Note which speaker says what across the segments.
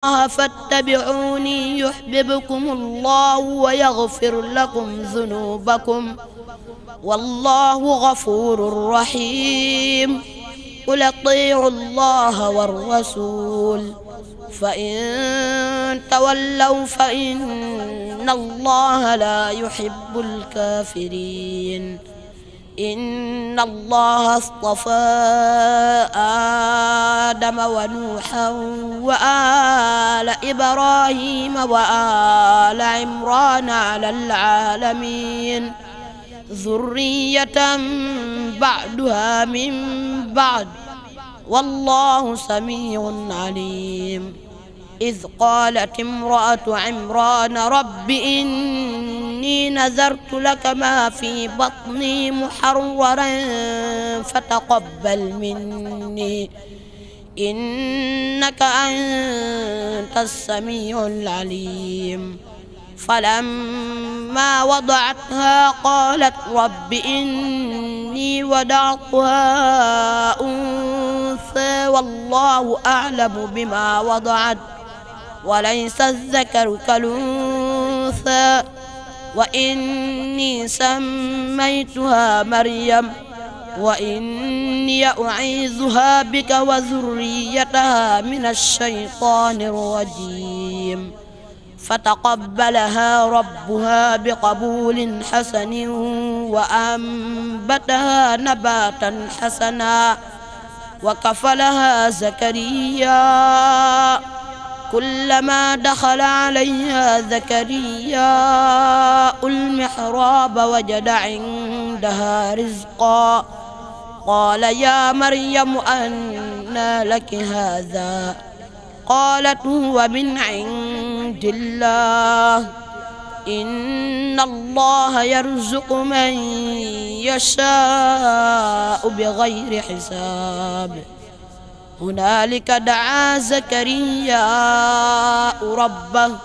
Speaker 1: fattabi'uuni yuhbibkumu llaahu wa yaghfir lakum zunuubakum wallaahu ghafuurun rahiim qul atii'u llaaha war-rasuul fa in tawallaw fa inna llaaha إن الله اصطفى آدم ونوحا وآل إبراهيم وآل عمران على العالمين ذرية بعدها من بعد والله سميع عليم إذ قالت امرأة عمران رب إني نذرت لك ما في بطني محررا فتقبل مني إنك أنت السميع العليم فلما وضعتها قالت رب إني وضعتها أنثى والله أعلم بما وضعت وليس الذكر كالأنثى وإني سميتها مريم وإني أعيذها بك وذريتها من الشيطان الرجيم فتقبلها ربها بقبول حسن وأنبتها نباتا حسنا وكفلها زكريا كلما دخل عليها زكرياء المحراب وجد عندها رزقا قال يا مريم أنى لك هذا قالت هو من عند الله إن الله يرزق من يشاء بغير حساب هنالك دعا زكرياء ربه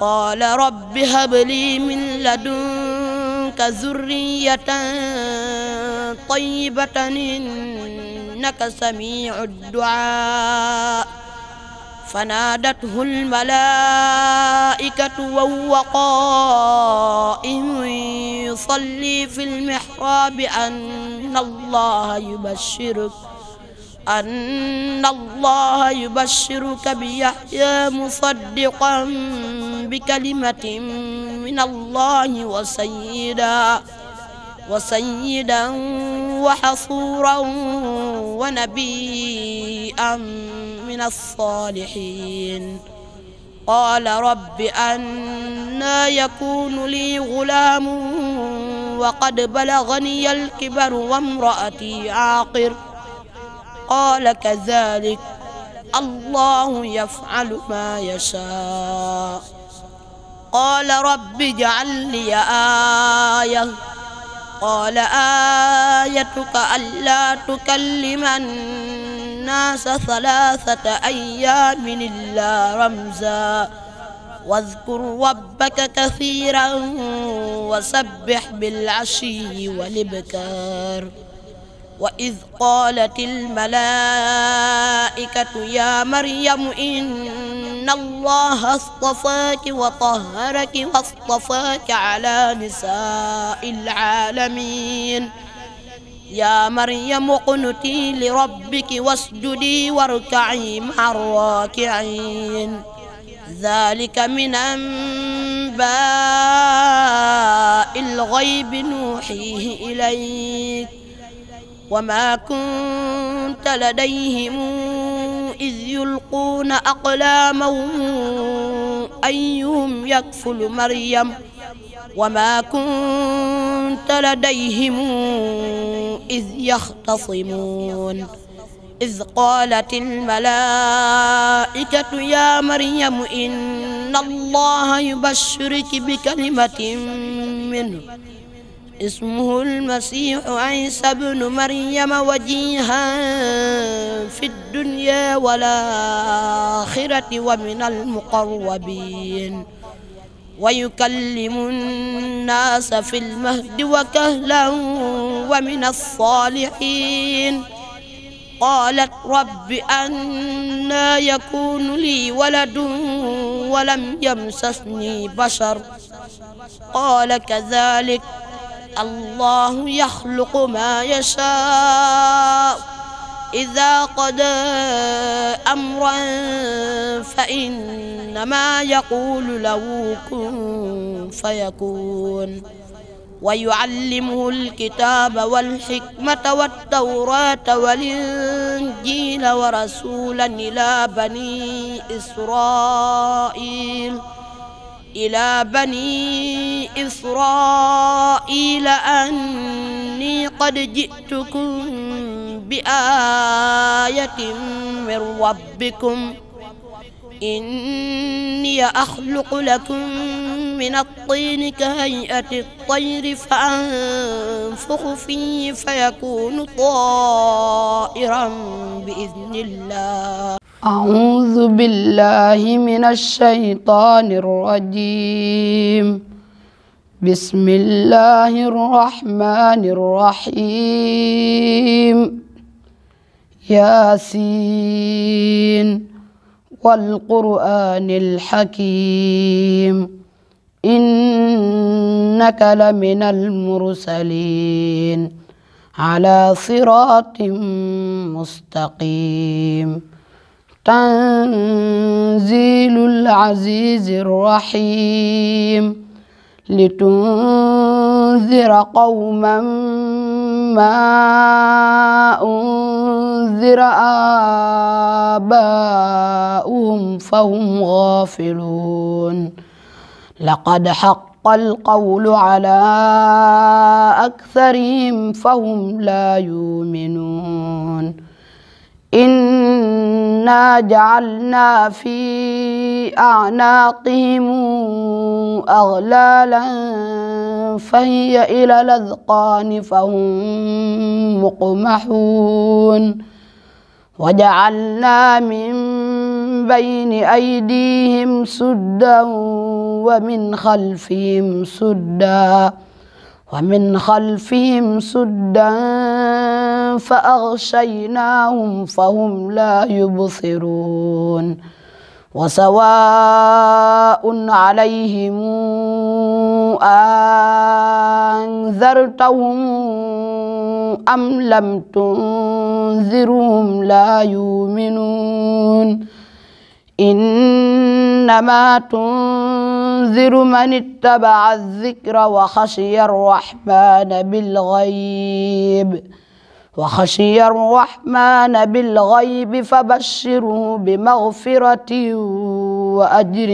Speaker 1: قال رب هب لي من لدنك ذرية طيبة إنك سميع الدعاء فنادته الملائكة وهو قائم يصلي في المحراب أن الله يبشرك أن الله يبشرك بيحيى مصدقا بكلمة من الله وسيدا وسيدا وحصورا ونبيا من الصالحين قال رب أنا يكون لي غلام وقد بلغني الكبر وامرأتي عاقر قال كذلك الله يفعل ما يشاء قال رب اجعل لي آية قال آيتك ألا تكلم الناس ثلاثة أيام إلا رمزا واذكر ربك كثيرا وسبح بالعشي والإبكار وإذ قالت الملائكة يا مريم إن الله اصطفاك وطهرك واصطفاك على نساء العالمين يا مريم اقنتي لربك واسجدي واركعي مع الراكعين ذلك من أنباء الغيب نوحيه إليك وما كنت لديهم إذ يلقون أقلامهم أيهم يكفل مريم وما كنت لديهم إذ يختصمون إذ قالت الملائكة يا مريم إن الله يبشرك بكلمة منه اسمه المسيح عيسى بن مريم وجيها في الدنيا والآخرة ومن المقربين ويكلم الناس في المهد وكهلا ومن الصالحين قالت رب أنا يكون لي ولد ولم يمسسني بشر قال كذلك الله يخلق ما يشاء إذا قضى أمرا فإنما يقول له كن فيكون ويعلمه الكتاب والحكمة والتوراة والإنجيل ورسولا إلى بني إسرائيل إلى بني إسرائيل أني قد جئتكم بآية من ربكم إني أخلق لكم من الطين كهيئة الطير فأنفخ فيه فيكون طائرا بإذن الله أعوذ بالله من الشيطان الرجيم بسم الله الرحمن الرحيم ياسين والقرآن الحكيم إنك لمن المرسلين على صراط مستقيم تنزيل العزيز الرحيم لتنذر قوما ما أنذر آباؤهم فهم غافلون لقد حق القول على أكثرهم فهم لا يؤمنون إنا جعلنا في أعناقهم أغلالا فهي إلى الأذقان فهم مقمحون وجعلنا من بين أيديهم سدا ومن خلفهم سدا ومن خلفهم سدا فأغشيناهم فهم لا يبصرون وسواء عليهم أنذرتهم أم لم تنذرهم لا يؤمنون إنما تنذر من اتبع الذكر وخشي الرحمن بالغيب وخشي الرحمن بالغيب فبشره بمغفرة وأجر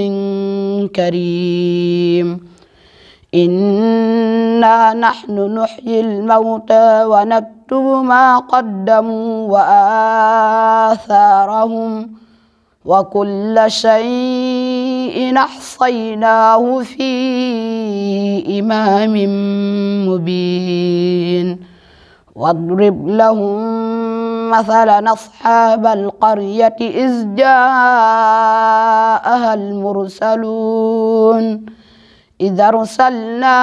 Speaker 1: كريم إنا نحن نحيي الموتى ونكتب ما قدموا وآثارهم وكل شيء أحصيناه في إمام مبين واضرب لهم مثلا أصحاب القرية إذ جاءها المرسلون إذا أرسلنا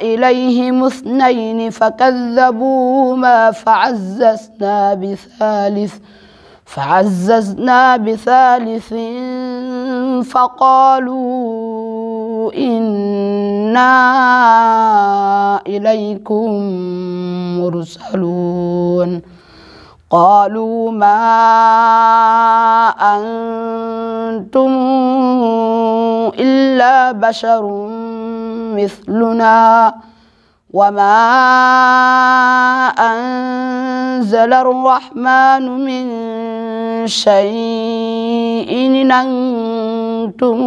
Speaker 1: إليهم اثنين فكذبوهما فعززنا بثالث فعززنا بثالث فقالوا إنا إليكم مرسلون قالوا ما أنتم إلا بشر مثلنا وما أنزل الرحمن من شيء إن أنتم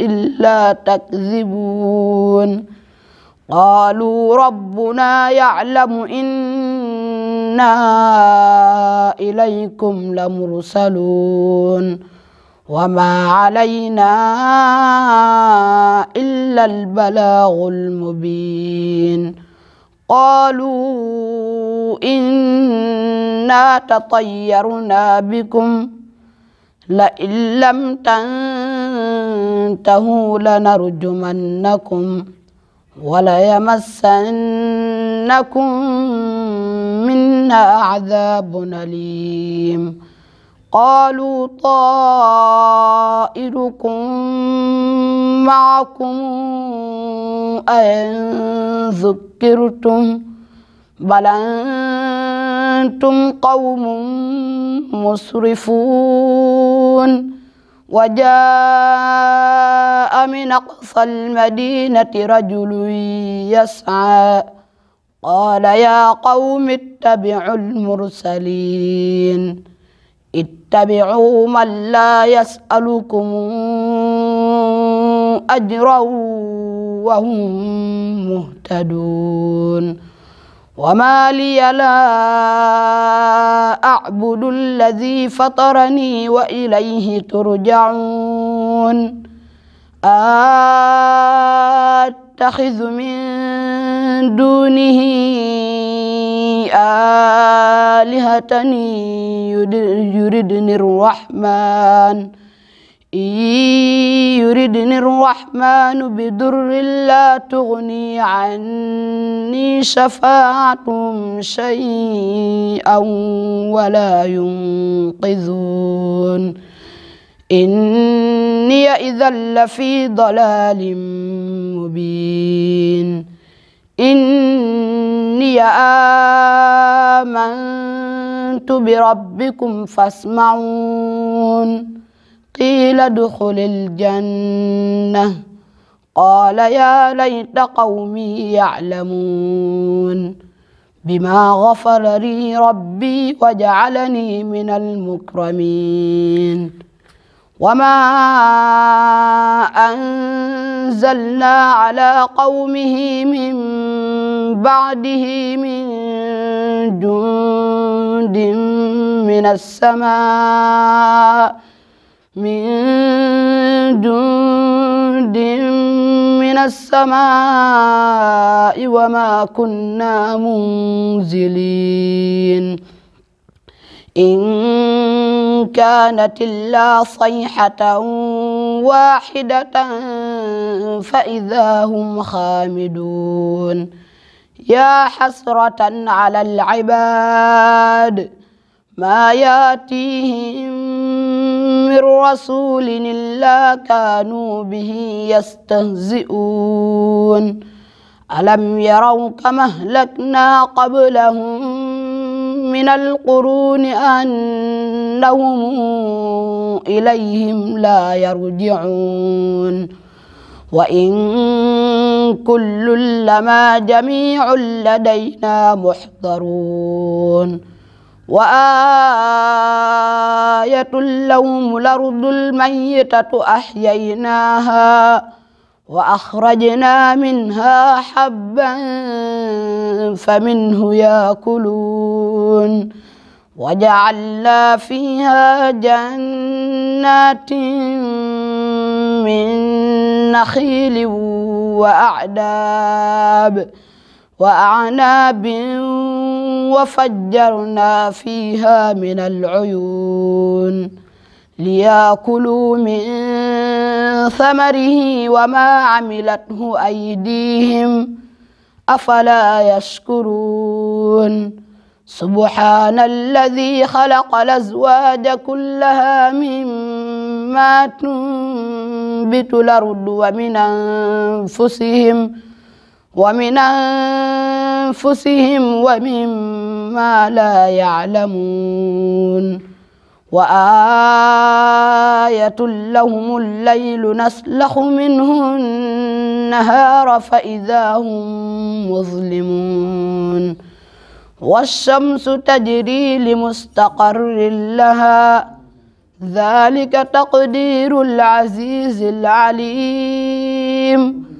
Speaker 1: إلا تكذبون قالوا ربنا يعلم إنا إليكم لمرسلون وما علينا إلا البلاغ المبين قالوا إنا تطيرنا بكم لئن لم تنتهوا لنرجمنكم وليمسنكم منا عذاب أليم قالوا طائركم معكم أئن ذكرتم بل أنتم قوم مسرفون وجاء من أقصى المدينة رجل يسعى قال يا قوم اتبعوا المرسلين ittabi'u man la yas'alukum ajran wa hum muhtadun
Speaker 2: wa ma liya la
Speaker 1: a'budu alladhi fatarani wa ilayhi turja'un يتخذ من دونه آلهة يردن الرحمن يردن الرحمن بضر لا تغني عني شفاعتهم شيئا ولا ينقذون إني إذا لفي ضلال مبين إني آمنت بربكم فاسمعون قيل ادخل الجنة قال يا ليت قومي يعلمون بما غفر لي ربي وجعلني من المكرمين وما أنزلنا على قومه من بعده من جند من السماء من جند من السماء وما كنا منزلين إن كانت إلا صيحة واحدة فإذا هم خامدون يا حسرة على العباد ما ياتيهم من رسول إلا كانوا به يستهزئون ألم يروا كما أهلكنا قبلهم من القرون أنهم إليهم لا يرجعون وإن كل لما جميع لدينا محضرون وآية لهم الأرض الميتة أحييناها وأخرجنا منها حبا فمنه يأكلون وجعلنا فيها جنات من نخيل وأعناب وأعناب وفجرنا فيها من العيون ليأكلوا من ثمره وما عملته أيديهم أفلا يشكرون سبحان الذي خلق الأزواج كلها مما تنبت الأرض ومن أنفسهم ومن أنفسهم ومما لا يعلمون وآية لهم الليل نسلخ منه النهار فإذا هم مظلمون والشمس تجري لمستقر لها ذلك تقدير العزيز العليم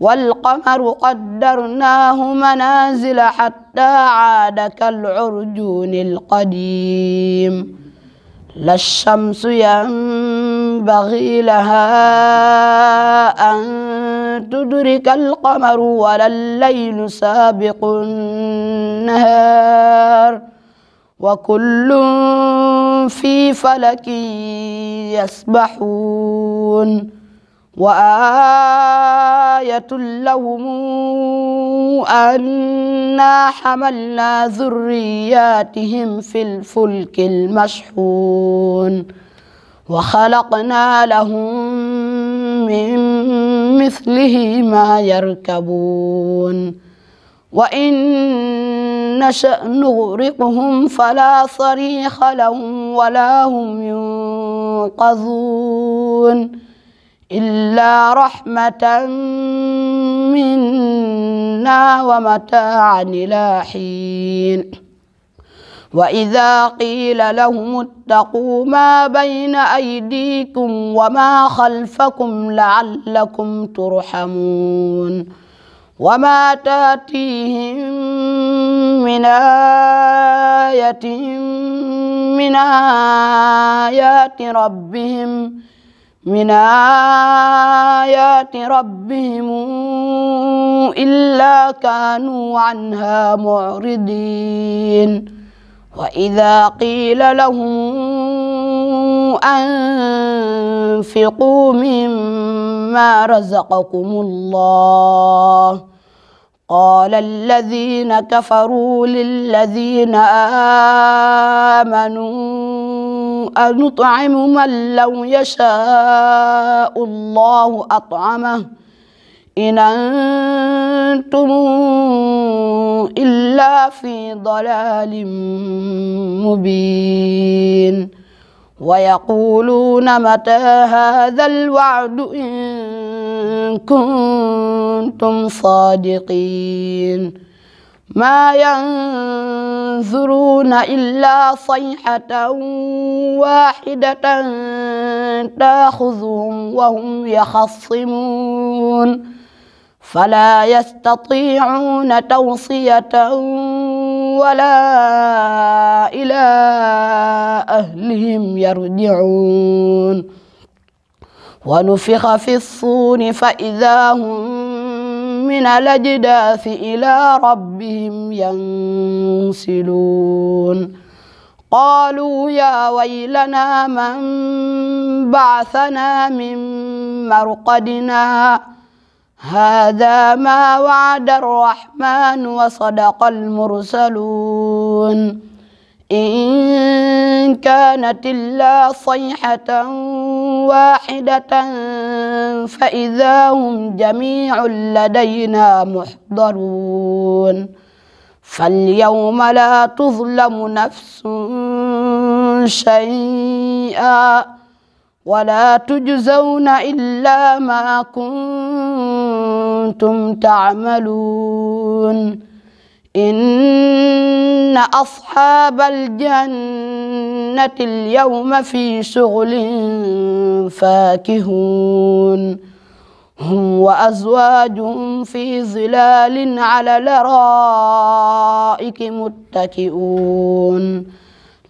Speaker 1: والقمر قدرناه منازل حتى عاد كالعرجون القديم لا الشمس ينبغي لها أن تدرك القمر ولا الليل سابق النهار وكل في فلك يسبحون وآية لهم أنا حملنا ذرياتهم في الفلك المشحون وخلقنا لهم من مثله ما يركبون وإن نشأ نغرقهم فلا صريخ لهم ولا هم ينقذون إلا رحمة منا ومتاعا إلى حين وإذا قيل لهم اتقوا ما بين أيديكم وما خلفكم لعلكم ترحمون وما تأتيهم من آية من آيات ربهم من آيات ربهم إلا كانوا عنها معرضين وإذا قيل لهم أنفقوا مما رزقكم الله قال الذين كفروا للذين آمنوا نطعم من لو يشاء الله أطعمه إن أنتم إلا في ضلال مبين ويقولون متى هذا الوعد إن كنتم صادقين ما ينظرون إلا صيحة واحدة تأخذهم وهم يخصمون فلا يستطيعون توصية ولا إلى أهلهم يرجعون ونفخ في الصور فإذا هم من الأجداث إلى ربهم ينسلون قالوا يا ويلنا من بعثنا من مرقدنا هذا ما وعد الرحمن وصدق المرسلون إن كانت إلا صيحة واحدة فإذا هم جميع لدينا محضرون فاليوم لا تظلم نفس شيئا ولا تجزون إلا ما كنتم تعملون إن أصحاب الجنة اليوم في شغل فاكهون هم وأزواجهم في ظلال على الأرائك متكئون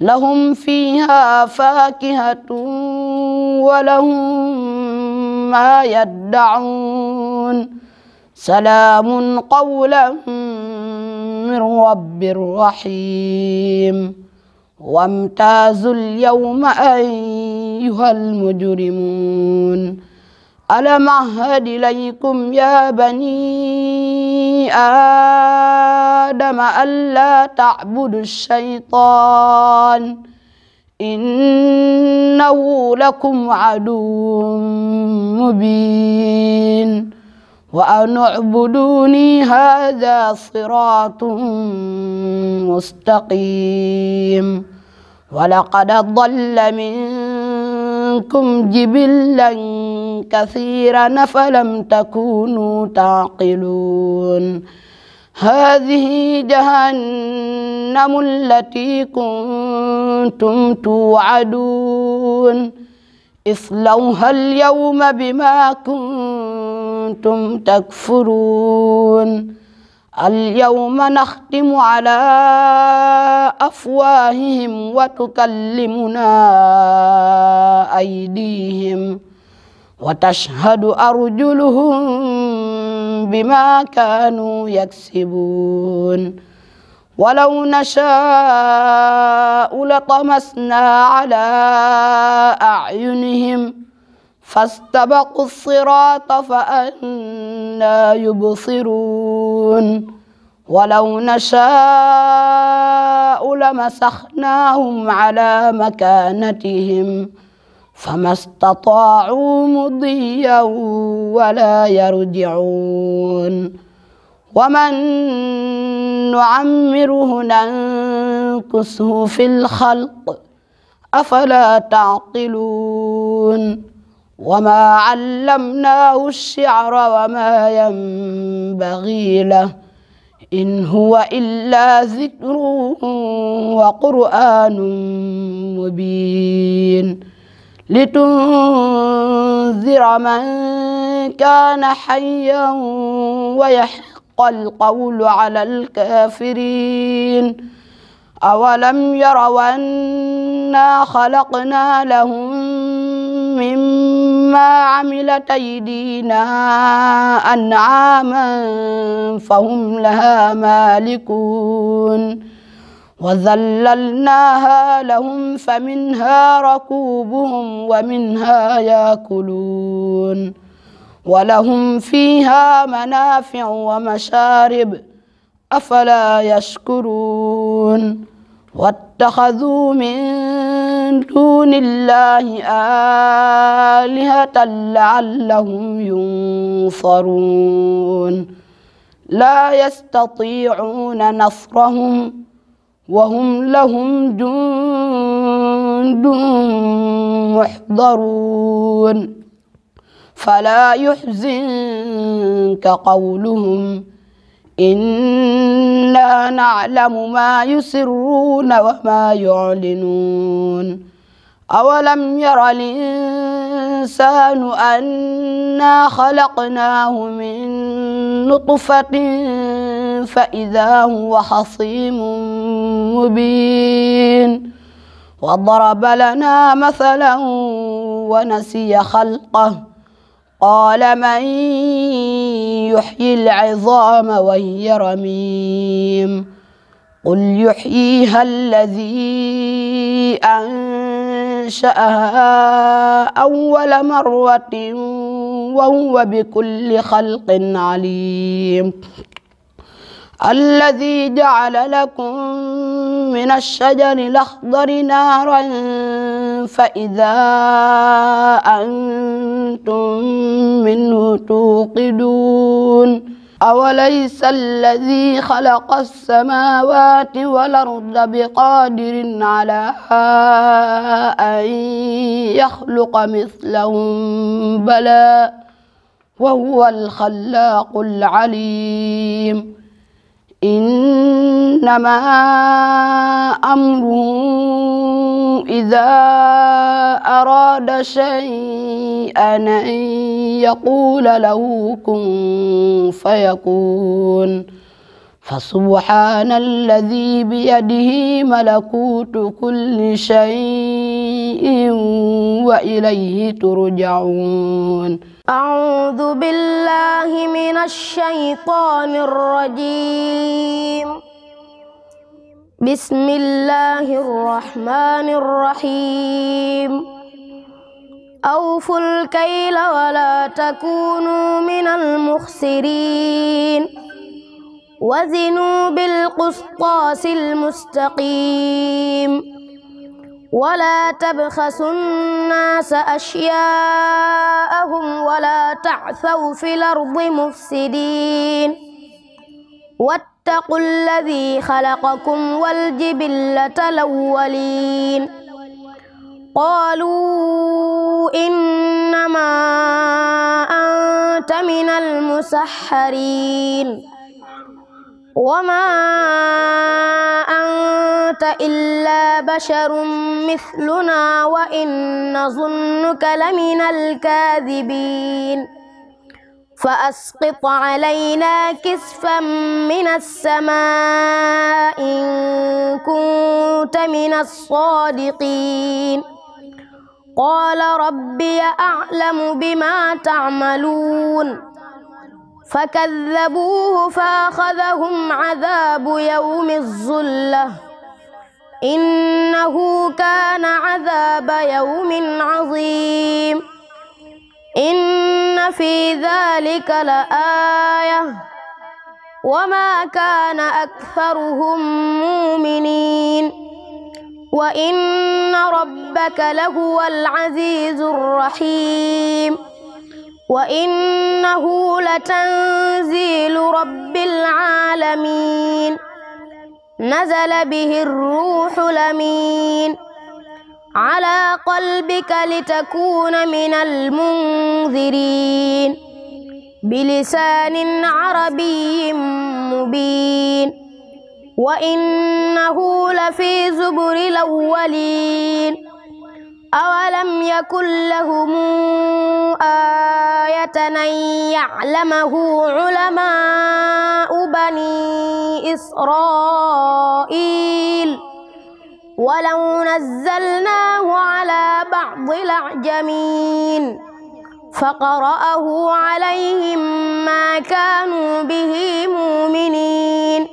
Speaker 1: لهم فيها فاكهة ولهم ما يدعون سلام قولا من رب رحيم وامتازوا اليوم أيها المجرمون ألم أهد إليكم يا بني آدم ألا تعبدوا الشيطان إنه لكم عدو مبين وأن اعبدوني هذا صراط مستقيم ولقد ضل منكم جبلا كثيرا فلم تكونوا تعقلون هذه جهنم التي كنتم توعدون اصلوها اليوم بما كنتم كنتم تكفرون اليوم نختم على أفواههم وتكلمنا أيديهم وتشهد أرجلهم بما كانوا يكسبون ولو نشاء لطمسنا على أعينهم فاستبقوا الصراط فأنا يبصرون ولو نشاء لمسخناهم على مكانتهم فما استطاعوا مضيا ولا يرجعون ومن نعمره ننكسه في الخلق أفلا تعقلون وما علمناه الشعر وما ينبغي له إن هو إلا ذكر وقرآن مبين لتنذر من كان حيا ويحق القول على الكافرين أولم يروا أنا خلقنا لهم مما ما عملت أيدينا أنعاما فهم لها مالكون وذللناها لهم فمنها ركوبهم ومنها ياكلون ولهم فيها منافع ومشارب أفلا يشكرون واتخذوا من دون الله آلهة لعلهم ينصرون لا يستطيعون نصرهم وهم لهم جند محضرون فلا يحزنك قولهم إنا نعلم ما يسرون وما يعلنون أولم ير الإنسان أنا خلقناه من نطفة فإذا هو خصيم مبين وضرب لنا مثلا ونسي خلقه قال من يحيي العظام وهي رميم قل يحييها الذي أنشأها أول مرة وهو بكل خلق عليم الذي جعل لكم من الشجر الأخضر نارا فإذا أنتم منه توقدون أوليس الذي خلق السماوات والأرض بقادر على أن يخلق مثلهم بلى وهو الخلاق العليم إنما أمره إذا أراد شيئا أن يقول له كن فيكون فسبحان الذي بيده ملكوت كل شيء وإليه
Speaker 2: ترجعون أعوذ بالله من الشيطان الرجيم بسم الله الرحمن الرحيم أوفوا الكيل ولا تكونوا من المخسرين وزنوا بالقسطاس المستقيم ولا تبخسوا الناس أشياءهم ولا تعثوا في الأرض مفسدين واتقوا الذي خلقكم والجبلة الأولين قالوا إنما أنت من المسحرين وما أنت إلا بشر مثلنا وإن نظنك لمن الكاذبين فأسقط علينا كسفا من السماء إن كنت من الصادقين قال ربي أعلم بما تعملون فكذبوه فأخذهم عذاب يوم الظلة إنه كان عذاب يوم عظيم إن في ذلك لآية وما كان أكثرهم مؤمنين وإن ربك لهو العزيز الرحيم وإنه لتنزيل رب العالمين نزل به الروح الأمين على قلبك لتكون من المنذرين بلسان عربي مبين وإنه لفي زبر الأولين أولم يكن لهم آية أن يعلمه علماء بني إسرائيل ولو نزلناه على بعض الأعجمين فقرأه عليهم ما كانوا به مؤمنين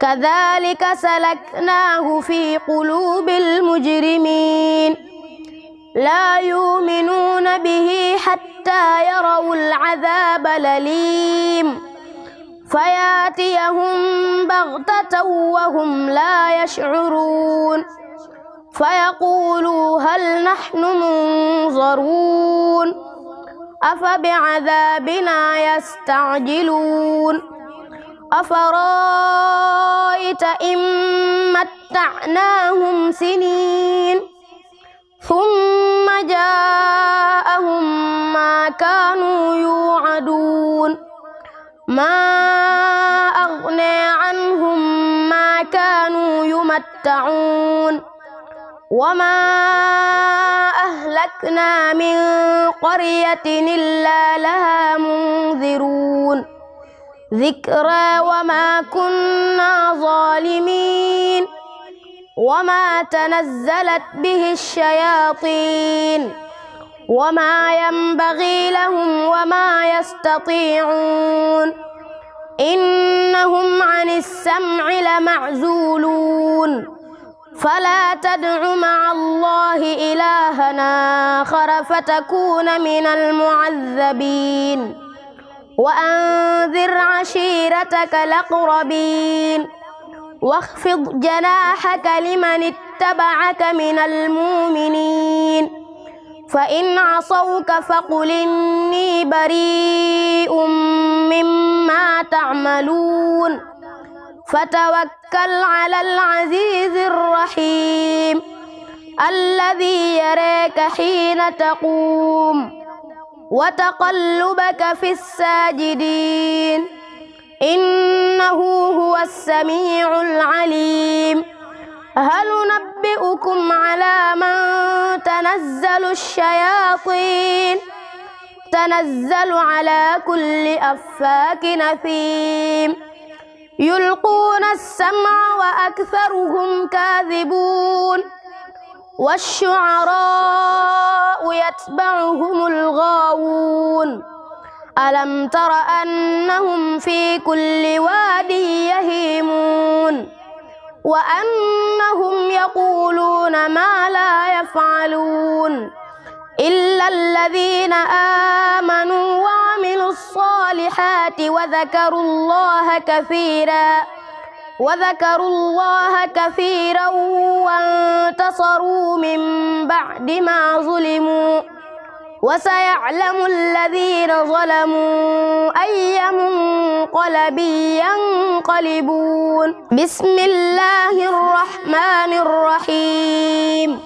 Speaker 2: كذلك سلكناه في قلوب المجرمين laa yuminuuna bihi xatta yarawu alcadaaba laliim fa yaatiyahum bagtatan wa hum laa yashcuruun fa yaquuluu hal naxnu munzaruun afa bicadaabinaa yastacjiluun afara'ayta in mattacnaahum siniin ثم جاءهم ما كانوا يوعدون ما أغنى عنهم ما كانوا يمتعون وما أهلكنا من قرية إلا لها منذرون ذكرى وما كنا ظالمين وما تنزلت به الشياطين وما ينبغي لهم وما يستطيعون إنهم عن السمع لمعزولون فلا تدع مع الله إلهنا آخر فتكون من المعذبين وأنذر عشيرتك الأقربين واخفض جناحك لمن اتبعك من المؤمنين فإن عصوك فقل إني بريء مما تعملون فتوكل على العزيز الرحيم الذي يراك حين تقوم وتقلبك في الساجدين إنه هو السميع العليم هل ننبئكم على من تنزل الشياطين تنزل على كل أفاك نثيم يلقون السمع وأكثرهم كاذبون والشعراء يتبعهم الغاوون ألم تر أنهم في كل واد يهيمون وأنهم يقولون ما لا يفعلون إلا الذين آمنوا وعملوا الصالحات وذكروا الله كثيرا وذكروا الله كثيرا وانتصروا من بعد ما ظلموا وسيعلم الذين ظلموا أي منقلب ينقلبون بسم الله الرحمن الرحيم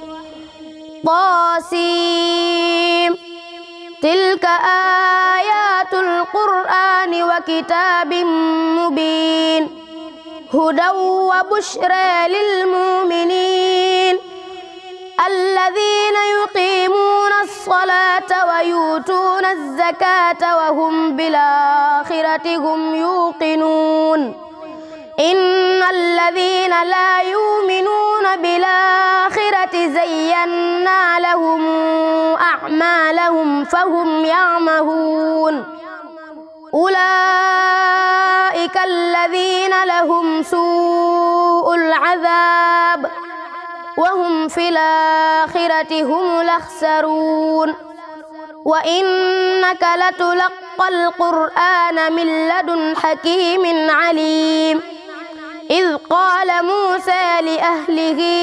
Speaker 2: طاسيم تلك آيات القرآن وكتاب مبين هدى وبشرى للمؤمنين الذين يقيمون الصلاة ويؤتون الزكاة وهم بالآخرة هم يوقنون إن الذين لا يؤمنون بالآخرة زينا لهم أعمالهم فهم يعمهون أولئك الذين لهم سوء العذاب wa hum fil aaxirati humul axsaruun wa innaka latulaqqal qur'aana min ladun hakiimin aliim iz qaala muusaa li ahlihi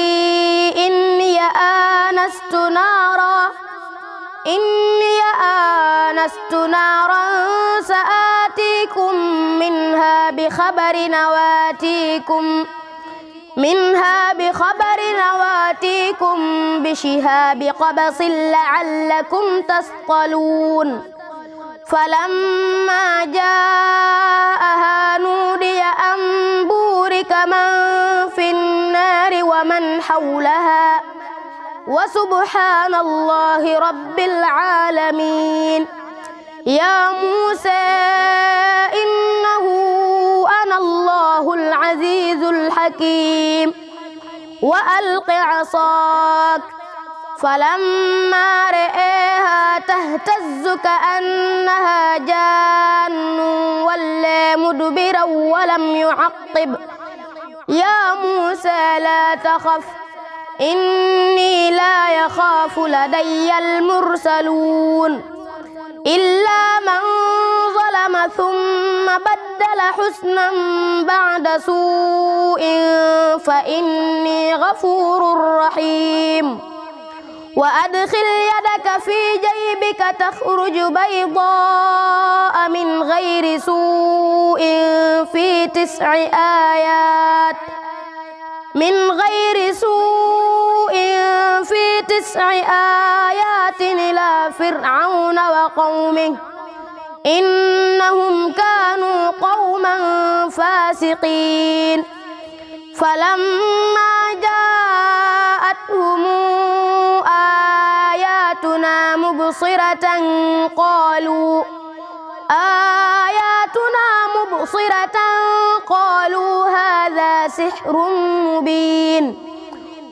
Speaker 2: innii aanastu naaran innii aanastu naaran sa'aatiikum minhaa bi khabarin wa aatiikum منها بخبر نواتيكم بشهاب قبس لعلكم تصطلون فلما جاءها نودي أن بورك من في النار ومن حولها وسبحان الله رب العالمين يا موسى إنه الله العزيز الحكيم وألق عصاك فلما رآها تهتز كأنها جان ولا مدبرا ولم يعقب يا موسى لا تخف إني لا يخاف لدي المرسلون إلا من ظلم ثم بدل حسنا بعد سوء فإني غفور رحيم وأدخل يدك في جيبك تخرج بيضاء من غير سوء في تسع آيات من غير سوء في تسع آيات إلى فرعون وقومه إنهم كانوا قوما فاسقين فلما جاءتهم آياتنا مبصرة قالوا آياتنا مبصرة قالوا لسحر مبين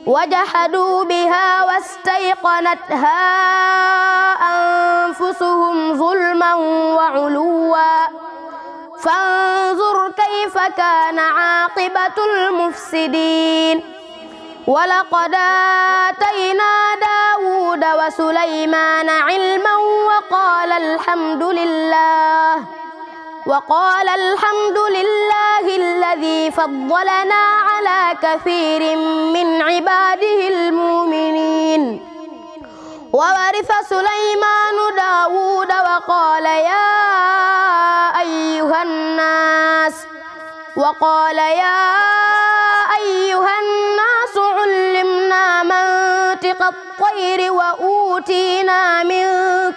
Speaker 2: وجحدوا بها واستيقنتها أنفسهم ظلما وعلوا فانظر كيف كان عاقبة المفسدين ولقد آتينا داود وسليمان علما وقال الحمد لله وقال الحمد لله الذي فضلنا على كثير من عباده المؤمنين وورث سليمان داود وقال يا أيها الناس وقال يا أيها الناس علمنا منطق الطير وأوتينا من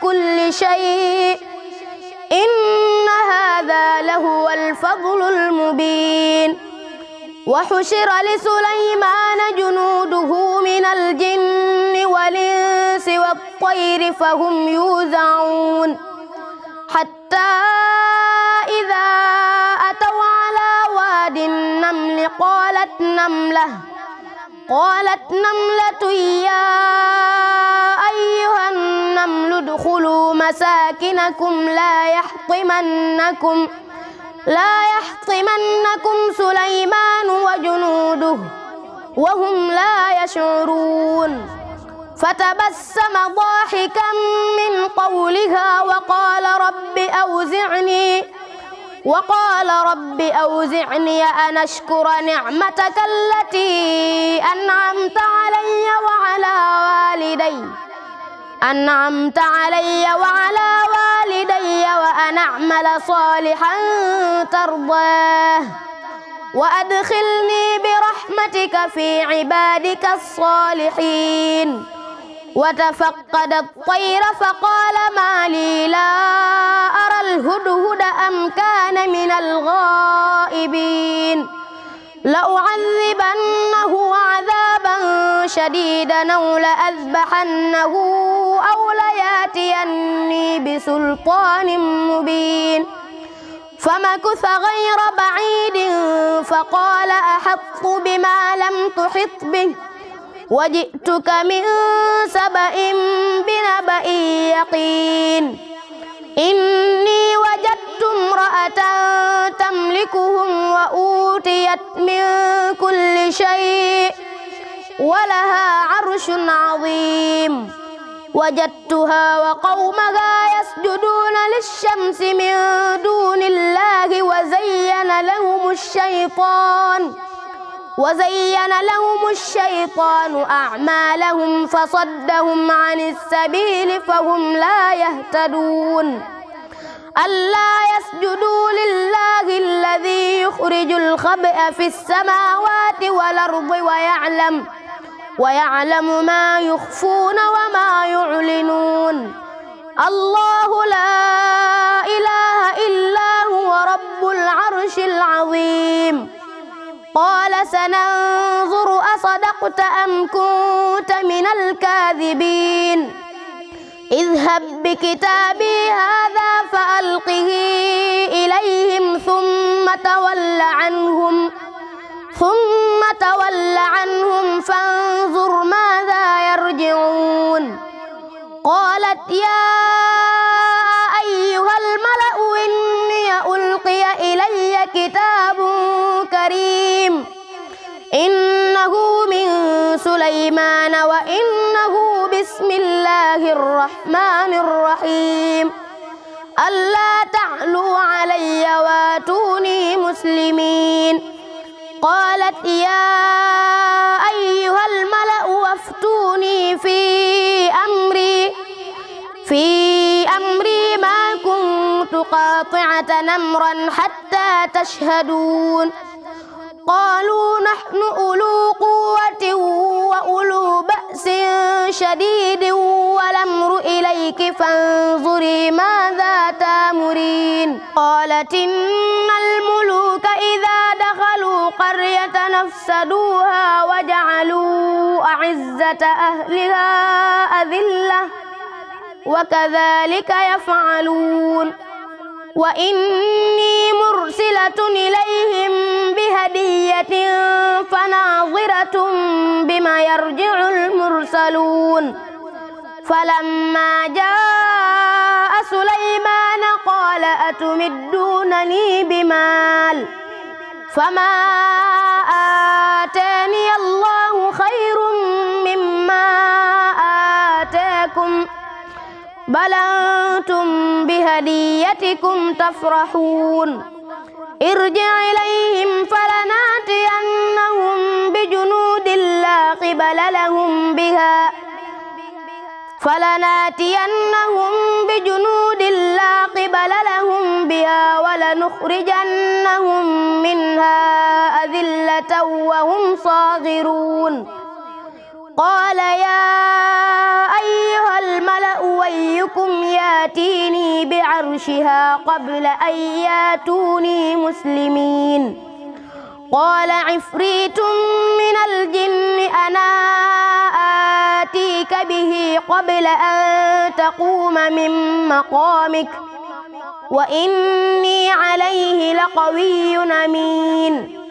Speaker 2: كل شيء إن هذا لهو الفضل المبين وحشر لسليمان جنوده من الجن والإنس والطير فهم يوزعون حتى إذا أتوا على واد النمل قالت نملة قالت نملة يا ادخلوا مساكنكم لا يحطمنكم لا يحطمنكم سليمان وجنوده وهم لا يشعرون فتبسم ضاحكا من قولها وقال رب أوزعني وقال رب أوزعني أن أشكر نعمتك التي أنعمت علي وعلى والدي أنعمت علي وعلى والدي وأن أعمل صالحا ترضاه وأدخلني برحمتك في عبادك الصالحين وتفقد الطير فقال ما لي لا أرى الهدهد أم كان من الغائبين لأعذبنه عذابا شديدا أو لأذبحنه أو لياتيني بسلطان مبين فمكث غير بعيد فقال أحط بما لم تحط به وجئتك من سبأ بنبأ يقين إني وجدت امرأة تملكهم وأوتيت من كل شيء ولها عرش عظيم وجدتها وقومها يسجدون للشمس من دون الله وزين لهم الشيطان وزين لهم الشيطان أعمالهم فصدهم عن السبيل فهم لا يهتدون ألا يسجدوا لله الذي يخرج الخبأ في السماوات والأرض ويعلم ويعلم ما يخفون وما يعلنون الله لا إله إلا هو رب العرش العظيم قال سننظر أصدقت أم كنت من الكاذبين اذهب بكتابي هذا فألقه إليهم ثم تول عنهم ثم تول عنهم فانظر ماذا يرجعون قالت يا الإيمان وإنه بسم الله الرحمن الرحيم ألا تعلوا علي واتوني مسلمين قالت يا أيها الملأ وافتوني في أمري في أمري ما كنت قاطعة نمرا حتى تشهدون قالوا نحن أولو قوة وأولو بأس شديد والأمر إليك فانظري ماذا تامرين قالت إن الملوك إذا دخلوا قرية أفسدوها وجعلوا أعزة أهلها أذلة وكذلك يفعلون وإني مرسلة إليهم بهدية فناظرة بما يرجع المرسلون فلما جاء سليمان قال أتمدونني بمال فما آتاني الله خير مما بل أنتم بهديتكم تفرحون ارجع إليهم فلناتينهم بجنود لا قبل لهم بها فلناتينهم بجنود لا قبل لهم بها ولنخرجنهم منها أذلة وهم صاغرون قال يا أيها الملأ ويكم ياتيني بعرشها قبل أن ياتوني مسلمين قال عفريت من الجن أنا آتيك به قبل أن تقوم من مقامك وإني عليه لقوي أمين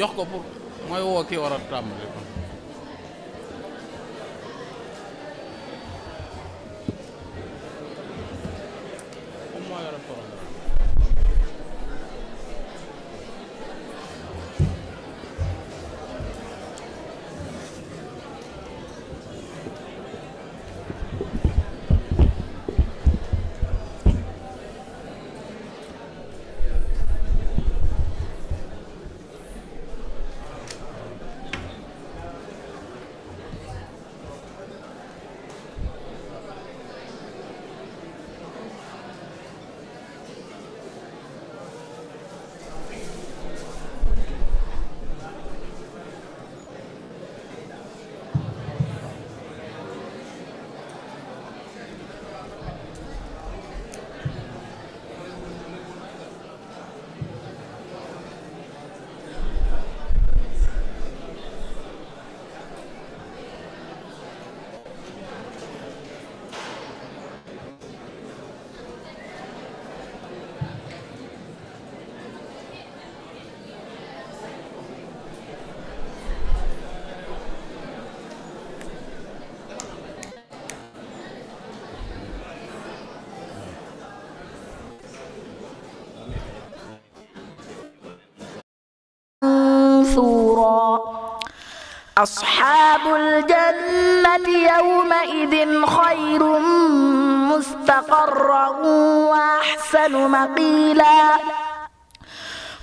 Speaker 3: jox ko pour mooy woo ki
Speaker 4: war a tàmbali
Speaker 5: منثورا أصحاب الجنة يومئذ خير مستقرا وأحسن مقيلا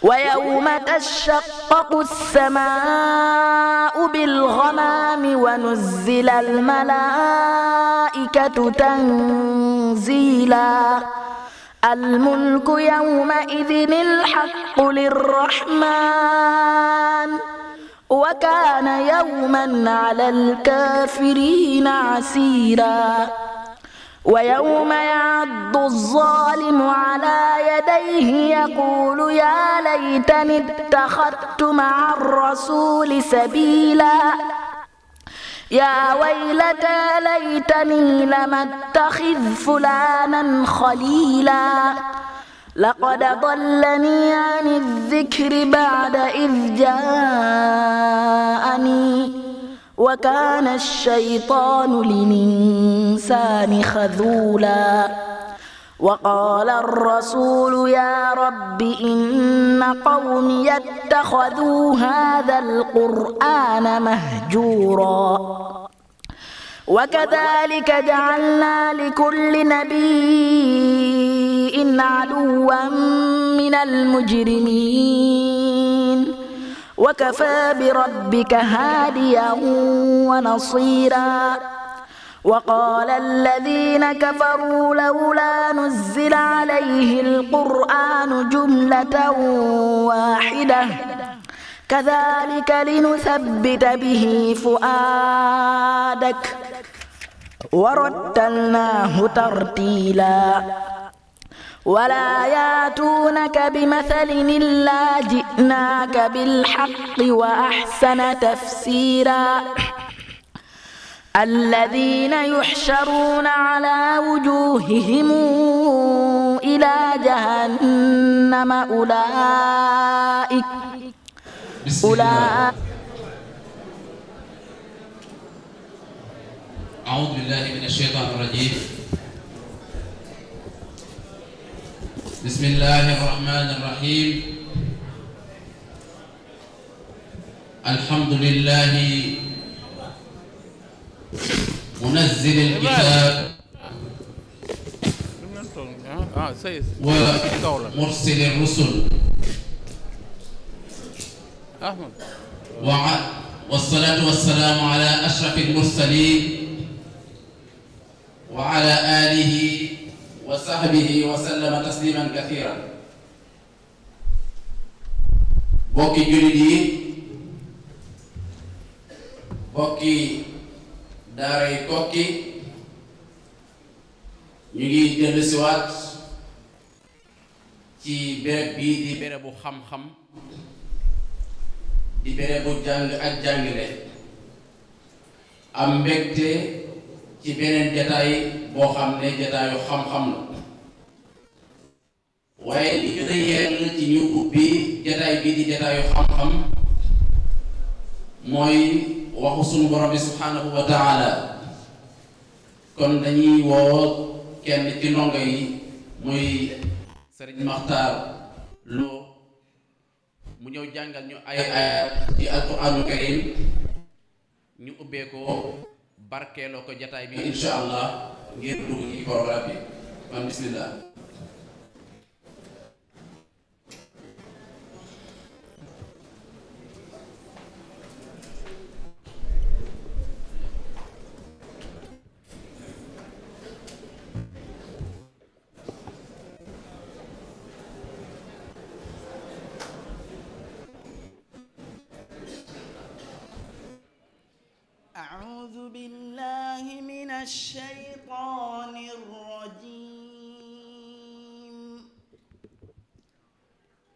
Speaker 5: ويوم تشقق السماء بالغمام ونزل الملائكة تنزيلا الملك يومئذ الحق للرحمن وكان يوما على الكافرين عسيرا ويوم يعض الظالم على يديه يقول يا ليتني اتخذت مع الرسول سبيلا يا ويلتى ليتني لم اتخذ فلانا خليلا لقد ضلني عن الذكر بعد إذ جاءني وكان الشيطان للإنسان خذولا وقال الرسول يا رب إن قومي اتخذوا هذا القرآن مهجورا وكذلك جعلنا لكل نبي عدوا من المجرمين وكفى بربك هاديا ونصيرا وقال الذين كفروا لولا نزل عليه القرآن جملة واحدة كذلك لنثبت به فؤادك ورتلناه ترتيلا ولا ياتونك بمثل إلا جئناك بالحق وأحسن تفسيرا الذين يحشرون على وجوههم إلى جهنم أولئك أولئك
Speaker 3: أعوذ بالله من الشيطان الرجيم بسم الله الرحمن الرحيم الحمد لله منزل الكتاب ومرسل الرسل والصلاة والسلام على أشرف المرسلين وعلى آله وصحبه وسلم تسليما كثيرا bokki jullit yi bokki daaray kokki ñu ngi dellu siwaat ci béréb bii di bérébu xam-xam di bérébu jàng ak jàngile am mbégte ci beneen jataay boo xam ne jataayu xam-xam la waaye li gën a yell ci ñu ubbi jataay bii di jataayu xam-xam mooy waxu sunu borom bi subhanahu wa taala kon dañuy woo kenn ci yi muy sëriñ maxtaar loo mu ñëw jàngal ñu ay
Speaker 2: ay ci alquraanu karim
Speaker 3: ñu ubbee ko barkeeloo ko jataay bi insha allah ngeen dugg ci programme bi kon bismillah
Speaker 5: أعوذ بالله من الشيطان الرجيم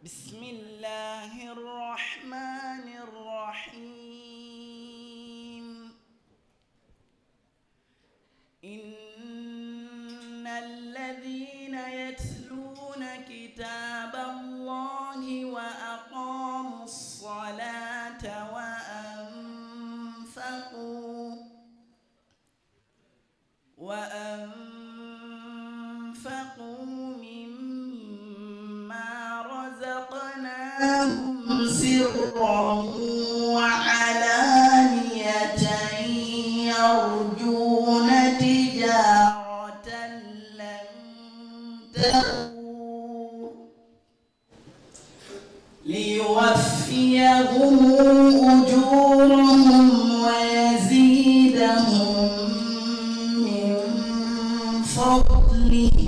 Speaker 5: بسم الله الرحمن الرحيم إن الذين يتلون كتاب الله وأقاموا الصلاة وأنفقوا وأنفقوا مما رزقناهم سرا وعلانية يرجون تجارة لن تبور ليوفيهم أجورهم قبله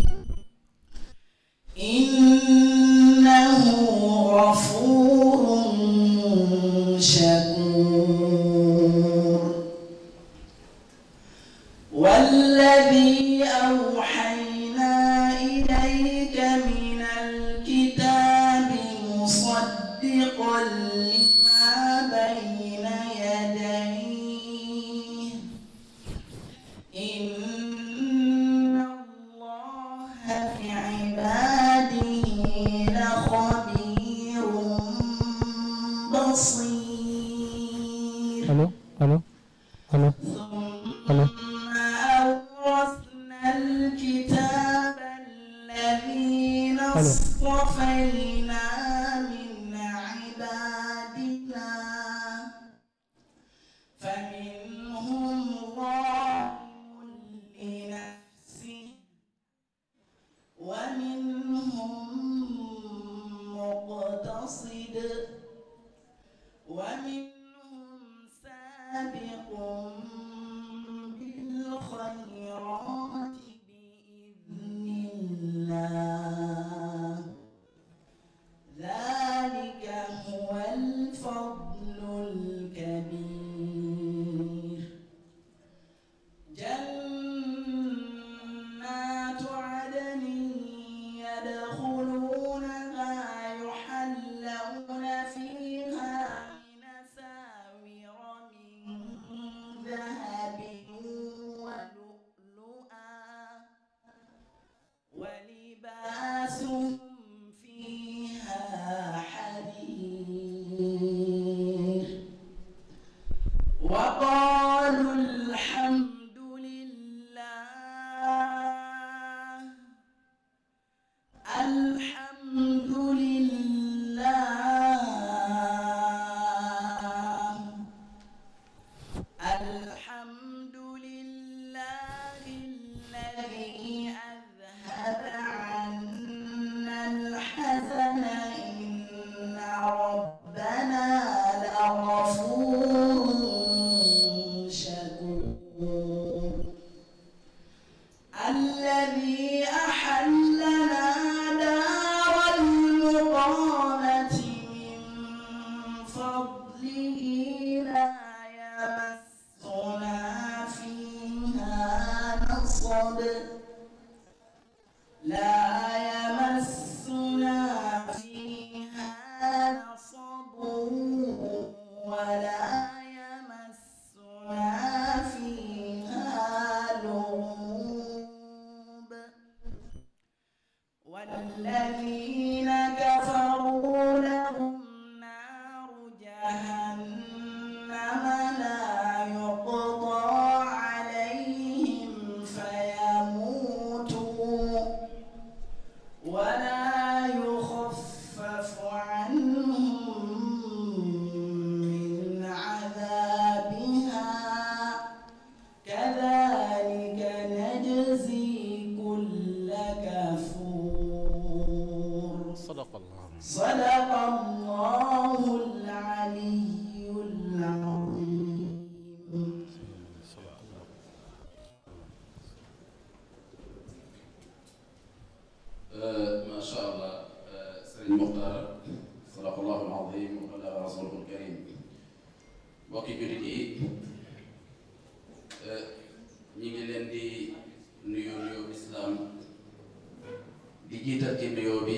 Speaker 3: di jiital ci nuyoo bi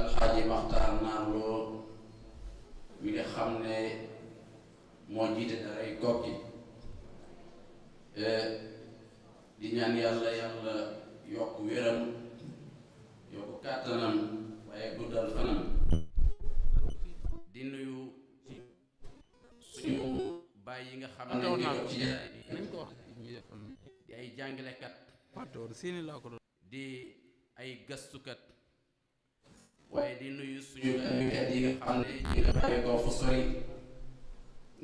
Speaker 3: alxaaji maxtaar naan loo mi nga xam ne moo jiite daray Koki eh, di ñaan yàlla yàlla yokk wéram yokk kàttanam waaye guddal fanam di nuyu suñu bàyyi yi nga xam ne ñoo ci jataay bi di ay jàngalekat di ay gëstukat waaye di
Speaker 6: nuyu suñu gaykat yi nga xam ne ñi nga bàyyi ko fu sori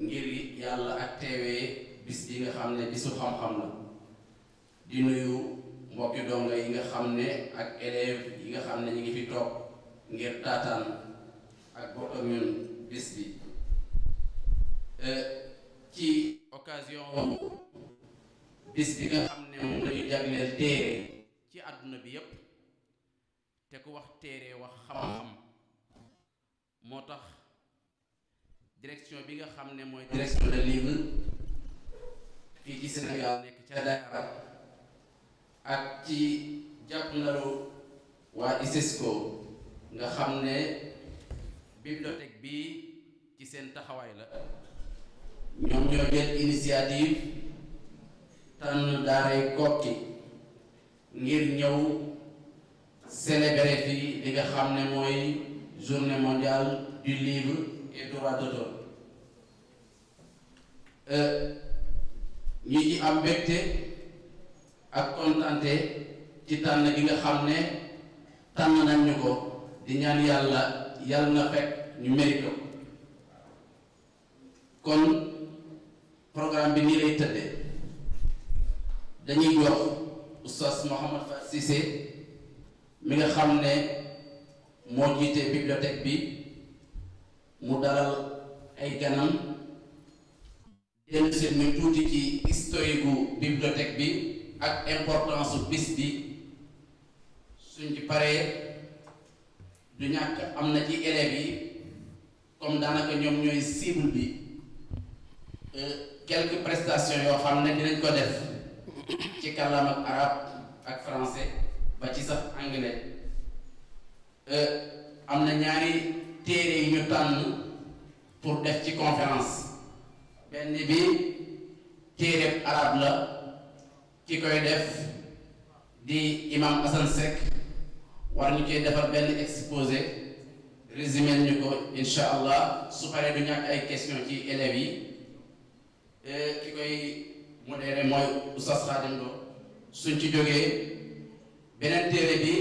Speaker 3: ngir yàlla ak teewee bis yi nga xam ne bisu xam-xam la di nuyu mbokki dongo yi nga xam ne ak élève yi nga xam ne ñu ngi fi toog ngir taataan ak bokk ñun bis bi euh, ci occasion bis bi nga xam ne moom lañu jagleel téere ci àdduna bi yépp te ku wax téere wax xam-xam moo tax direction bi nga xam ne mooy direction de livre fii ci Sénégal nekk ca daara ak ci jàppandalu waa ISESCO nga xam ne bibliothèque bi ci seen taxawaay la ñoom ñoo jël initiative tànn daaray Koki ngir ñëw célébrer fii li nga xam ne mooy journée mondiale du livre et droit d'auteur euh, ñu ci am mbégte ak kontante ci tànn gi nga xam ne tànn nañ ñu ko di ñaan yàlla yàlla na fekk ñu mérite kon programme bi nii lay tëddee dañuy jox oustaz Mouhamad Fass Cissé mi nga xam ne moo jiite bibliothèque bi mu dalal ay ganam dellusi muy tuuti ci historique gu bi ak importance su bis bi suñ ci paree du ñàkk am na ci élèves yi comme daanaka ñoom ñooy cible bi euh, quelques prestations yoo xam ne dinañ ko def ci kàllaam ak arabe ak français ba ci sax anglais euh, am na ñaari téere yu ñu tànn pour def ci conférence benn bi téere arab la ki koy def di imam Assane Seck war ñu koy defar benn exposé résumé ñu ko insha allah su du ñàkk ay question ci élèves yi euh, ki koy modéré mooy Oustaz Khadim Lo suñ ci jógee beneen téere bi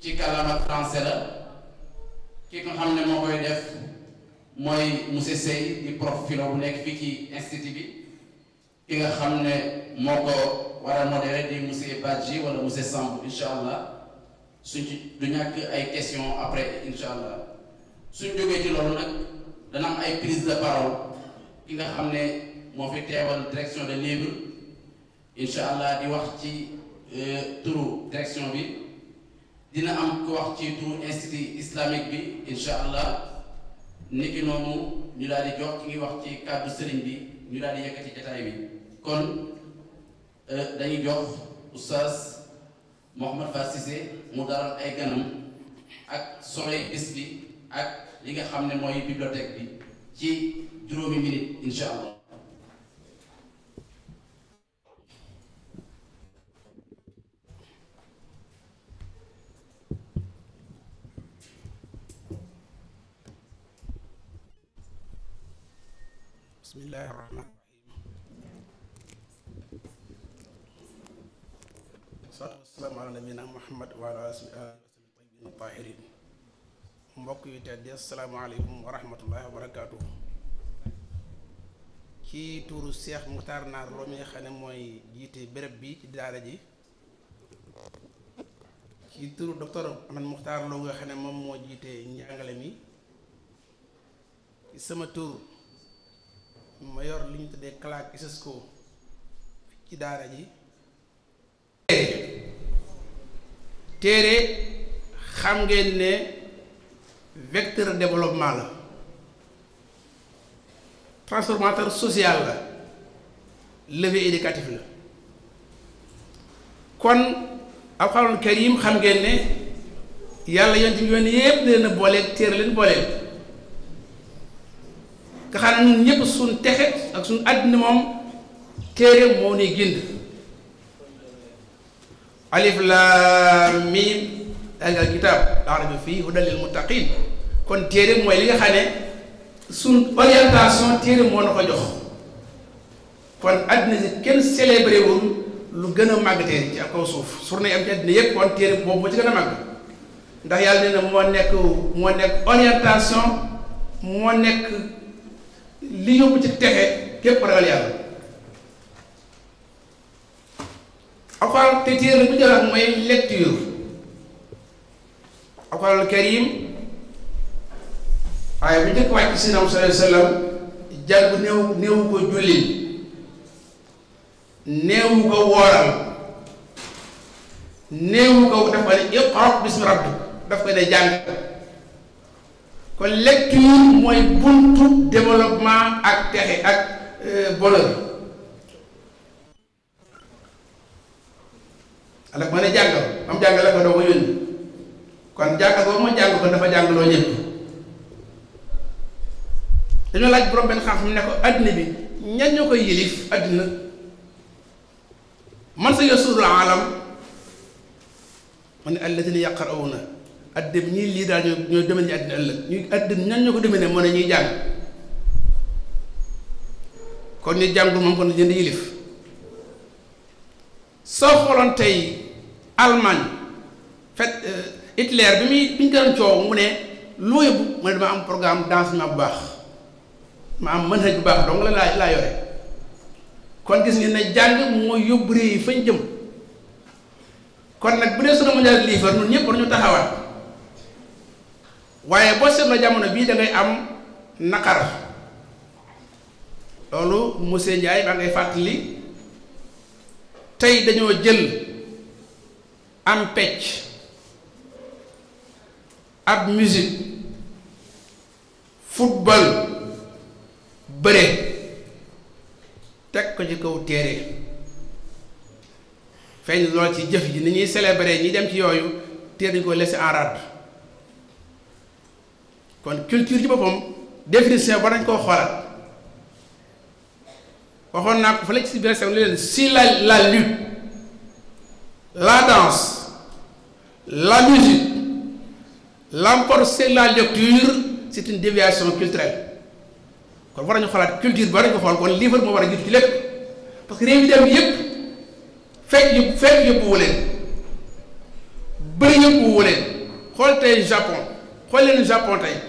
Speaker 3: ci kàllaama français la ki nga xam ne moo koy def mooy monsieur Sey di prof philo bu nekk fii ci institut ki nga xam ne moo ko war a modéré di monsieur Badji wala monsieur Samb incha allah suñ ci du ñàkk ay questions après incha allah suñ jógee ci loolu nag dana ay prise de parole ki nga xam ne moo fi teewal direction de livre incha allah di wax ci. Euh, turu direction bi dina am ku wax ci turu institut islamique bi incha allah niki noonu ñu daal di jox ki ngi wax ci kàddu sëriñ bi ñu daal di yëkkati jataay bi kon euh, dañuy jox oustaz Mouhamad Fall Cissé mu daral ay ganam ak soloy bis bi ak li nga xam ne mooy bibliothèque bi ci juróomi minute incha allah
Speaker 7: bismillahi rahmaan salaatu wasalaamu ala nabina muhammad wa ala alihi tayyibin tahirin mbokk yu tedd assalaamu aleykum wa rahmatullahi wa barakaatu ci tuuru Seex Muxtaar Naar Lo mi nga xam ne mooy jiite béréb bi ci daara ji ci tuuru docteur Ahmed Muxtaar Lo nga xam ne moom moo jiite njàngale mi ci sama tuur ma yor li ñu tuddee CLAC ci daara ji téere xam ngeen ne vecteur développement la transformateur social la levier éducatif la
Speaker 4: kon alxuraanul karim xam ngeen ne yàlla yonent bi yónni yépp leen booleeg téere leen booleeg nga xam ne ñun ñëpp suñ texe ak suñ àddina moom téere moo ne gind
Speaker 7: alif laam miim daalikal kitaab laa rayba fiihi hudan lil muttaqiin kon téere mooy li nga xam ne suñ orientation téere moo na ko jox kon àddina si kenn célébré wul lu gën a màgg téere ci ak kaw suuf surna am ci àddina yépp kon téere boobu moo ci gën a màgg ndax yàlla nee na moo nekk moo nekk orientation moo nekk li yóbbu ci texe képp ragal yàlla alxuraan te téere bu jëlaat mooy lecture alxuraanul karim waaye bu njëkk wàcc si naam sallallahu alayhi wa sallam jàng néew néew ko julli néew ko wooral néew ko dafa ne iqra bismi rabbik daf ko ne jàng kon lekk yi mooy buntu développement ak texe ak euh, bonheur alak mën a jàngal am jàngale ko doo ko yónni kon jàngal boobu ma jàng ko dafa
Speaker 4: jàngaloo ñëpp dañoo laaj borom xam ne ko addina bi ñan ñoo koy yilif addina man sa yasurul alam
Speaker 7: man alladina yaqrauna addina bi ñuy lii daal ñoo ñooy domaine yi addina ëllëg ñuy addina ñoo ko domine moo ne ñuy jàng kon ñu jàngul moom kon jënd yilif soo xooloon tey Allemagne fet euh, bi muy bi ñu ko doon coow mu ne mu ne bu baax ma am manhaj baax dong la laa laa gis ngeen ne jàng mooy nag
Speaker 4: bu dee sunu mondial lii fa ñun ñëpp war ñu taxawaat waaye boo sama jamono bii da am naqar
Speaker 7: loolu monsieur Ndiaye ba ngay fàttali tey dañoo jël am pecc ab musique football bëre teg ko ci kaw téere feeñ lool ci jëf ji ni ñuy célébrer ñuy dem ci yooyu téere ñu ko laisser en rade kon culture ci boppam définition ba nañ koo xoolaat waxoon naa ko fa la ci biir section leen si la la lutte la danse la musique l'emporte sur la lecture c'est une déviation culturelle kon war nañu xoolaat culture ba war nañu ko xool kon livre moo war a jiitu ci lépp parce que réew yi dem yëpp fekk yëpp fekk yëpp wu leen bëri yëpp wu xool tey Japon xool leen Japon tey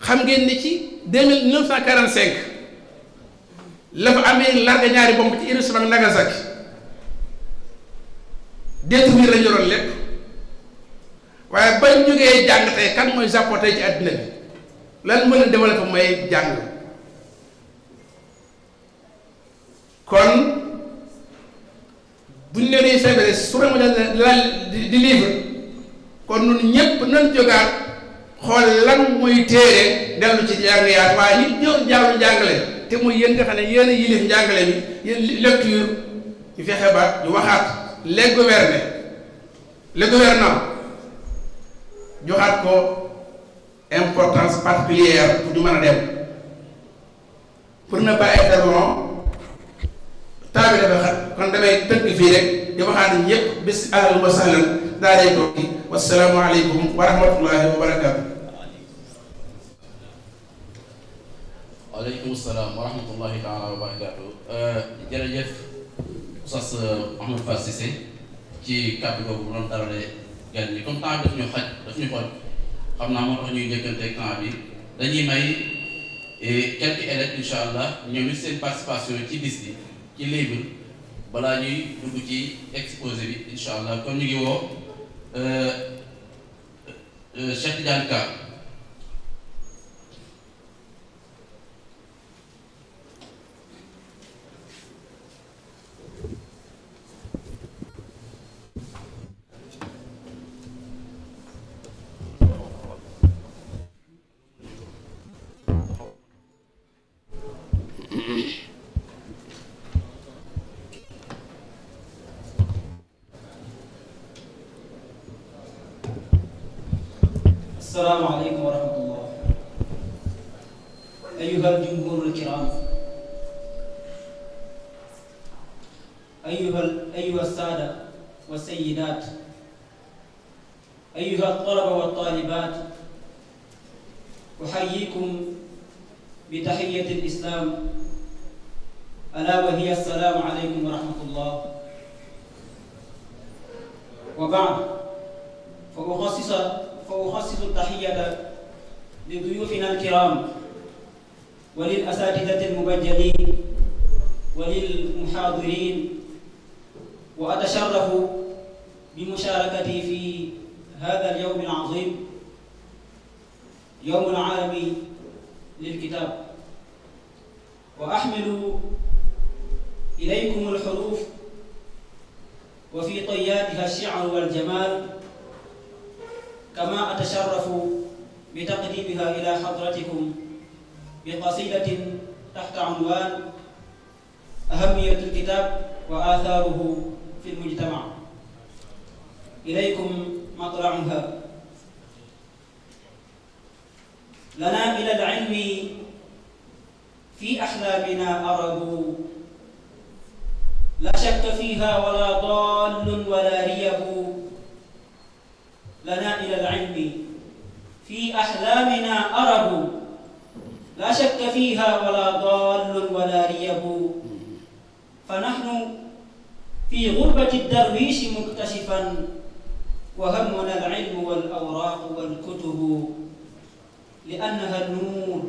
Speaker 7: xam ngeen ni ci deux mille neuf cent quarante cinq la fa amee larga ñaari bomb ci Hiroshima ak Nagasaki détruire la ñu doon lépp waaye bañ jógee jàng tey kan mooy Japon ci àddina bi lan mën a développé mooy jàng kon buñ ne nii feebare su ma di livre kon ñun ñëpp nañ jógaat. xool lan muy téere dellu ci jàng waaye ñi ñëw jaamu njàngale te muy yéen nga xam ne yéen a yilif njàngale mi yéen lecture ñu fexe ba ñu waxaat les gouvernés le gouvernant joxaat ko importance particulière pour ñu mën a dem pour ne pas être long dafa xat kon damay tënk fii rek di waxaat ñëpp bis ahlan wa sahlan daaray doom yi wassalaamu aleykum wa
Speaker 3: rahmatullahi wa barakaatu aleykum salaam wa rahmatullahi taala wa barakaatu euh, jërëjëf Oustaz Mouhamadou Fall Cissé ci kàddu boobu bu doon dalalee gan ñi comme temps daf ñu xaj daf ñu xoj xam naa moo tax ñuy njëkkante temps bi dañuy may et quelques élèves incha allah ñoom it seen participation ci bis bi ci livre balaa ñuy dugg ci exposé bi incha allah kon ñu ngi woo. Euh, euh, euh, Cheikh Tidiane
Speaker 8: السلام عليكم ورحمة الله أيها الجمهور الكرام أيها أيها السادة والسيدات أيها الطلبة والطالبات أحييكم بتحية الإسلام ألا وهي السلام عليكم ورحمة الله وبعد فأخصص فأخصص التحية لضيوفنا الكرام وللأساتذة المبجلين وللمحاضرين وأتشرف بمشاركتي في هذا اليوم العظيم يوم العالمي للكتاب وأحمل إليكم الحروف وفي طياتها الشعر والجمال كما أتشرف بتقديمها إلى حضرتكم بقصيدة تحت عنوان أهمية الكتاب وآثاره في المجتمع إليكم مطلعها لنا إلى العلم في أحلامنا أرب لا شك فيها ولا ضال ولا ريب لنا إلى العلم في أحلامنا أرب لا شك فيها ولا ضال ولا ريب فنحن في غربة الدرويش مكتشفا وهمنا العلم والأوراق والكتب لأنها النور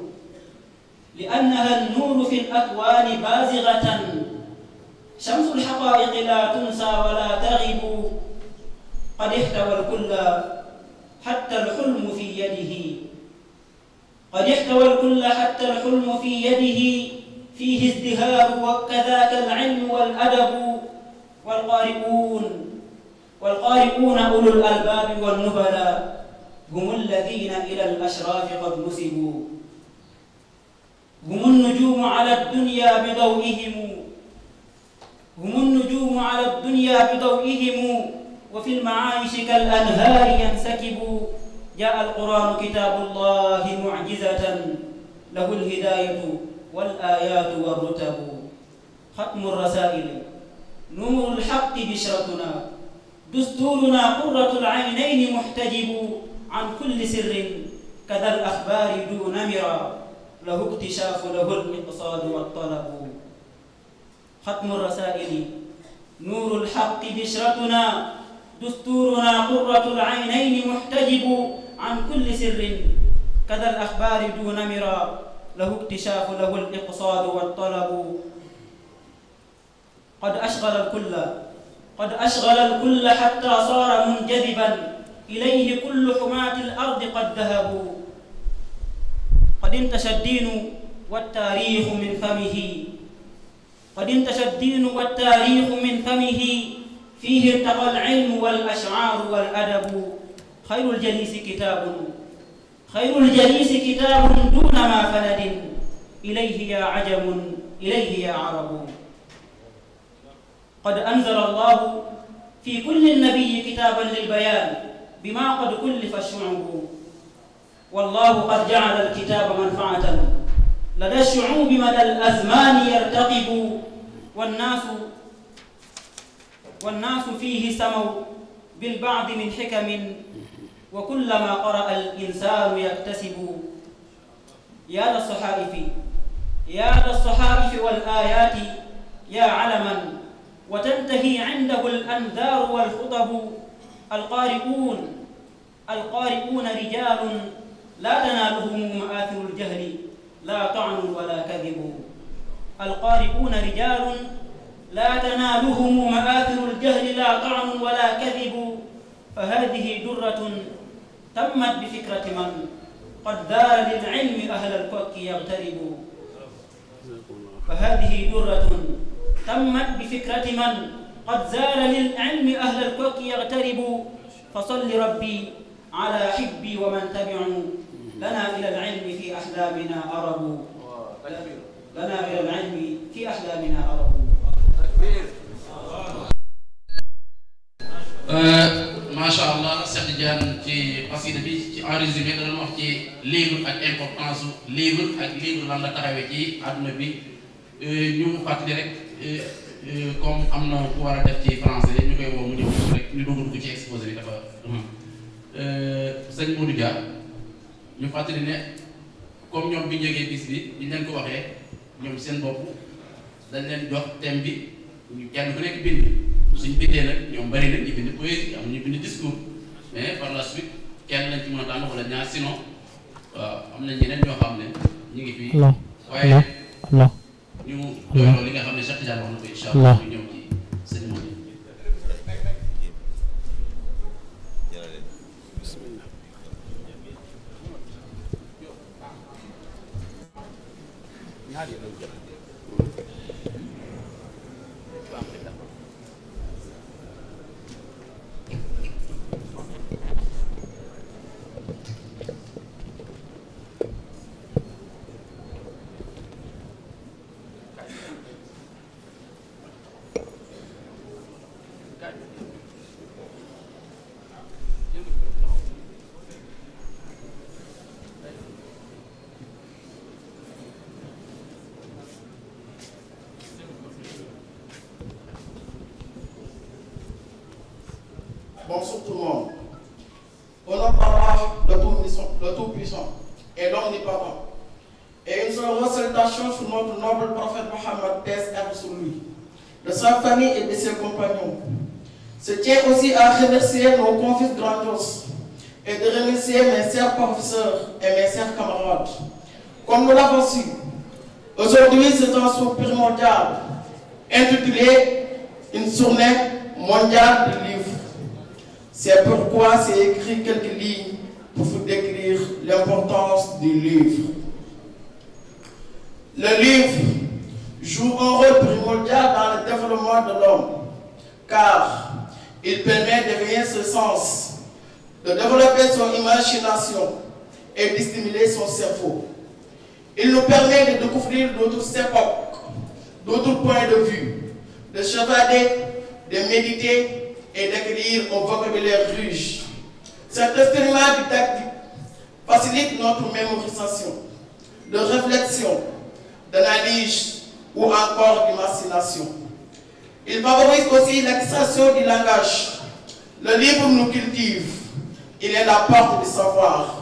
Speaker 8: لأنها النور في الأكوان بازغة شمس الحقائق لا تنسى ولا تغب قد احتوى الكل حتى الحلم في يده قد احتوى الكل حتى الحلم في يده فيه ازدهار وكذاك العلم والأدب والقارئون والقارئون أولو الألباب والنبلاء هم الذين إلى الأشراف قد نسبوا هم النجوم على الدنيا بضوئهم هم النجوم على الدنيا بضوئهم وفي المعايش كالأنهار ينسكب جاء القرآن كتاب الله معجزة له الهداية والآيات والرتب ختم الرسائل نور الحق بشرتنا دستورنا قرة العينين محتجب عن كل سر كذا الأخبار دون مرى له اكتشاف له الاقتصاد والطلب ختم الرسائل نور الحق بشرتنا دستورنا قرة العينين محتجب عن كل سر كذا الأخبار دون مرى له اكتشاف له الإقصاد والطلب قد أشغل الكل قد أشغل الكل حتى صار منجذبا إليه كل حماة الأرض قد ذهبوا قد انتشى الدين والتاريخ من فمه قد انتشى الدين والتاريخ من فمه فيه التقى العلم والأشعار والأدب خير الجليس كتاب خير الجليس كتاب دون ما فند إليه يا عجم إليه يا عرب قد أنزل الله في كل نبي كتابا للبيان بما قد كلف الشعوب والله قد جعل الكتاب منفعة لدى الشعوب مدى الأزمان يرتقب والناس والناس فيه سموا بالبعض من حكم وكلما قرأ الإنسان يكتسب يا للصحائف يا للصحائف والآيات يا علما وتنتهي عنده الأنذار والخطب القارئون القارئون رجال لا تنالهم مآثر الجهل لا طعن ولا كذب القارئون رجال لا تنالهم مآثر الجهل لا طعن ولا كذب فهذه درة تمت بفكرة من قد دار للعلم أهل الكوك يغترب فهذه درة تمت بفكرة من قد زار للعلم أهل الكوك يغترب فصل ربي على حبي ومن تبعوا لنا إلى العلم في أحلامنا أرب لنا إلى العلم في أحلامنا أرب
Speaker 3: Euh, macha allah Cheikh Tidiane ci xasida bi ci enrésumé da doon wax ci livre ak importance su ak livre lan taxawee ci àdduna bi euh, ñu mu rek euh, comme am na war a def ci français ñu koy woo mu ñu dugg dugg ci exposé bi dafa sëñ Modou ñu fàttali ne comme ñoom bi ñu jógee bis bi ñu ko waxee ñoom seen bopp dañ leen jox thème bi. ñu kenn ku nekk bind suñ bindee nag ñoom bëri na ñu bind poésie am ñu bind discours mais par la suite kenn lañ ci mën a ñaar sinon waaw am na ñeneen ñoo xam ne ñu ngi fi. waaye ñu doy li nga xam ne Cheikh Tidiane na
Speaker 7: remercier nos confis grandos et de remercier mes chers professeurs et mes chers camarades. Comme nous l'avons su, aujourd'hui c'est un primordial intitulé Une journée
Speaker 9: mondiale du livre.
Speaker 7: C'est pourquoi j'ai écrit quelques lignes pour vous décrire l'importance du livre. Le livre joue un rôle dans le développement de l'homme, car Il permet de veiller ce sens, de développer son imagination et de stimuler son cerveau. Il nous permet de découvrir d'autres époques, d'autres points de vue, de chevaler, de méditer et d'écrire un vocabulaire riche. Cet instrument facilite notre mémorisation, de réflexion, d'analyse ou encore d'imagination. Il favorise aussi l'extraction du langage. Le livre nous cultive. Il est la porte du savoir.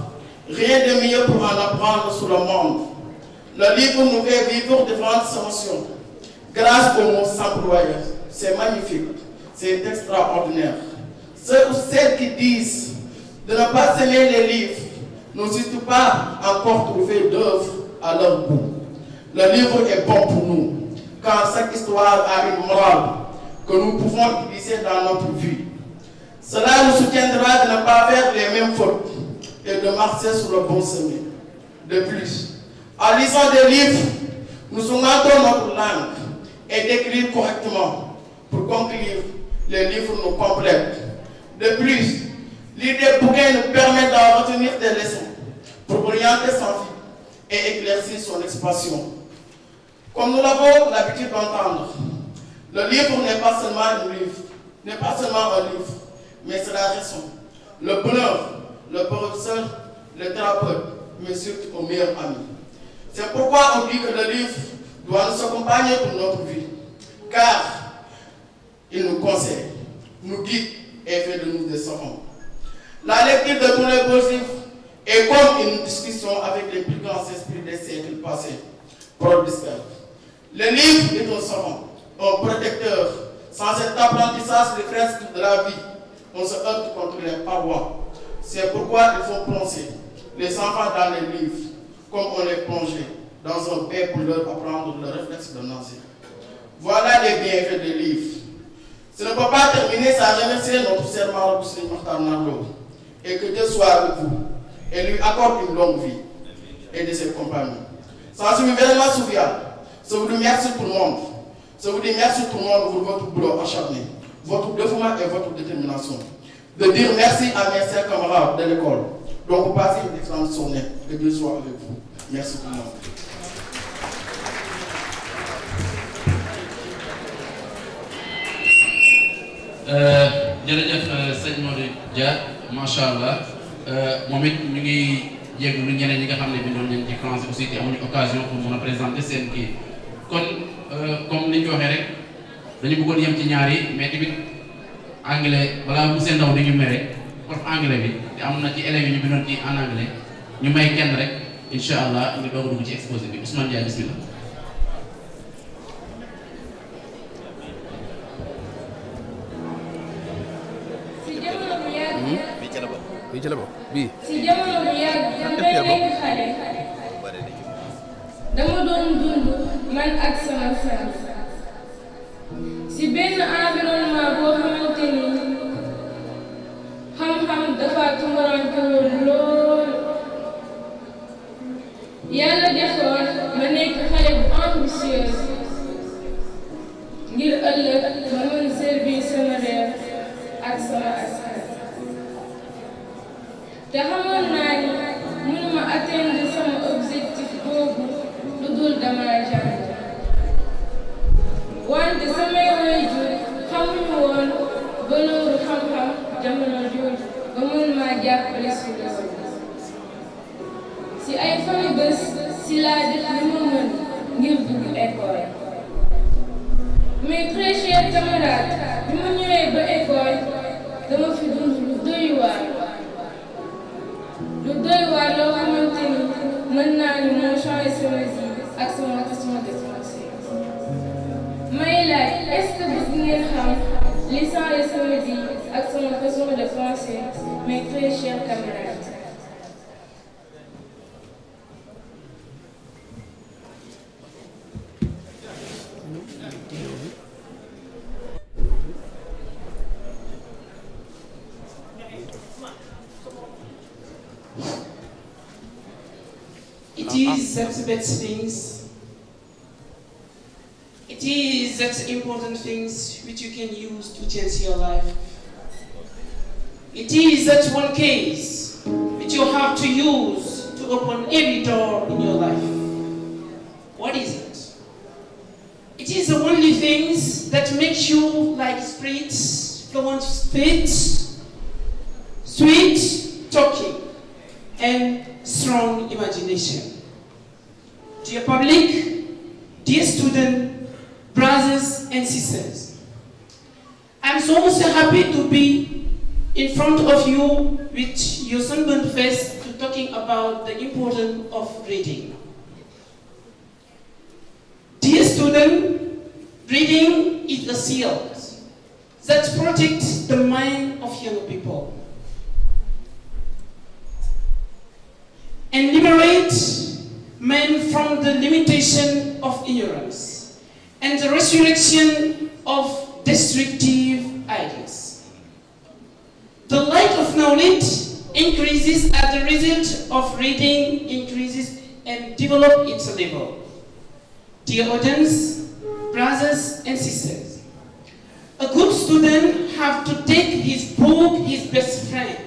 Speaker 7: Rien de mieux pour en apprendre sur le monde. Le livre nous fait vivre de Grâce aux mots sans C'est magnifique. C'est extraordinaire. Ceux qui disent de ne pas aimer les livres n'ont surtout pas encore trouvé d'œuvre à leur Le livre est bon pour nous. car chaque histoire a une morale que nous pouvons utiliser dans notre vie. Cela nous soutiendra de ne pas faire les mêmes fautes et de marcher sur le bon chemin. De plus, en lisant des livres, nous augmentons notre langue et d'écrire correctement. Pour conclure, les livres nous complètent. De plus, lire des bouquins nous permet d'en des leçons pour orienter sa vie et éclaircir son expansion. Comme nous l'avons l'habitude d'entendre, le livre n'est pas seulement un livre, n'est pas seulement un livre, mais c'est la raison, le bonheur, le professeur, le thérapeute, mais surtout au meilleur ami. C'est pourquoi on dit le livre doit nous accompagner pour notre vie, car il nous conseille, nous guide et fait de nous des savants. La lecture de tous les beaux livres comme une discussion avec les plus grands esprits des siècles passés. Paul Biscard. Le livre est un savant, un protecteur. Sans cet apprentissage des fresques de la vie, on se heurte contre les parois. C'est pourquoi il faut plonger les enfants dans les livres, comme on les plongeait dans un bain pour leur apprendre le réflexe de nager. Voilà les bienfaits des livres. Je ne peux pas terminer sans remercier notre serment Rousseline Mokhtar et que Dieu soit avec vous accorde une longue vie et de ses compagnons. Sans une vraiment Ça vous dit merci tout le monde. Ça vous dit merci tout le monde pour votre boulot acharné, votre dévouement et votre détermination. De dire merci à mes chers Merci tout le monde.
Speaker 3: Euh, jërëjëf euh, sëñ Modou Dia macha allah euh, moom it ñu ngi yegg lu ñeneen ñi nga xam ne bindoon nañ ci France aussi te amuñu occasion pour mën a présenter seen kon euh, comme ni ñu rek dañu bëggoon yem ci ñaar yi mais tamit anglais balaa monsieur Ndao di ñu mere prof anglais bi te am na ci élèves yi ñu bindoon ci en anglais ñu may kenn rek incha allah ñu doog a dugg ci exposé bi Ousmane Ndiaye bismillah. Hmm? bii ci la bokk bii. si
Speaker 9: man ak sama sens
Speaker 10: si benn environnement boo xamante ni xam-xam dafa tumurante woon lool
Speaker 9: yàlla defoon ma nekk xale bu ambitieuse
Speaker 10: ngir ëllëg ma mën servir sama réew ak sama askan te xamoon naa ni mënuma atteindre sama objectif boobu dul dama jàng wante samay waajur xamuñu woon valeur xam-xam jamono jooju ba mën maa jàppale si si ay fani si laa def li ma mën ngir dugg école mais très chers camarades bi ma ñëwee ba école dama fi dund lu doy waar lu doy waar loo xamante ni mën naa ni moo changé sama ak sama ak sama des may laaj est-ce que bëgg ngeen xam li sans les samedis ak sama façon de penser mes très chers It is that important things which you can use to change your life. It is that one case which you have to use to open every door in your life. What is it? It is the only things that makes you like spirits, go on sweet talking, and strong imagination. Dear public, dear students, brothers and sisters, I'm so much happy to be in front of you with your sunburned face talking about the importance of reading. Dear students, reading is a seal that protects the mind of young people and liberates men from the limitation of ignorance and the resurrection of destructive ideas. The light of knowledge increases as the result of reading increases and develop its level. Dear brothers and sisters, a good student have to take his book his best friend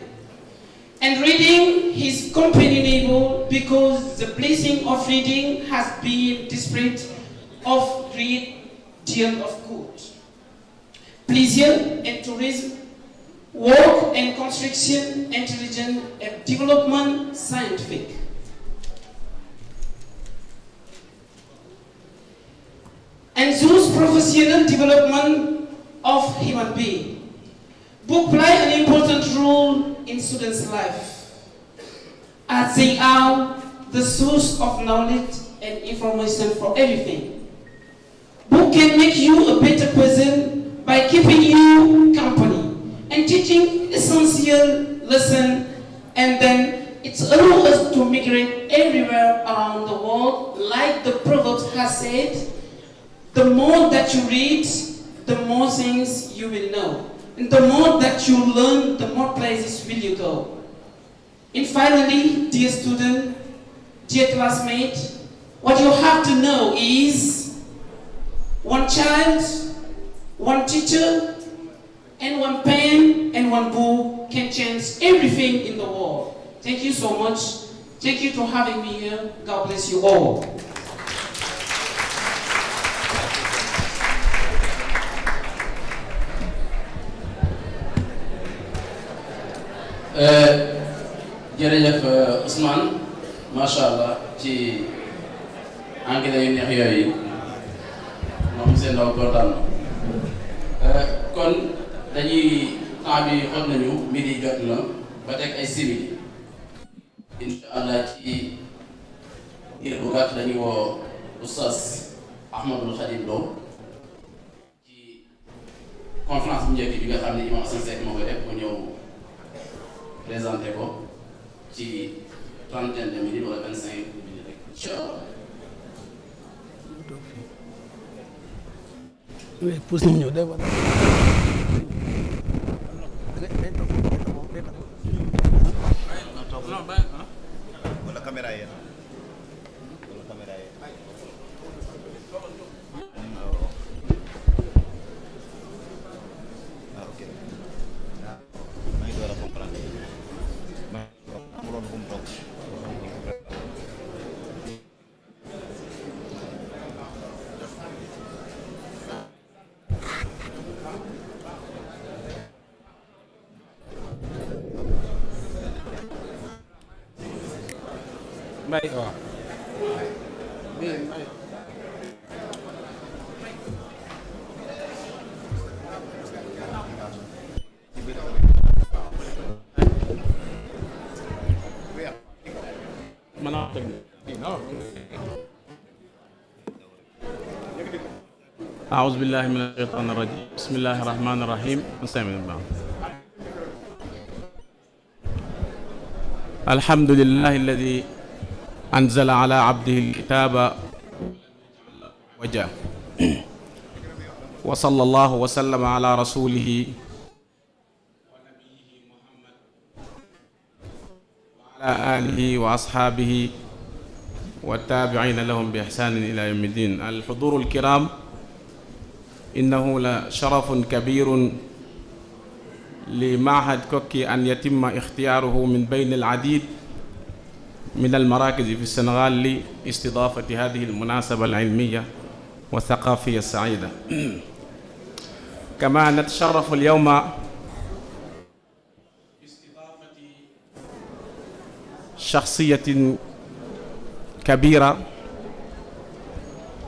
Speaker 10: and reading is companionable because the blessing of reading has been the spirit of great deal of good. Pleasure and tourism, work and construction, intelligence and development, scientific. And those professional development of human being. book play an important role in students' life, as they are the source of knowledge and information for everything. Book can make you a better person by keeping you company and teaching essential lessons and then it allows us to migrate everywhere around the world. Like the proverb has said, the more that you read, the more things you will know. And the more that you learn, the more places will you go. And finally, dear student, dear classmate, what you have to know is one child, one teacher, and one pen and one book can change everything in the world. Thank you so much. Thank you for having me here. God bless you all.
Speaker 3: Euh, jërëjëf euh, Ousmane macha allah ci anglais yu neex yooyu moom seen ndaw kontaan na euh, kon dañuy temps bi nañu midi jot na ba teg ay simili incha allah ci ngir bu gàtt dañuy woo oustaz Ahmadul Khadim Lo ci conférence bu njëkk bi nga xam ne imam Assane Seck moo présenté ko ci trentaine de minutes wala vingt cinq minutes rek
Speaker 7: mais pousse ñu ñëw day war
Speaker 11: wala caméra yi
Speaker 4: mbay waaw أعوذ بالله من الشيطان الرجيم بسم الله الرحمن الرحيم نستعمل البعض الحمد لله الذي anzala ala abdihi alkitaba waja wa sallallahu wa sallama ala rasulihi wa alihi wa ashaabihi wa taabiciina lahum bi ixsaanin ila yawmi ddin alxuduuru alkiraam innahu la sharafun kabirun li maahad Kokki an yatimma ixtiyaaruhu min bayni alcadiid min almarakisi fi Sénégal li istidaafati hadihi almunasaba alilmiya wa althaqafiya alsaida kama natasharafu alyawma bistidaafati shakhsiyatin kabira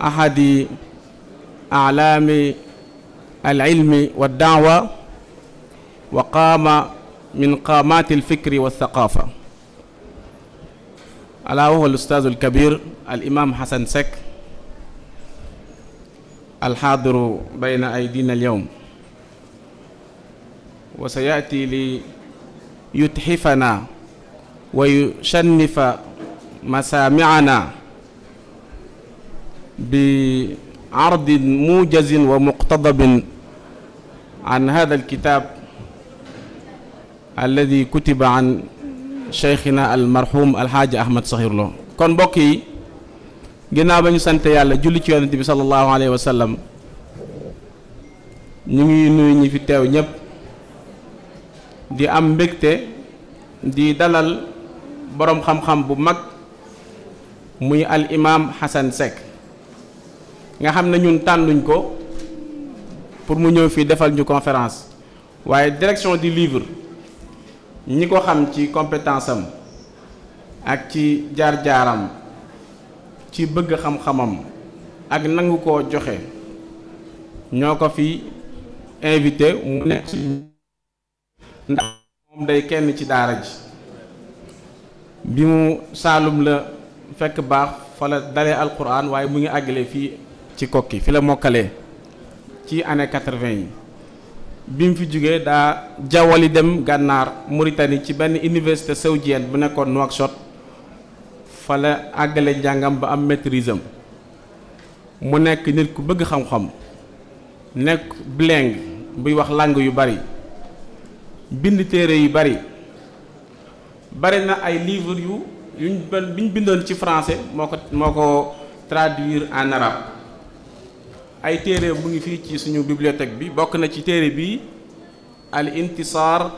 Speaker 4: ahadi aclaami alilmi waddaawa wa qaama min qaamaati alfikri walthaqafa alaa wa huwa al ustaaz al kabir al imaam Xasan Seck al xaadiru bayna aydiina al yawm wa sa yaati li yutxifanaa wa yushannifa masaamicana bi cardin muujazin wa muqtadabin can hada alkitaab alladi kutiba can cheikhina al marhum alhaaji ahmad saxir lo kon mbokk yi ginnaaw ba ñu sant yàlla julli ci yonent bi sallallahu alayhi wa sallam ñu ngi nuyu ñi fi teew ñépp di am mbégte di dalal boroom xam-xam bu mag muy al imaam Xasan Seck nga xam ne ñun tànnuñ ko pour mu ñëw fii defal ñu conférence waaye direction di livre ñi ko xam ci compétence am ak ci jaar-jaaram ci bëgg xam-xamam ak nangu ko joxe ñoo ko fi invité mu nekk ndax moom day kenn ci daara ji bi mu saalum la fekk baax fa la dalee alquran waaye mu ngi àggale fii ci kokki fi la mokkalee ci année quatre-vingt yi bi mu fi jugee daa jawwali dem gànnaar Mauritanie ci benn université saoudienne bu nekkoon Nouakchott fa àggale njàngam ba am maîtrise mu nekk nit ku bëgg xam-xam nekk bilingue buy wax langue yu bari bind téere yu bari bari na ay livre yu yuñ biñ bindoon ci français moo ko moo ko traduire en arabe ay téere mu ngi fii ci suñu bibliothèque bi bokk na ci téere bi al intisaar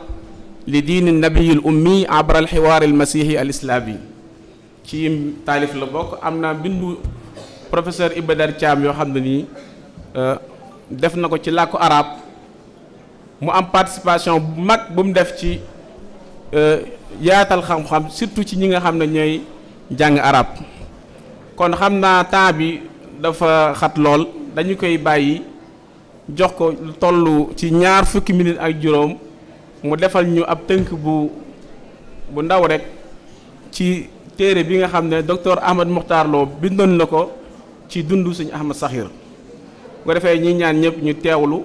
Speaker 4: li diini nabiyi l ummi abra al xiwaar al masihi al islaami ci taalif la bokk am na bindu professeur Iba Dar yoo xam ne nii euh, def na ko ci làkku arab mu am participation bu mag bu mu def ci euh, yaatal xam-xam surtout ci ñi nga xam ne ñooy jàng arab kon xam naa temps dafa xat lool dañu koy bàyyi jox ko toll ci ñaar fukki minute ak juróom mu defal ñu ab tënk bu bu ndaw rek ci téere bi nga xam ne docteur Ahmad Mokhtar Lo bindoon na ko ci dundu suñu Ahmad Saxir bu ko defee ñi ñaan ñëpp ñu teewlu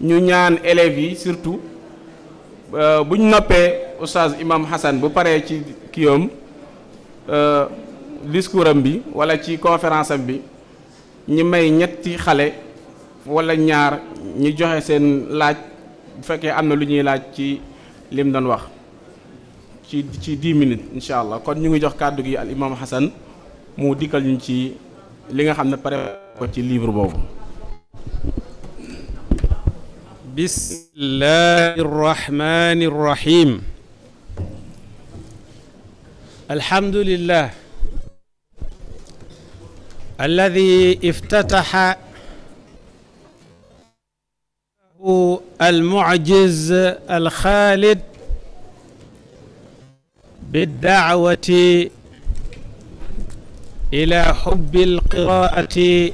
Speaker 4: ñu ñaan élèves yi surtout euh, buñ noppee oustaz imam Hassan bu paree ci kiyoom euh, discours am bi wala ci conférence bi ñi may ñetti xale wala ñaar ñi joxe seen laaj bu fekkee am na lu ñuy laaj ci lim doon wax ci ci dix minute incha allah kon ñu ngi jox kàddu gi al imam Hassan mu dikkal ñu ci li xam ne pare livre boobu bismillahi rahmani rahim alhamdulillah الذي افتتح المعجز الخالد بالدعوة إلى حب القراءة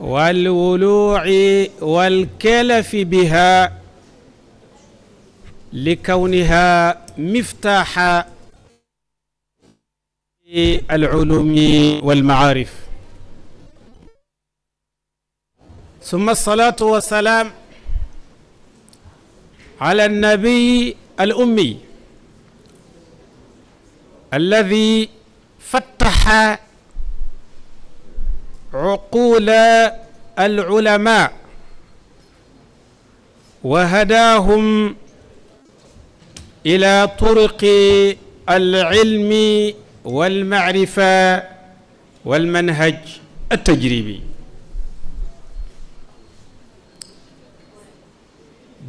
Speaker 4: والولوع والكلف بها لكونها مفتاح alulumi walmaarif summa alsalatu wassalaam ala alnabiy alummiy alladi fattaxa cuqula alulama wa hadaahum ila turuqi alcilmi walmaarifa walmanhaj attajribi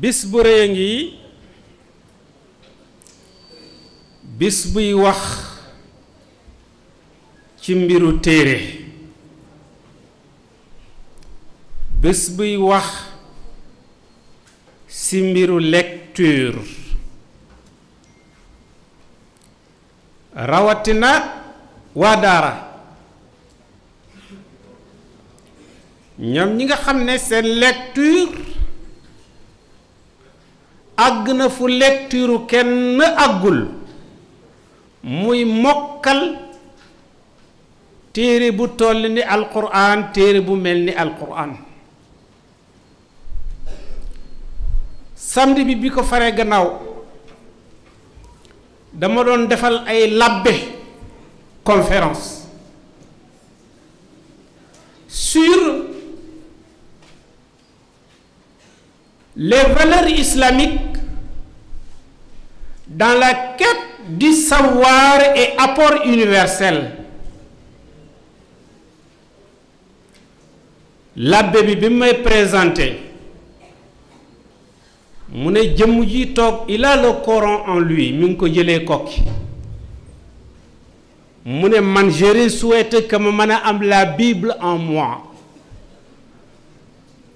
Speaker 4: bis bu rëy a ngi bés buy wax ci mbiru téere bés buy wax ci mbiru lecture rawatina waa daara ñoom ñi nga xam ne seen lecture àgg na fu lecture kenn àggul muy mokkal téere bu toll ni alquran téere bu mel ni alquran samedi bi bi ko faree gannaaw dama doon defal ay labbe conférence sur les valeurs islamiques dans la quête di savoir et apport universel labbe bi bi may présenté mu ne jëmm ji toog il a le Coran en lui mi ngi ko jëlee kokki mu ne man j'aurais souhaité que ma mën a am la Bible en moi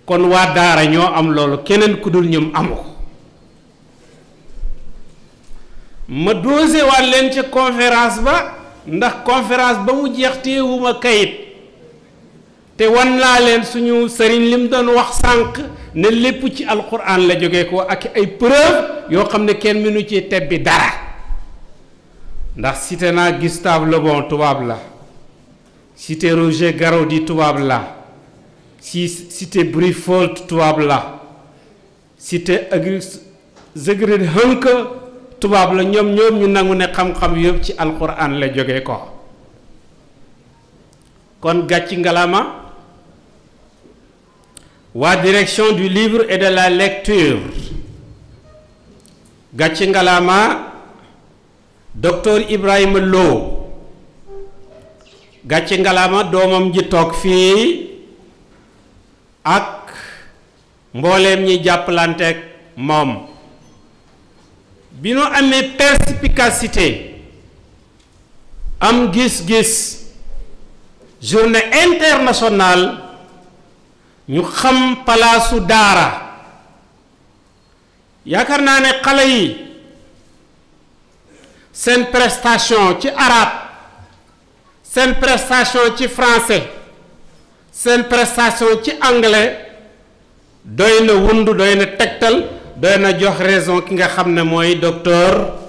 Speaker 4: kon waa daara ñoo am loolu keneen ku dul ñoom amu ko ma dose leen ca conférence ba ndax conférence ba mu jeex téewuma kayit te wan laa leen suñu sëriñ lim doon wax sànq ne lépp ci alquran la jógee ko ak ay preuve yoo xam ne kenn mënu ci tebbi dara ndax cité naa Gustave Le Bon tubaab la cité Roger Garaudy tubaab la si cité Brifold tubaab la cité Auguste Sigrid Hanke tubaab la ñoom ñoom ñu nangu ne xam-xam yëpp ci alquran la joge ko kon gàcci ngalama waa direction du livre et de la lecture gàcc ngalaama docteur Ibrahima Lo gàcci ngalaama doomam ji toog fii ak mbooleem ñi jàppalanteeg moom bi nu amee perspicacité am gis-gis journée internationale ñu xam palaasu daara yaakaar naa ne xale yi seen prestation ci arabe seen prestation ci français seen prestation ci anglais doy na wundu doy na tegtal doy na jox raison ki nga xam ne mooy docteur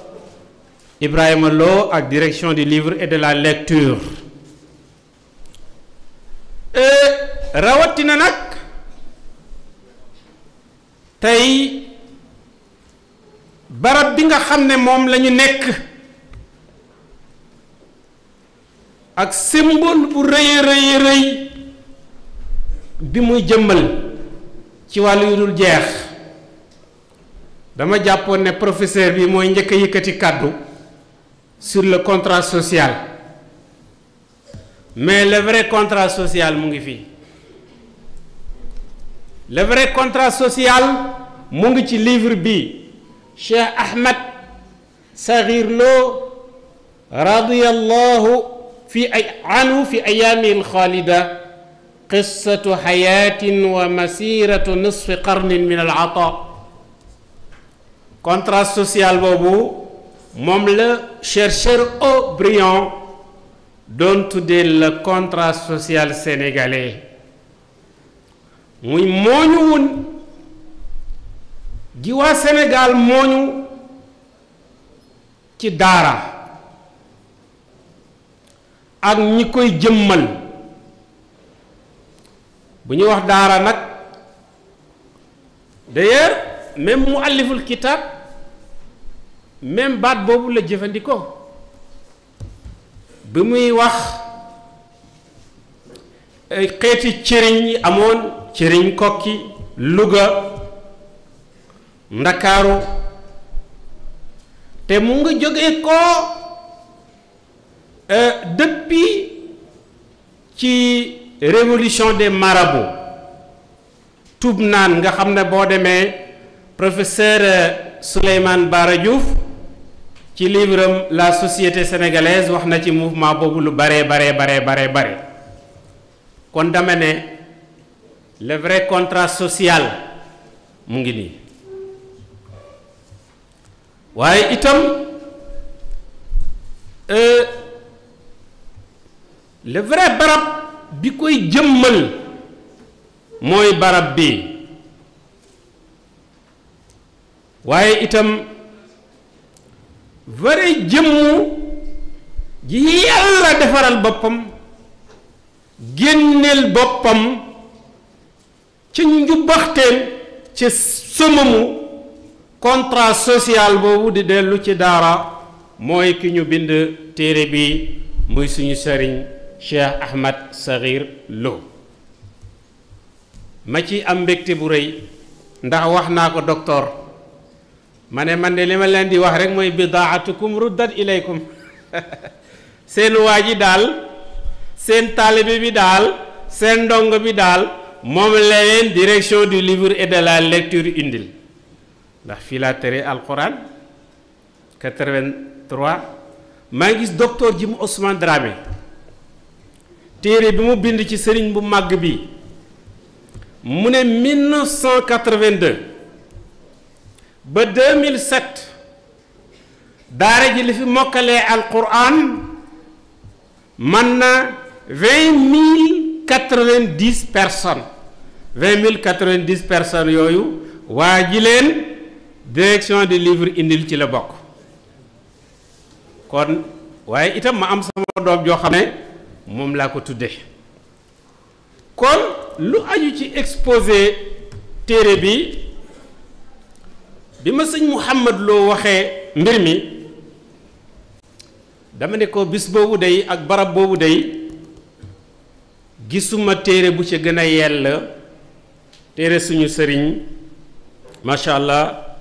Speaker 4: Ibrahima Lo ak direction du livre et de la lecture rawatina nag tey barab bi nga xam ne moom lañu nekk ak symbole bu rëy rëy rëy bi muy jëmmal ci wàllu yu dul jeex dama jàppoon ne professeur bi mooy njëkk yëkkati kàddu sur le contrat sociale mais le vrai contrat social mu ngi fii le vrai contrat social mu ngi ci livre bi Cheikh Ahmed Saghir Lo radiyallahu fi ay anhu fi ayaami alxaalida qissatu xayaatin wa masiratu nisfi qarnin min al ata contrat social boobu moom la chercheur Aubryon doon tuddee le contrat social sénégalais muy mooñu wun gi waa Sénégal mooñu ci daara ak ñi koy jëmmal bu ñu wax daara nag d'ailleurs même mu àlliful kitaab même baat boobu la jëfandikoo bi muy wax ay xeeti cëriñ yi amoon cëriñ kokki Louga Ndakaaru te mu nga jóge ko euh, depuis ci révolution des marabouts tub naan nga xam ne boo demee professeur euh, Souleymane Bara Diouf ci livre am la société sénégalaise wax na ci mouvement boobu lu baree bare baree baree bare kon dama ne le vrai contrat social mu ngi nii waaye itam euh, le vrai barab bi koy jëmmal mooy barab bi waaye itam vrai jëmmu ji yàlla defaral boppam génneel boppam ci njubbaxteem ci sëmamu contrat social boobu di dellu ci daara mooy ki ñu bind téere bi muy suñu sëriñ Cheikh Ahmad Saxiir Lo ma ci am mbégte bu rëy ndax wax naa ko docteur ma ne man de li ma leen di wax rek mooy bidaatukum ruddat ilaykum seen waa ji daal seen taalibe bi daal seen ndongo bi daal moom la leen direction du livre et de la lecture indil ndax fii laa tere alquran 83 maa ngi gis docteur mu Ousmane Dramé téere bi mu bind ci sëriñ bu màgg bi mu ne 1982 ba 2007 daara ji li fi mokkalee alquran man na 20 090 personnes vingt mille quatre-vingt-dix personnes yooyu waa ji leen direction de livre indil ci la bokk kon waaye itam ma am sama doom joo xam ne moom laa ko tuddee kon lu aju ci exposé téere bi bi ma sëñ Mouhamad loo waxee mbir mi dama ne ko bis boobu day ak barab boobu day gisuma téere bu ca gën a yell téere suñu sëriñ macha allah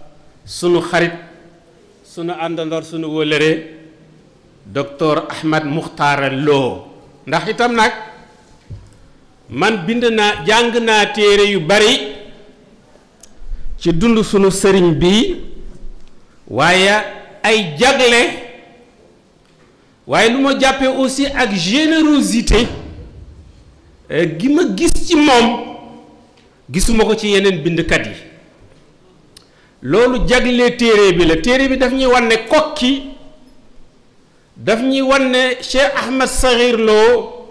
Speaker 4: sunu xarit sunu àndandoor sunu wëlëre docteur Ahmad Muxtaara Lo ndax itam nag man bind naa jàng naa téere yu bari ci dund suñu sëriñ bi waaye ay jagle waaye lu ma jàppee aussi ak générosité eh, gi ma gis ci moom gisuma ko ci yeneen bindkat yi loolu jagle téere bi la téere bi daf ñuy wan ne kokki daf ñuy wan ne Cheikh Ahmed Sakhir Lo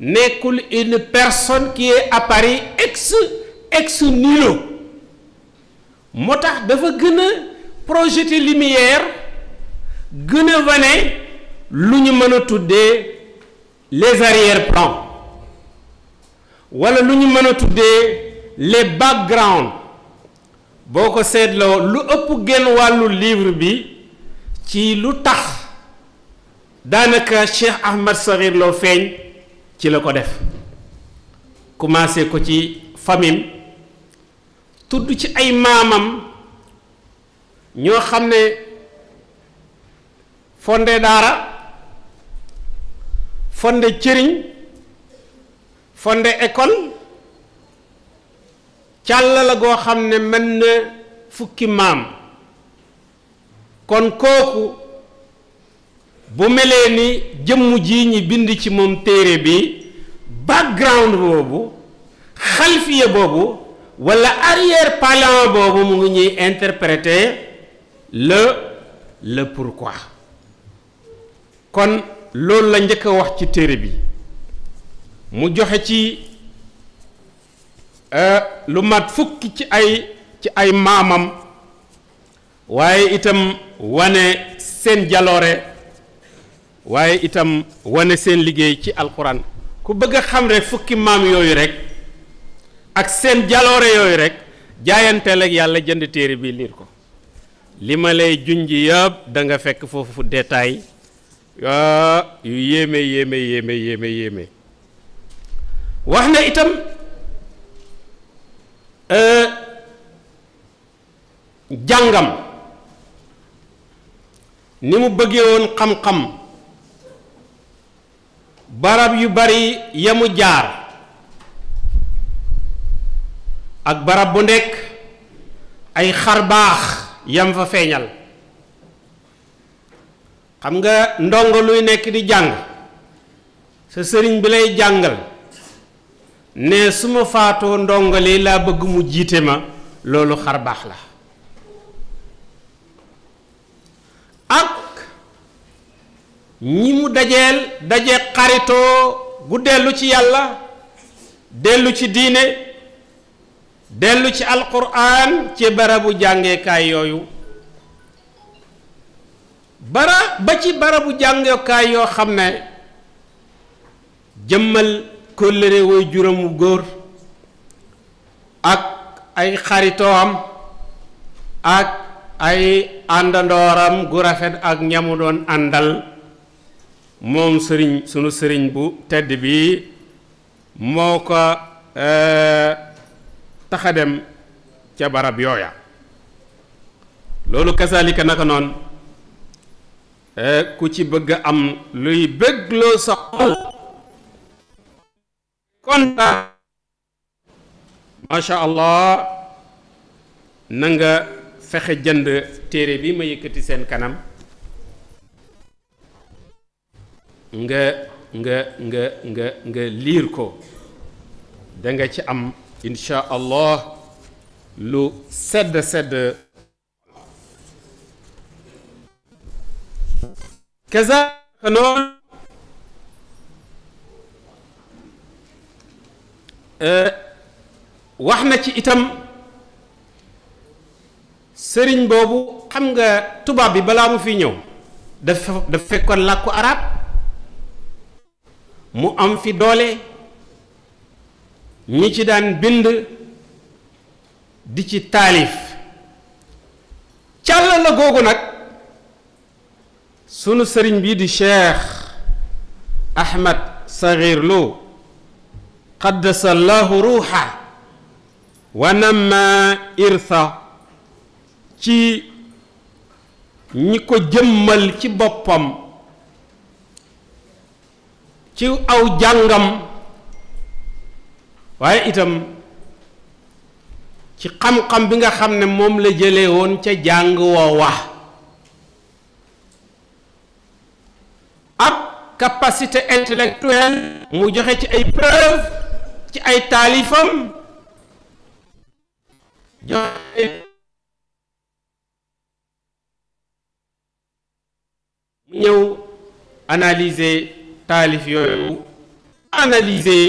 Speaker 4: nekkul une personne qui est à Paris ex ex nihilo moo tax dafa gën a projeter lumière gën a wane lu ñu mën a tuddee les arrière-plans wala lu ñu mën tuddee les backgrounds boo ko seetloo lu ëpp gen wàllu livre bi ci lu tax daanaka Cheikh Ahmad Sakhir Lo feeñ ci la ko def commencé ko ci famim tudd ci ay maamam ñoo xam ne fonde daara fonde cëriñ fonde école càlla la goo xam ne mën na fukki maam kon kooku bu melee ni jëmm ji ñi bind ci moom téere bi background boobu xalfiye boobu wala arrière plan boobu mu ngi ñuy interpréter le le pourquoi kon loolu la njëkk wax ci téere bi mu joxe ci Eh, lu mat fukki ci ay ci ay maamam waaye itam wane seen jaloore waaye itam wane seen liggéey ci alxuraan ku bëgg a xam rek fukki maam yooyu rekk ak seen jaloore yooyu rekk jaayanteel ak yàlla jënd téere bi liir ko li ma lay junj yëpp da nga fekk foofu détail yu yéeme yéeme yéeme yéeme wax na itam Euh, jàngam ni mu bëggee woon xam-xam barab yu bari yamu jaar ak barab bu nekk ay xar baax yam fa feeñal xam nga ndongo luy nekk di jàng sa sëriñ bi lay jàngal ne suma faatoo ndongo li laa bëgg mu jiite ma loolu xar baax la ak ñi mu dajeel daje xaritoo gu dellu ci yàlla dellu ci diine dellu ci alquran ci barabu jàngeekaay yooyu bara ba ci barabu jàngeekaay yoo xam ne jëmmal kóllëre woy juróomu góor ak ay xaritoom ak ay àndandooram gu rafet ak ñamu doon àndal moom sëriñ sunu sëriñ bu tedd bii moo ko e, taxa dem ca barab yooya loolu kasaalika naka noon e, ku ci bëgg am luy bëggloo sa xol kontaan macha allah na nga fexe jënd téere bi ma yëkkati seen kanam nga nga nga nga liir ko danga ci am incha allah lu sedd sedd kaza noonu Euh, wax na ci itam sëriñ boobu xam nga tubaab bi balaa mu fi ñëw dafa dafa làkku arab mu am fi doole ñi ci daan bind di ci taalif càll la googu nag sunu sëriñ bii di cheikh ahmad saxiir loo qaddasa llahu ruuxa wa namma irtha ci ñi ko jëmmal ci boppam ci aw jàngam waaye itam ci xam-xam bi nga xam ne moom la jëlee woon ca jàng woowa ak capacité intellectuelle mu joxe ci ay preuve ci ay taalifam joxe ñëw analyser taalif yooyu analyser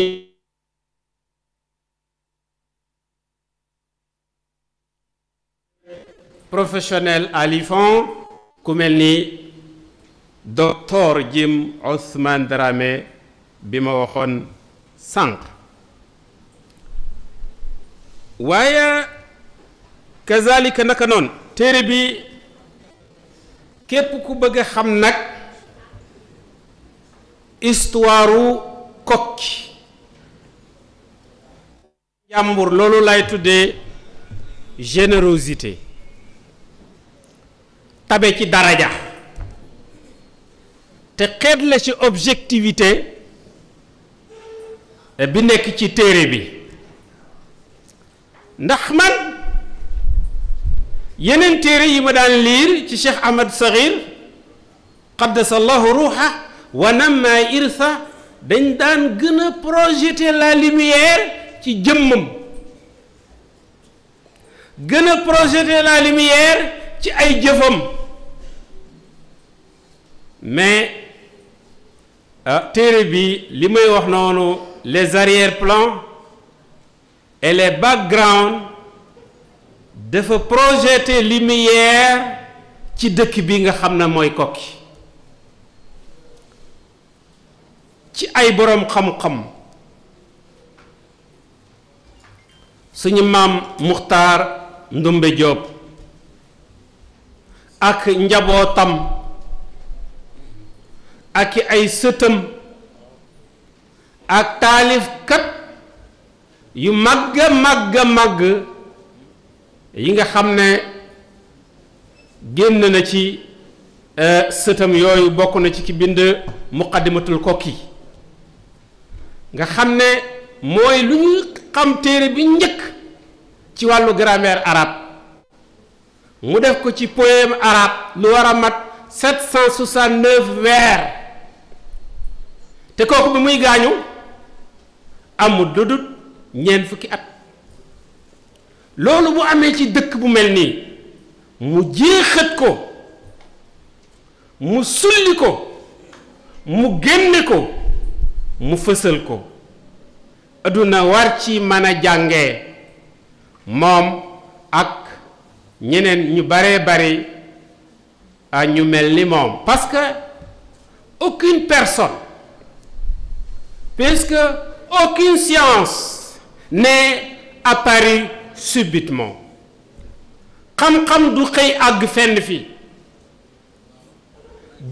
Speaker 4: professionnel alifan ku mel ni docteur Jim Ousmane Dramé bi ma waxoon sànq waaye kazalika naka noonu téere bi képp ku bëgg a xam nag histoire kokki jàmbur loolu lay tuddee générosité tabe ci daraja te xeetla ci objectivité bi nekk ci téere bi ndax man yeneen téere yi ma daan liir ci cheikh ahmad saxir qaddasallahu ruuxa wa namma irsa dañ daan gën a la lumière ci jëmmam gën a projeter la lumière ci ay jëfam mais ah téere bi li may wax noonu les arrière-plans et les dafa projeter lumière ci dëkk bi nga xam ne mooy Kokki ci ay boroom xam-xam suñu maam Muxtaar Ndumbe Jóob ak njabootam ak ay sëtam ak taalifkat yu màgg a màgg a màgg yi nga xam ne génn na ci euh, sëtam yooyu bokk na ci ki bind muqaddimatul kokki nga xam ne mooy lu ñu xam téere bi njëkk ci wàllu grammaire arabe mu def ko ci poème arabe lu war a mat 769 vers te kooku bi muy gaañu amul dudut ñeent fukki at loolu bu amee ci dëkk bu mel nii mu jeexat ko mu sulli ko mu génne ko mu fësal ko adduna war ci mën a jàngee moom ak ñeneen ñu bare bari a ñu mel ni moom parce que aucune personne puisque aucune science ne à Paris subitement xam-xam du xëy àgg fenn fi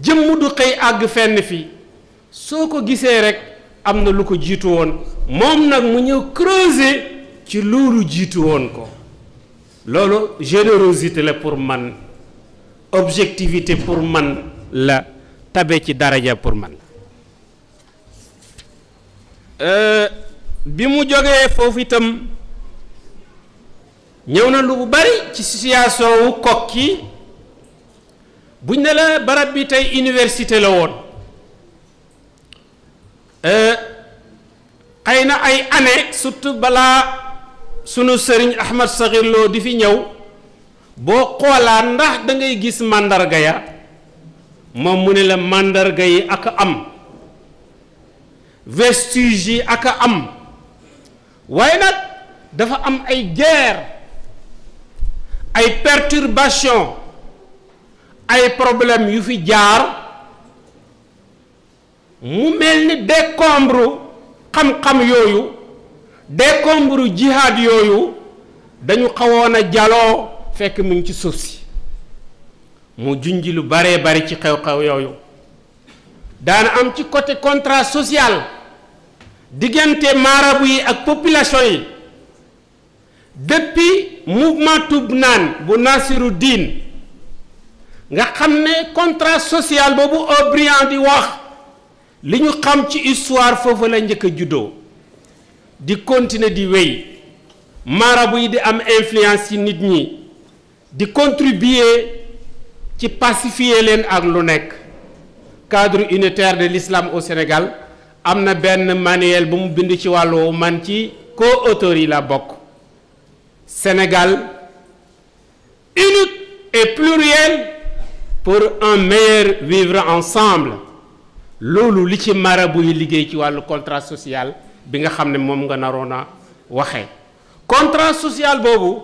Speaker 4: jëmm du xëy àgg fenn fi soo ko gisee rekk am na lu ko jiitu woon moom nag mu ñëw creuser ci loolu jiitu woon ko loolu générosité la pour man objectivité pour man la tabe ci daraja pour man la euh, bi mu jógee foofu itam ñëw na lu bari ci situation wu kokki buñ ne la barab bi tey université la woon euh, xëy na ay année surtout balaa sunu sëriñ Ahmad Saxir di fi ñëw boo xoolaa ndax dangay gis màndarga ya moom mu ne la màndarga yi ak am vestige yi ak am waaye nag dafa am ay guerre ay perturbation ay problème yu fi jaar mu mel ni décombre xam-xam yooyu décombre jihad yooyu dañu xawoon a jaloo fekk mu ngi ci suuf si mu junji lu baree bari ci xew-xew yooyu daana am ci côté contrat social diggante maarabu yi ak population yi depuis mouvement naan bu Nasiru Diin nga xam ne contrat social boobu O'Brien di wax li ñu xam ci histoire foofu la njëkk a juddoo di continuer di wéy marabu yi di am influence yi nit ñi di contribuer ci pacifier leen ak lu nekk cadre unitaire de l'islam au Sénégal am na benn manuel bu mu bind ci wàllu man ci co-auteur la bokk Sénégal unique et pluriel pour un meilleur vivre ensemble loolu li ci marabu yi liggéey ci wàllu contrat sociale bi nga xam ne moom nga naroon a waxee contrat sociale boobu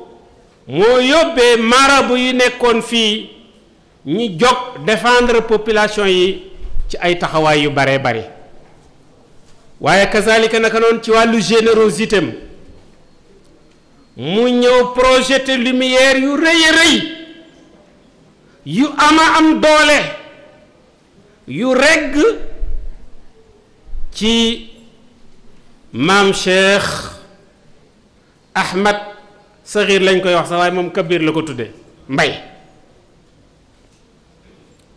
Speaker 4: moo yóbbee marabu yi nekkoon fii ñi jóg défendre population yi ci ay taxawaay yu baree bari waaye kazalika naka noonu ci wàllu générosité am mu ñëw projet projeté lumière yu rëy rëy yu ama am doole yu regg ci maam Cheikh Ahmad Saxiir lañ koy wax sax waaye moom Kabir la ko tuddee mbay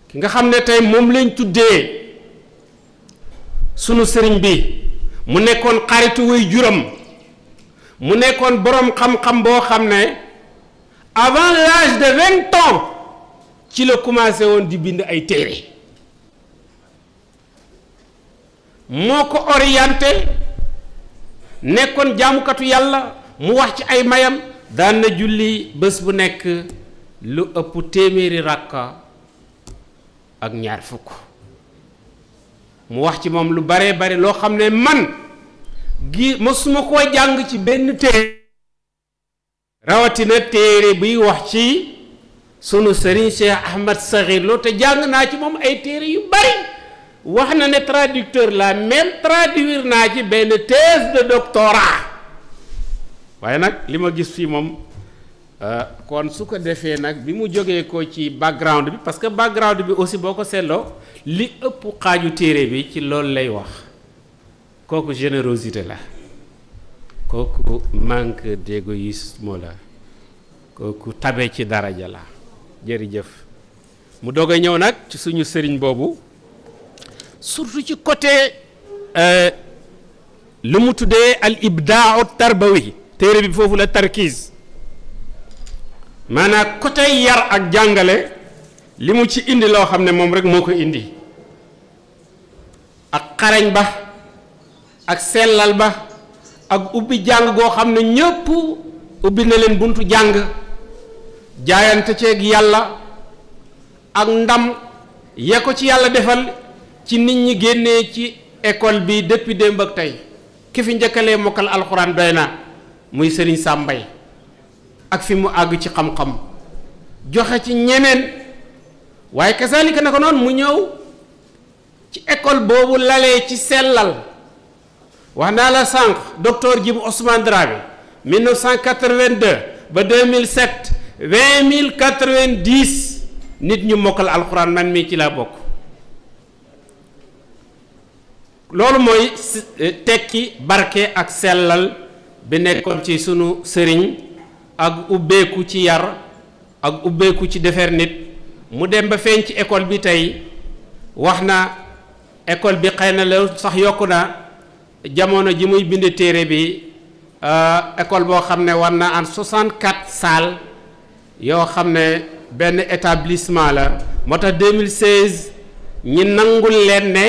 Speaker 4: ki nga xam ne tey moom lañ tuddee sunu sëriñ bi mu nekkoon xaritu way juram mu nekkoon boroom xam-xam boo xam ne avant l'âge de vingt ans ci la commencé woon di bind ay téere moo ko orienté nekkoon jaamukatu yàlla mu wax ci ay mayam daana julli bés bu nekk lu ëpp téeméeri ràkka ak ñaar fukk mu wax ci moom lu baree bari loo xam ne man gi mosuma koo jàng ci benn téere rawatina téere biy wax ci sunu sëriñ Cheikh Ahmad Saxiir Lo te jàng naa ci moom ay téere yu bari wax na ne traducteur la même traduire naa ci benn thèse de doctorat waaye nag li ma gis fii moom Euh, kon su ko defee nag bi mu jógee ko ci background bi parce que background bi aussi boo ko seetloo li ëpp xaaju téere bi ci loolu lay wax kooku générosité la kooku manque d'égoïsme la kooku tabe ci daraja la jërëjëf mu doog ñëw nag ci suñu sëriñ boobu surtout ci côté euh, lu mu tuddee al ibdaa tarbawi téere bi foofu la tarkiis maanaam côté yar ak jàngale li mu ci indi loo xam ne moom rek moo ko indi ak xarañ ba ak sellal ba ak ubbi jàng goo xam ne ñëpp ubbi na leen buntu jàng jaayante ceeg yàlla ak ndam yee ko ci yàlla defal ci nit ñi génnee ci école bi depuis démb ak tey ki fi njëkkalee mokkal alxuraan doy na muy sëriñ Sam Mbaye ak fi mu àgg ci xam-xam joxe ci ñeneen waaye kasaalika naka noonu mu ñëw ci école boobu lalee ci sellal wax naa la sànq docteur Djibou Ousmane Dramé 1982 ba 2007 20090 nit ñu mokkal alxuraan man mii ci laa bokk loolu mooy tekki barke ak sellal bi nekkoon ci sunu sëriñ ak ubbeeku ci yar ak ubbeeku ci defar nit mu dem ba feeñ ci école bi tey wax na école bi xëy na la sax yokku na jamono ji muy bind téere bi euh, école boo xam ne war na am 64 salles yoo xam ne benn établissement la moo tax 2016 ñi nangul leen ne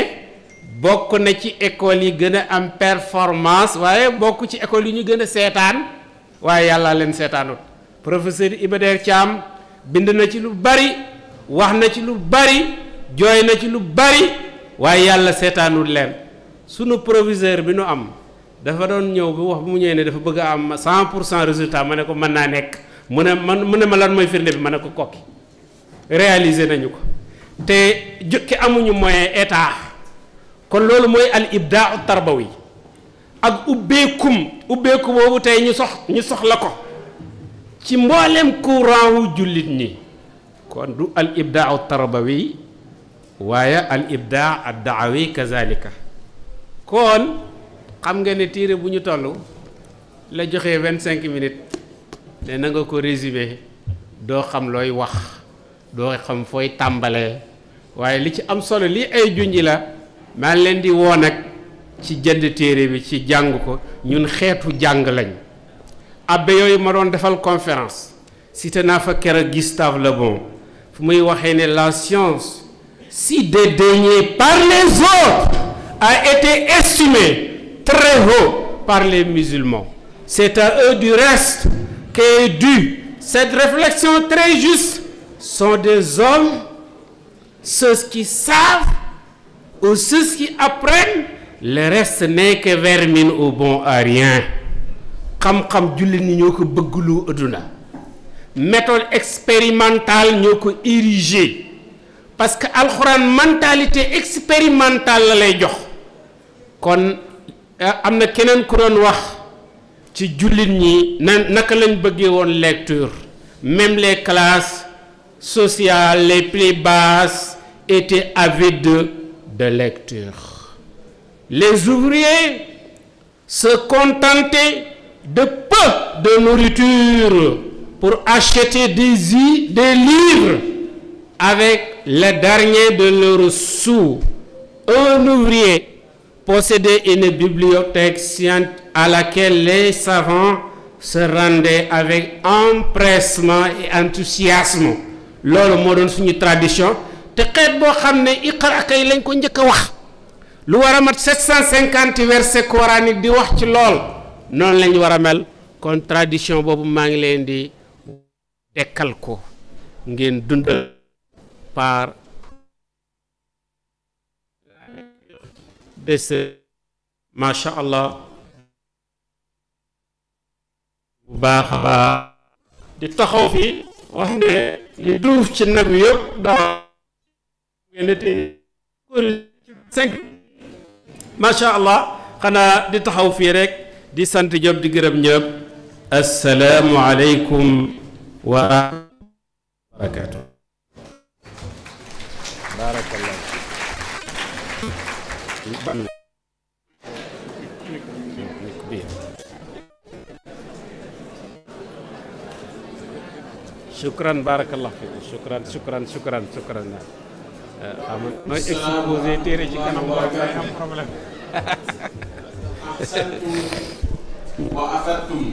Speaker 4: bokk na ci école yi gën a am performance waaye bokk ci école yi ñu gën a seetaan waaye yàlla leen seetaanut professeur Iba Der am bind na ci lu bari wax na ci lu bari jooy na ci lu bari waaye yàlla seetaanut leen sunu proviseur bi nu am dafa doon ñëw bu wax bu mu ñëwee ne dafa bëgg a am 100 pour cent résultat ma ne ko mën naa nekk mu ne man mu ne ma lan mooy firnde bi ma ne ko kokki réaliser nañu ko te jukki amuñu moyen état kon loolu mooy al ibdaau yi ak ubbeekum ubbeeku boobu tey ñu sox ñu soxla ko ci mboolem courant wu jullit ñi kon du al ibdaa tarbawi waaye al ibdaa ad daawi kazalika kon xam nga ne téere bu ñu tollu la joxe vingt cinq minutes ne na nga ko résumé doo xam looy wax doo xam fooy tàmbalee waaye li ci am solo lii ay junj la maa leen di woo nag ci jënd téere bi ci jàng ko ñun xeetu jàng lañ abbé yooyu ma doon defal conférence cité naa fa keroog Gustave Le Bon fu muy waxee ne la science si dédaignée par les autres a été estimée très haut par les musulmans c'est à eux du reste qu'est due cette réflexion très juste sont des hommes ceux qui savent ou ceux qui apprennent le reste n'est que au bon à rien xam-xam jullit ñi ñoo ko bëggloo adduna méthode expérimentale ñoo ko érigé parce que alxuraan mentalité expérimentale la lay jox kon eh, am na keneen ku doon wax ci jullit ñi na naka lañ bëggee woon lecture même les classes sociales les plus basses étaient avides de lecture les ouvriers se contentaient de peu de nourriture pour acheter des, des livres avec le dernier de leurs sous. Un ouvrier possédait une bibliothèque à laquelle les savants se rendaient avec empressement et enthousiasme loolu moo doon suñu tradition te xeet boo xam ne iqra kay lañ ko njëkk wax lu war a mat 750 verset coranique di wax ci lool noonu lañ war a mel kon tradition boobu maa ngi leen di dekkal ko ngeen dundal par bés macha allah bu baax baax di taxaw fi wax ne li duuf ci nag yëpp daa ngeen di cinq macha allah xanaa di taxaw fii rek di sant ñëpp di gërëm ñëpp asalaamu aleykum wa
Speaker 9: barakaatu barakallah
Speaker 4: shukran barakallah fiik shukran shukran shukran shukran xam nga nooy exposé téere ci kanam borom day am problème. wa afattum.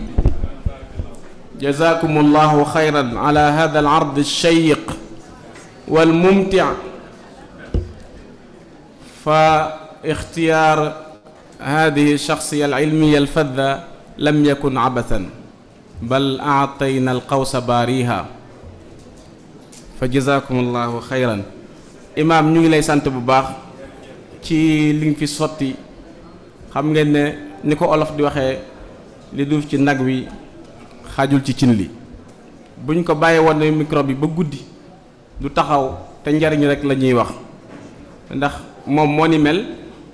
Speaker 4: جزاكم الله خيرا على هذا العرض الشيق والممتع فاختيار هذه الشخصية العلمية الفذة لم يكن عبثا بل أعطينا القوس باريها فجزاكم الله خيرا imaam ñu ngi lay sant bu baax ci li nga fi sotti xam ngeen ne ni ko olof di waxee li duuf ci nag wi xaajul ci cin li buñ ko bàyyi woon ne micro bi ba guddi du taxaw te njariñ rek la ñuy wax ndax moom moo ni mel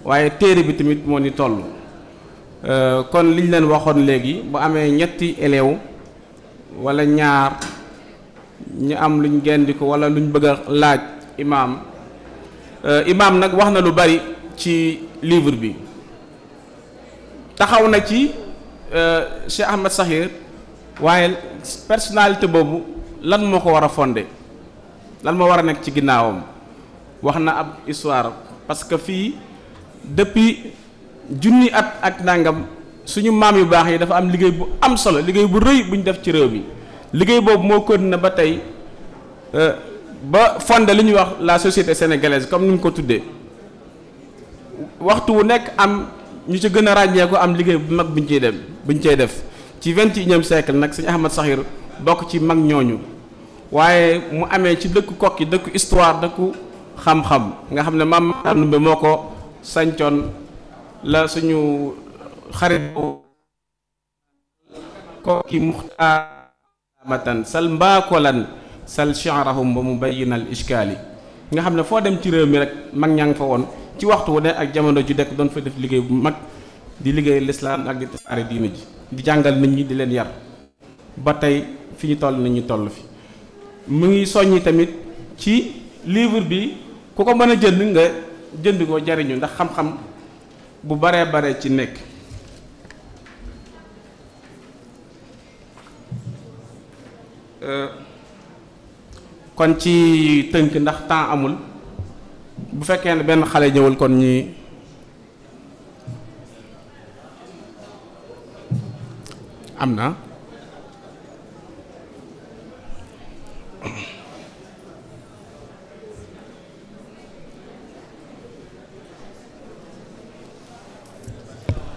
Speaker 4: waaye téere bi tamit moo ni toll euh, kon liñ leen waxoon léegi bu amee ñetti élève wala ñaar ñu am luñ gendiku wala luñ bëgg a laaj imaam euh, imaam nag wax na lu bari ci livre bi taxaw na ci euh, Cheikh Ahmed Sakhir waaye personnalité boobu lan moo ko war a fonde lan moo war a nekk ci ginnaawam wax na ab histoire parce que fii depuis junni at ak ndàngam suñu maam yu baax yi dafa am liggéey bu am solo liggéey bu rëy bu def ci réew mi liggéey boobu moo continué na ba tey euh, ba fondé li ñuy wax la société sénégalaise comme ni ñu ko tuddee waxtu wu nekk am ñu ci gën a ràññeeku am liggéey bu mag buñ ñu ciy dem buñ ñu def ci vingt yi unième siècle nag sëñ Ahmad Saxir bokk ci mag ñooñu waaye mu amee ci dëkk kokki dëkk histoire dëkku xam-xam nga xam ne maam Ndumbe moo ko sancoon la suñu xarit kokki muxtaamatan sal mbaakolan sal chiarahum ba mu bay yi bayyinal ishkaali nga xam ne foo dem ci réew mi rek mag ñaa ngi fa woon ci waxtu wu ne ak jamono ju dekk doon fa def liggéey bu mag di liggéey lislaam ak di tasaare diina ji di jàngal nañ ñi di leen yar ba tey fi ñu toll nit ñu toll fi mu ngi soññi tamit ci livre bi ku ko mën a jënd nga jënd ko jariñu ndax xam-xam bu baree bare ci nekk euh, kon ci tënk ndax temps amul bu fekkee ne benn xale ñëwul kon ñi am na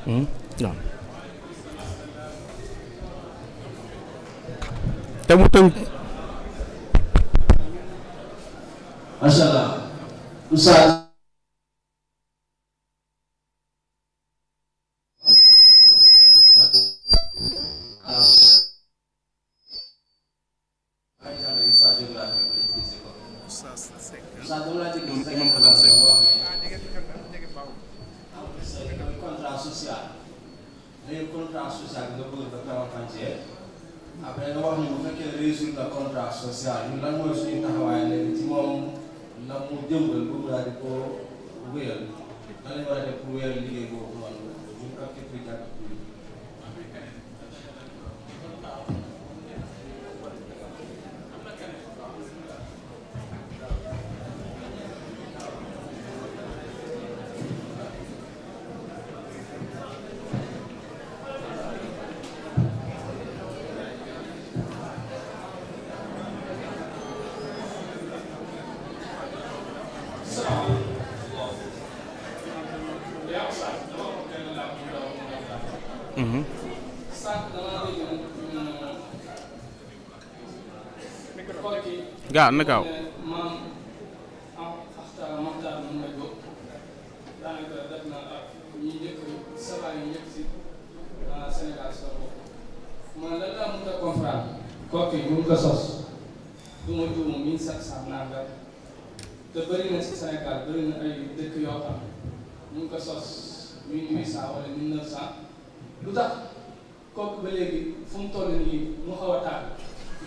Speaker 3: hmm?
Speaker 12: te mu tënk macha allah oustaz après nga wax ni bu fekkee réussir la contrat social ñun lan mooy suñu taxawaay léegi ci moom ndax mu jëmbal pour mu daal ko wéyal nan la ñu war liggéey boobu.
Speaker 6: annakaw kooku yi buñ ko sos du ma juum mille sept cent nangam te bëri na ci Sénégal bëri na ay dëkk yoo xam ne ñu ngi ko sos mille huit cent wala mille neuf cent lu tax kooku ba léegi fu mu toll nii mu xaw a tàgg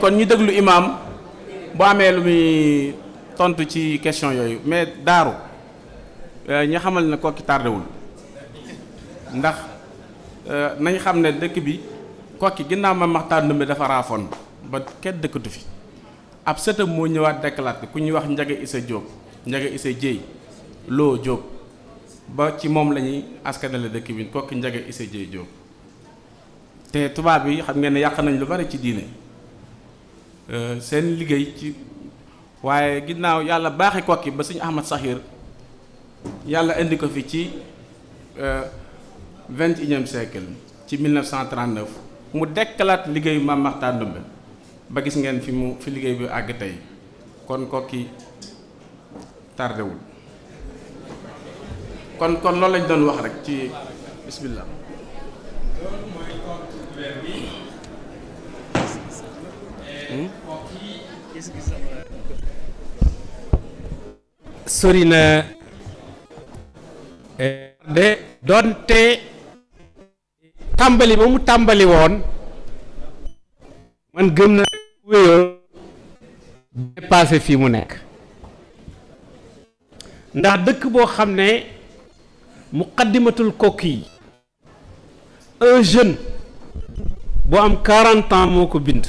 Speaker 4: kon ñu déglu imaam bu amee lu muy tontu ci question yooyu mais daaru euh, ñi xamal ne kokki tardewul ndax euh, nañ xam ne dëkk bi kokki ginnaaw ma maxtaan ndumbe dafa raafoon ba kenn dëkkatu fi ab sëtam moo ñëwaat dekkalaat ko ku ñuy wax njaga isa jóob njaga isa jéey loo jóob ba ci moom lañuy ñuy askanale dëkk bi kokki njaga isa jéey jóob te tubaab bi xam ngeen ne yàq nañ lu bari ci diine Euh, seen liggéey ci waaye ginnaaw yàlla baaxi kokki ba suñu Ahmad Saxiir yàlla indi ko fi ci euh, vingt et unième siècle ci 1939 mu dekkalaat liggéeyu Maam Maxtaar Ndumbe ba gis ngeen fi mu fi liggéey bi àgg tey kon kokki tardewul kon kon loolu lañ doon wax rek ci bismillah hmm? sori na eh, de donte tàmbali ba mu tàmbali woon man gëm na wéyoon dépassé fii mu nekk ndax dëkk boo xam ne muqaddimatul Koki un jeune bu am 40 ans moo ko bind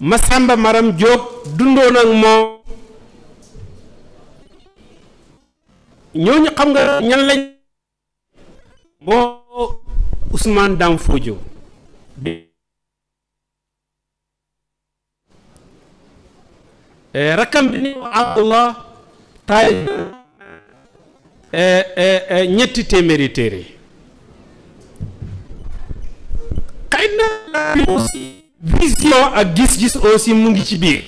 Speaker 4: Masamba Maram Diop dundoon ak moom ñooñu xam nga ñan lañ moo Ousmane Dam rakkam bi ni Abdullah taay ñetti téeméeri téere xëy na aussi vision ak gis-gis aussi mu ngi ci biir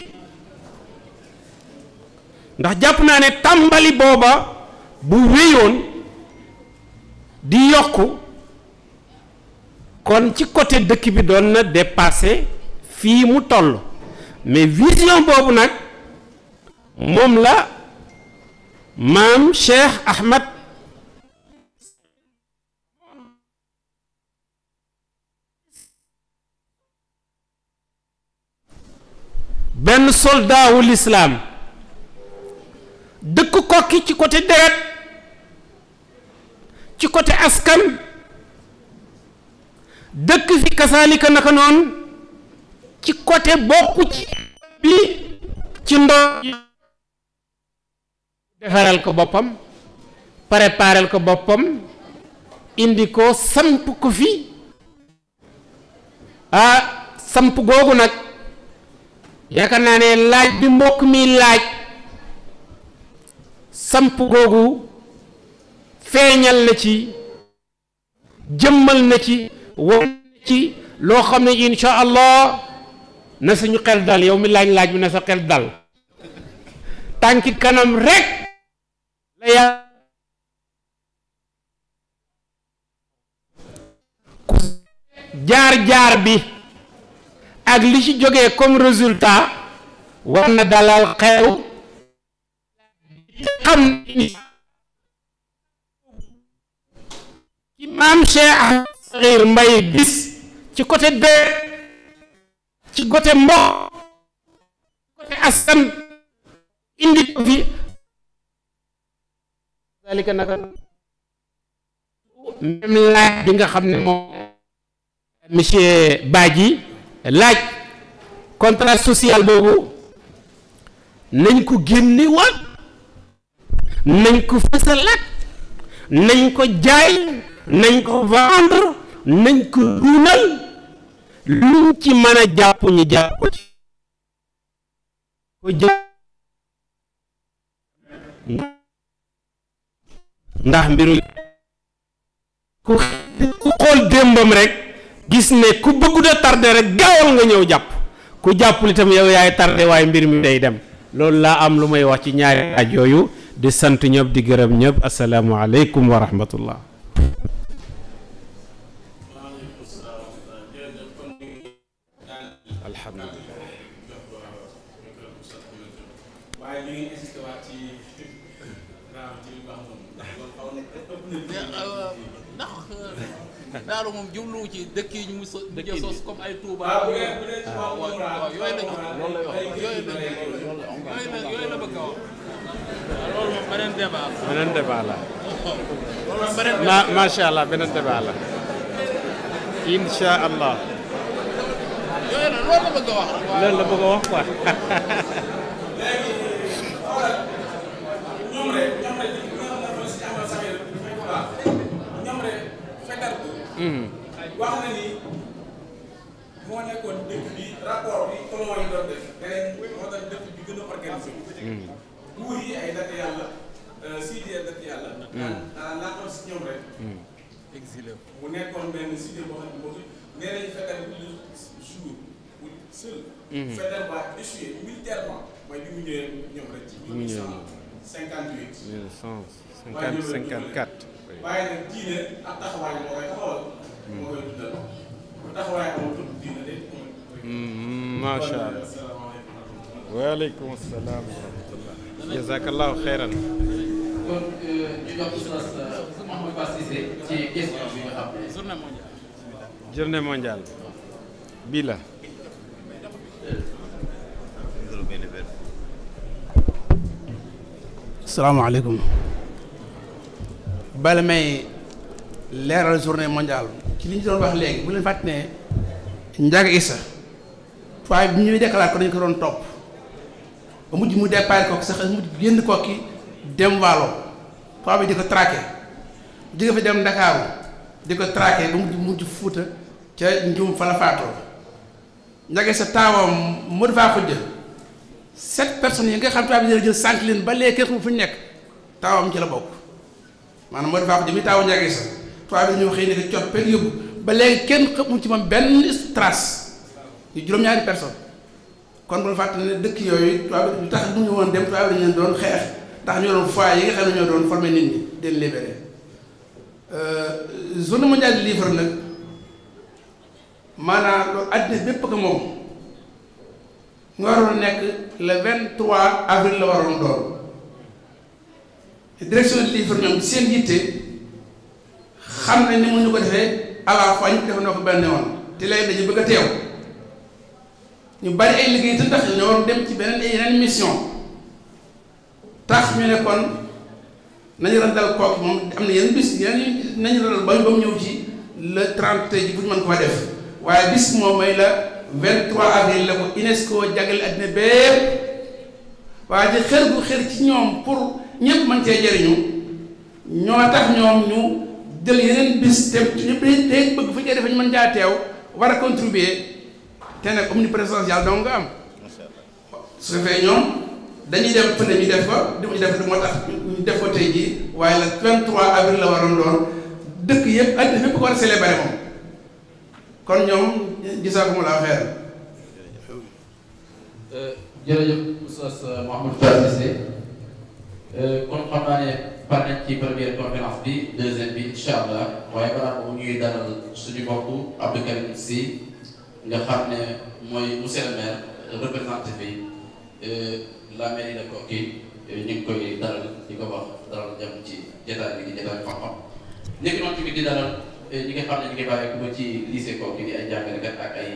Speaker 4: ndax jàpp naa ne tàmbali booba bu wéyoon di yokk kon ci côté dëkk bi doon na dépassé fii mu toll mais vision boobu nag
Speaker 10: moom la maam Cheikh Ahmed
Speaker 4: benn soldat wu lislaam dëkk kokki ci côté deret ci côté askan dëkk fi kasaalika naka noon ci côté bokk ci bi ci ndox defaral ko boppam préparel ko boppam indi ko samp ko fi ah, samp googu nag yaakaar naa ne laaj bi mbokk mi laaj samp googu feeñal na ci jëmmal na ci war na ci loo xam ne insha allah na suñu xel dal yow mi laaj laaj bi na sa xel dal
Speaker 10: tànki kanam rek
Speaker 4: la yàlla jaar jaar bi ak li ci jógee comme résultat war na
Speaker 10: dalal xew xam ni ci maam Saxiir Mbay bis ci côté de ci côté mbox côté
Speaker 4: askan indi ko fi dalika naka
Speaker 9: bi nga xam ne moom
Speaker 4: monsieur Badji laaj contrat social boobu nañ ko génne waat nañ ko fësalaat nañ ko jaay nañ ko vendre nañ ko duunal luñ ci mën a jàpp ñu jàpp ci ndax mbiru ku xool démbam rek gis ne ku bëggut a tardé rek gaawal nga ñëw jàpp ku jàppul itam yow yaay tardé waaye mbir mi day dem loolu laa am lu may wax ci ñaari aj yooyu di sant ñëpp di gërëm ñëpp asalaamualeykum wa rahmatullah Saalum moom jubluwu ci loolu
Speaker 12: moom beneen débat la.
Speaker 4: beneen débat allah beneen débat la. incha allah. Hmm. wax na ni moo nekkoon dëkk bi rapport bi colon yi doon def beneen moo tax dëkk bi gën a organisé. Hmm. nguur yi ay date yàlla sii di date yàlla. Hmm. ah laa si ñoom rek. exilé mu nekkoon benn cité boo xam ne moom nee nañu fekkal bu ñu jour bu seul. fekkal ba échoué militairement mooy bi mu ñëwee ñoom rek ci. 1858
Speaker 9: 1854. waaye nag
Speaker 4: diine ak hmm. hmm, salaam wa rahmatullah. jazakallahu xeyran. kon euh,
Speaker 3: ñu jox oustaz euh, Mouhamed Ba Cissé
Speaker 7: bala may leeral journée mondiale ci li ñu doon wax léegi bu leen fàtte ne Ndiaga Issa waaye bi ñuy déclaré ko dañ ko doon topp ba mujj mu départ kooku sax mujj génn kooki dem Waalo toit bi di ko traqué jóge fa dem Ndakaaru di ko traqué ba mujj mujj Fuuta ca Njuum fa la faatoo Ndiaga Issa taawam Modou Fa Khoudia yi nga xam tubaab bi dina jël sànq leen ba léegi kenn fu ñu nekk taawam ci la maanaam moo dafa ko jëmi taawu njagee sa tubaab bi ñëw xëy ne ko cot pen yóbbu ba léegi kenn xëmu ci moom benn trace ñu juróom-ñaari personne kon bu fàttali ne dëkk yooyu tubaab bi lu tax mu ñu woon dem tubaab bi dañu doon xeex ndax ñoo doon foyer yi nga xam ne ñoo doon formé nit ñi den libéré euh, journée mondiale du livre nag maanaam loolu àddina bépp ko moom nga waroon nekk le 23 avril la waroon doon direction de livre ñoom seen yitte xam nañ ne mënuñu ko defee à ñu def na ko benn woon te lay dañu bëgg a teew ñu bari ay liggéey te ndax ñoo war dem ci beneen yeneen mission tax ñu ne kon nañu randal kooku moom am na yeneen bis yeneen nañu randal ba mu ñëw ci le 30 ji bu ñu mën ko def waaye bis moom may la 23 avril la ko UNESCO jagleel àddina bépp waaye di xër gu xër ci ñoom pour. ñëpp mën cee jëriñu ñoo tax ñoom ñu jël yeneen bis te ñëpp dañ bëgg fu ñu defee ñu mën jaa teew war a contribuer te nag omniprésence yàlla dong nga am. su fekkee ñoom dañuy dem pëne ñu def ko di ñu moo tax ñu def ko tey jii waaye la 23 avril la waroon doon dëkk yëpp àddina fépp ko war a célébrer moom kon ñoom
Speaker 3: gisaa ko mu laa xeer. Euh, kon xam naa ne par nañ ci première conférence bi deuxième bi incha allah waaye balaa boobu ñuy dalal suñu mbokk Abdou Karim nga xam mooy monsieur le maire représenté euh, la Koki euh, ñu koy dalal di ko wax dalal jàmm ci jotaay bi di jotaay xam-xam léegi noonu tamit di dalal ñi nga xam ne ñu ngi ci lycée Koki di ay jàngalekat ak ay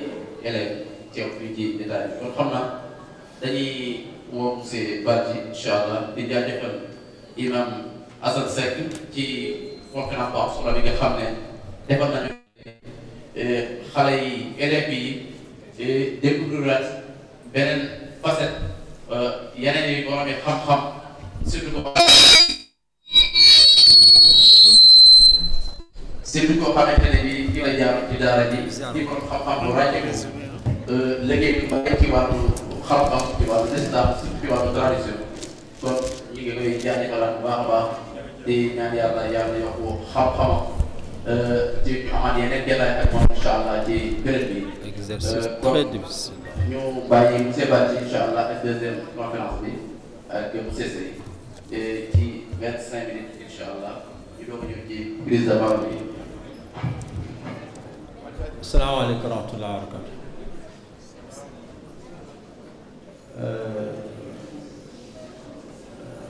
Speaker 3: élèves teew fii ci jotaay bi kon xam naa moom si Badji incha allah di jaajëfal imam Assane Seck ci conférence bu am solo bi nga xam ne defal nañu eh, xale yi élèves yi eh, découvrir beneen facette eh, yeneen yi borom yi xam-xam surtout ko surtout koo xamante ne bi ci la jaar ci ji di kon xam-xam bu ràññeeku liggéey bu bari ci wàllu xam-xam ci wàllu islam
Speaker 6: ci wàllu tradition kon ñu ngi koy jaajëfalaat bu baax a baax di ñaan yàlla
Speaker 3: yàlla yokk xam-xamam euh, ci ñu amaat yeneen jotaay ak moom incha allah ci béréb bi. exercice euh, très difficile. ñu bàyyi monsieur Badji incha allah ak deuxième conférence bi ak monsieur Seye te ci
Speaker 12: vingt cinq minutes incha allah ñu doog ñëw ci prise de parole bi. asalaamaaleykum wa rahmatulah wa barakatu.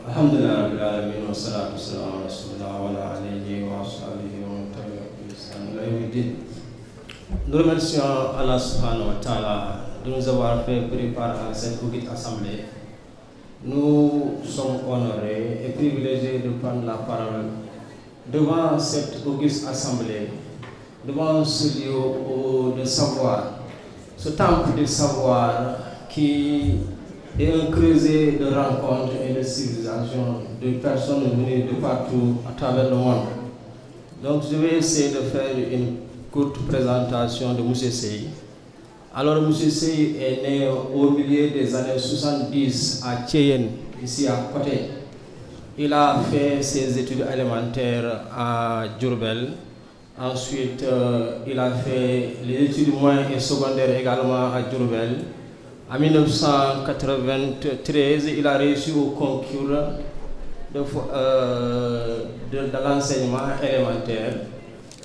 Speaker 12: alhamdulilah rabbil alamin wasalaatu wasalaamu ala rasulillah wa ala alihi wa ashabihi wa man tabi'ahum bi ihsan ila yawmi din Nous remercions Allah subhanahu wa ta'ala de nous avoir fait préparer à cette petite assemblée. Nous sommes honorés et privilégiés de prendre la parole devant cette auguste assemblée, devant ce lieu de savoir, ce temple de savoir qui et un creuset de rencontres et de civilisations de personnes venues de partout à travers le monde. Donc je vais essayer de faire une courte présentation de M. Sey. Alors M. Sey est né au milieu des années à Cheyenne, ici à côté. Il a fait ses études élémentaires à Djurbel. Ensuite, euh, il a fait les études moyennes et secondaires également à Djurbel. En 1993, il a réussi au concours de, euh, de, de l'enseignement élémentaire.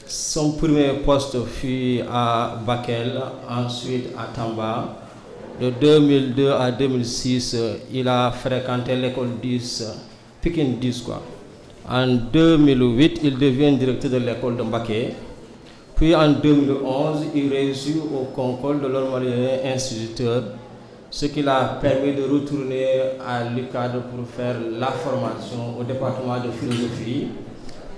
Speaker 12: Son premier poste fut à Bakel, ensuite à Tamba. De 2002 à 2006, il a fréquenté l'école 10, Pékin 10 quoi. En 2008, il devient directeur de l'école de Mbaké. Puis en 2011, il réussit au concours de l'homme instituteur ce qui l'a permis de retourner à l'UCAD pour faire la formation au département de philosophie,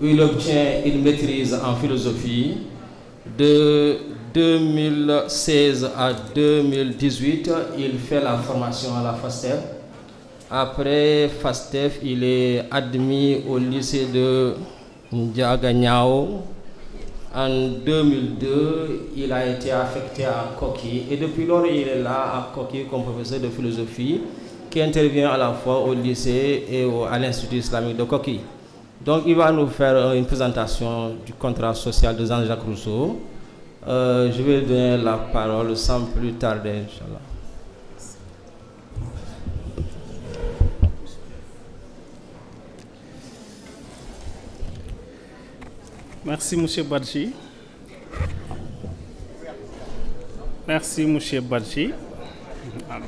Speaker 12: où il obtient une maîtrise en philosophie. De 2016 à 2018, il fait la formation à la FASTEF. Après FASTEF, il est admis au lycée de Ndiaganiao En 2002, il a été affecté à Coquille et depuis lors, il est là à Coquille comme professeur de philosophie qui intervient à la fois au lycée et au, à l'Institut islamique de koki Donc, il va nous faire euh, une présentation du contrat social de Jean-Jacques Rousseau. Euh, je vais donner la parole sans plus tarder, Inch'Allah.
Speaker 4: Merci, Monsieur Badji. Merci, Monsieur Badji. Ah,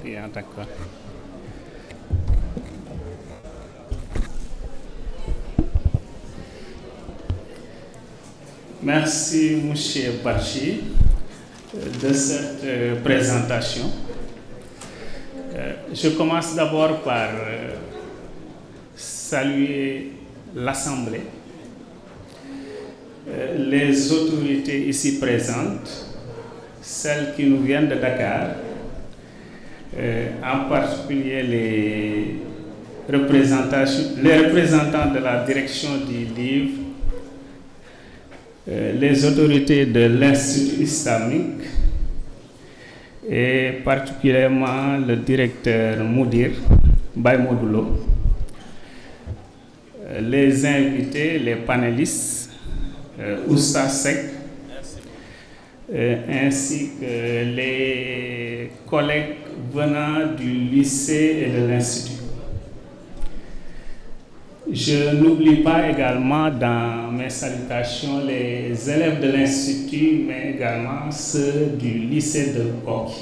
Speaker 4: Merci, Monsieur Badji, de cette euh, présentation. Euh, je commence d'abord par euh, saluer l'Assemblée
Speaker 9: Euh, les autorités
Speaker 4: ici présentes, celles qui nous viennent de Dakar, euh, en particulier les, représentations, les représentants de la direction du livre, euh, les autorités de l'Institut islamique et particulièrement le directeur Moudir Baymodoulo, les invités, les panélistes, Oustaz euh, Seck euh, ainsi que les collègues venant du lycée et de l'institut. Je n'oublie pas également dans mes salutations les élèves de l'institut, mais également
Speaker 9: ceux
Speaker 4: du lycée de Gorky.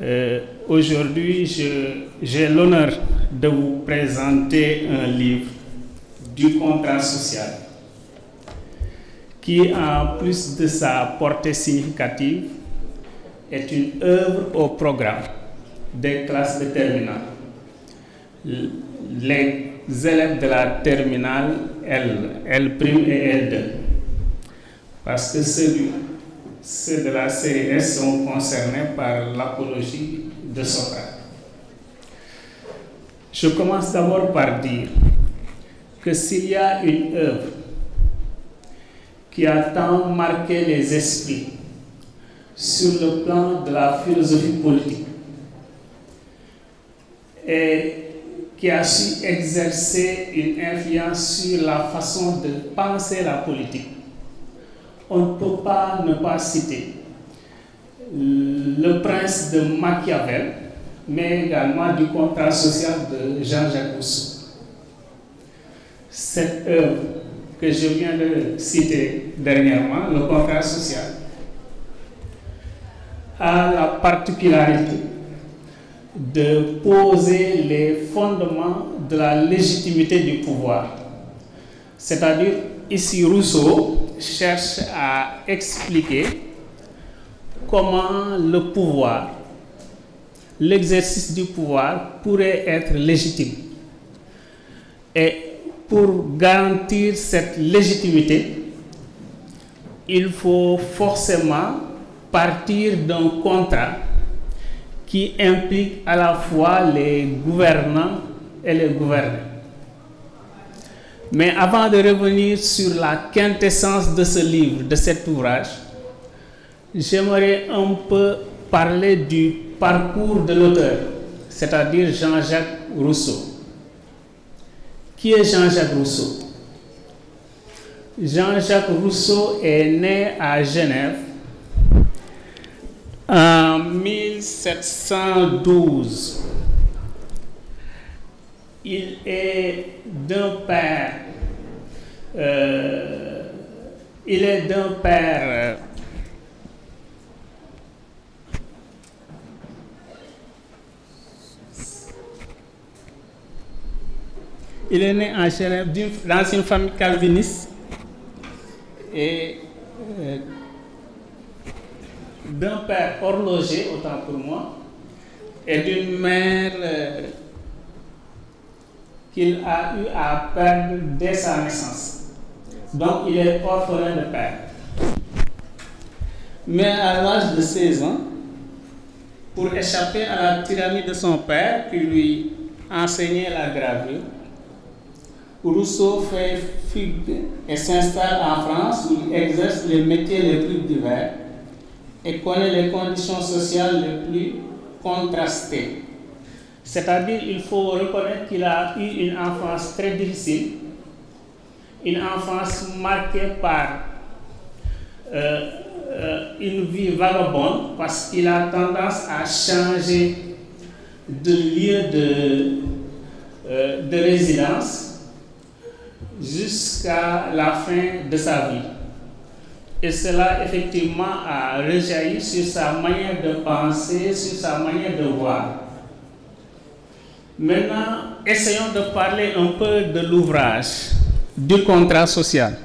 Speaker 4: Euh, aujourd'hui, j'ai l'honneur de vous présenter un livre du contrat social, qui en plus de sa portée significative est une œuvre au programme des classes de terminale. Les élèves de la terminale L, L' et L2, parce que celui ceux de la série S sont concernés par l'apologie de Socrate. Je commence d'abord par dire s'il y a une œuvre qui a tant marqué les esprits sur le plan de la philosophie politique et qui a su exercer une influence sur la façon de penser la politique, on ne peut pas ne pas citer le prince de Machiavel, mais également du contrat social de Jean-Jacques Rousseau. cette œuvre que je viens de citer dernièrement, le contrat social, a la particularité de poser les fondements de la légitimité du pouvoir. C'est-à-dire, ici, Rousseau cherche à expliquer comment le pouvoir, l'exercice du pouvoir pourrait être légitime. pour garantir cette légitimité, il faut forcément partir d'un contrat qui implique à la fois les gouvernants et les gouvernés. Mais avant de revenir sur la quintessence de ce livre, de cet ouvrage, j'aimerais un peu parler du parcours de l'auteur, c'est-à-dire Jean-Jacques Rousseau. Qui est Jean-Jacques Rousseau Jean-Jacques Rousseau est né à Genève en Il est d'un père, euh, il est d'un père euh, Il est né en Genève d'une, dans une famille calviniste et euh, d'un père horloger, autant pour moi, et d'une mère euh, a eu à perdre dès sa naissance. Donc il est orphelin de père. Mais à l'âge de 16 ans, pour échapper à la tyrannie de son père qui lui enseignait la gravure, Rousseau fait figue et s'installe en France où il exerce les métiers les plus divers et connaît les conditions sociales les plus contrastées. C'est-à-dire il faut reconnaître qu'il a eu une enfance très difficile, une enfance marquée par euh, euh, une vie vagabonde parce qu'il a tendance à changer de lieu de, euh, de résidence jusqu'à la fin de sa vie. Et cela, effectivement, a rejailli sur sa manière de penser, sur sa manière de voir. Maintenant, essayons de parler un peu de l'ouvrage, du contrat social.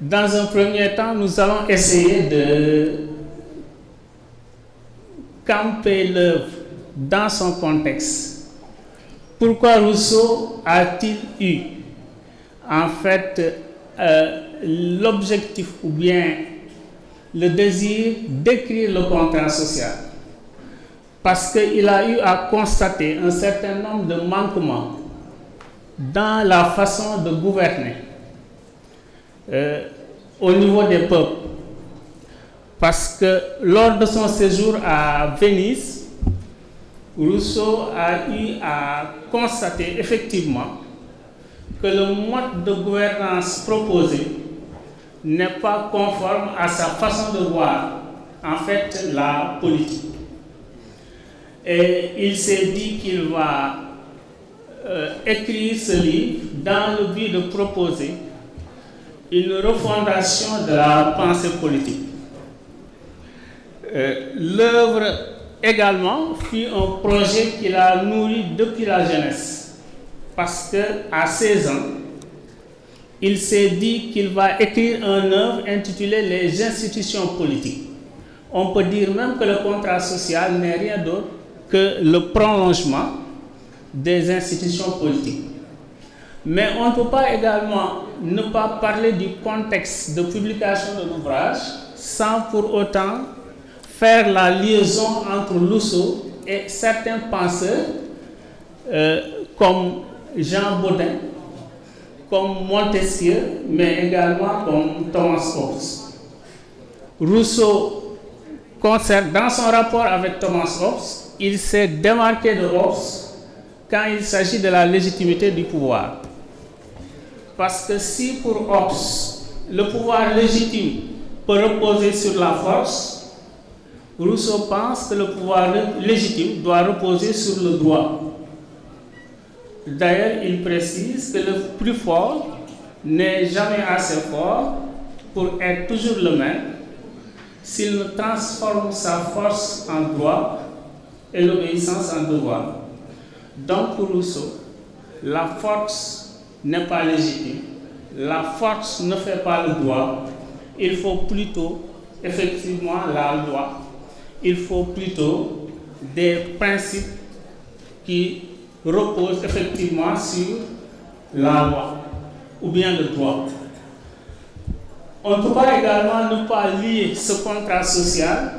Speaker 4: Dans un premier temps, nous allons essayer de camper l'œuvre dans son contexte Pourquoi Rousseau a-t-il eu en fait euh, l'objectif ou bien le désir d'écrire le contrat social Parce qu'il a eu à constater un certain nombre de manquements dans la façon de gouverner euh, au niveau des peuples. Parce que lors de son séjour à Venise, Rousseau a eu à constater effectivement que le mode de gouvernance proposé n'est pas conforme à sa façon de voir, en fait, la politique. Et il s'est dit qu'il va euh, écrire ce dans le but de proposer une refondation de la pensée politique. Euh, l'œuvre également fut un projet qu'il a nourri depuis la jeunesse parce que à 16 ans il s'est dit qu'il va écrire un œuvre intitulée Les institutions politiques. On peut dire même que le contrat social n'est rien d'autre que le prolongement des institutions politiques. Mais on ne peut pas également ne pas parler du contexte de publication de l'ouvrage sans pour autant faire la liaison entre Rousseau et certains penseurs euh, comme Jean Baudin, comme Montesquieu, mais également comme Thomas Hobbes. Rousseau, dans son rapport avec Thomas Hobbes, il s'est démarqué de Hobbes quand il s'agit de la légitimité du pouvoir. Parce que si pour Hobbes, le pouvoir légitime peut reposer sur la force, Rousseau pense que le pouvoir légitime doit reposer sur le droit. D'ailleurs, il précise que le plus fort n'est jamais assez fort pour être toujours le même s'il ne transforme sa force en droit et l'obéissance en devoir. Donc Rousseau, la force n'est pas légitime, la force ne fait pas le droit, il faut plutôt effectivement la loi il faut plutôt des principes qui reposent effectivement sur la loi ou bien le droit. On ne peut pas également ne pas lier ce contrat social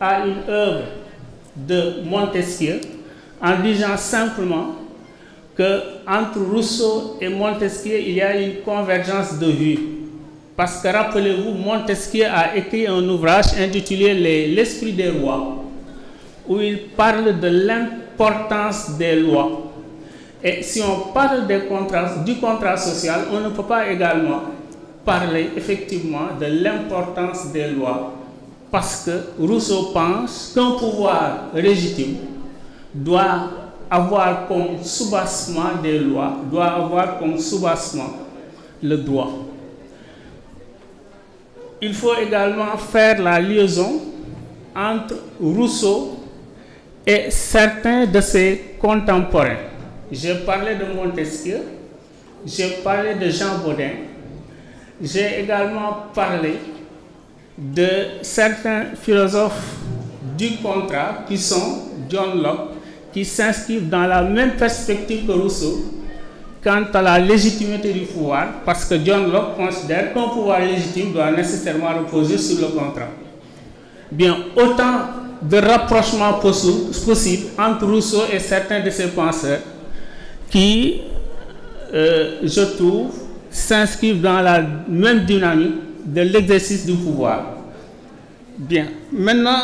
Speaker 4: à une œuvre de Montesquieu en disant simplement que entre Rousseau et Montesquieu, il y a une convergence de vues. Parce que rappelez-vous, Montesquieu a écrit un ouvrage intitulé L'esprit des lois, où il parle de l'importance des lois. Et si on parle des contrats, du contrat social, on ne peut pas également parler effectivement de l'importance des lois. Parce que Rousseau pense qu'un pouvoir légitime doit avoir comme soubassement le droit. il faut également faire la liaison entre Rousseau et certains de ses contemporains. J'ai parlé de Montesquieu, j'ai parlé de Jean Baudin, j'ai également parlé de certains philosophes du contrat qui sont John Locke, qui s'inscrivent dans la même perspective que Rousseau, quant à la légitimité du pouvoir, parce que John Locke considère qu'un pouvoir légitime doit nécessairement reposer sur le contrat. autant de rapprochements possibles entre Rousseau et certains de ses penseurs qui, euh, je trouve, s'inscrivent dans la même dynamique de l'exercice du pouvoir. Bien, maintenant,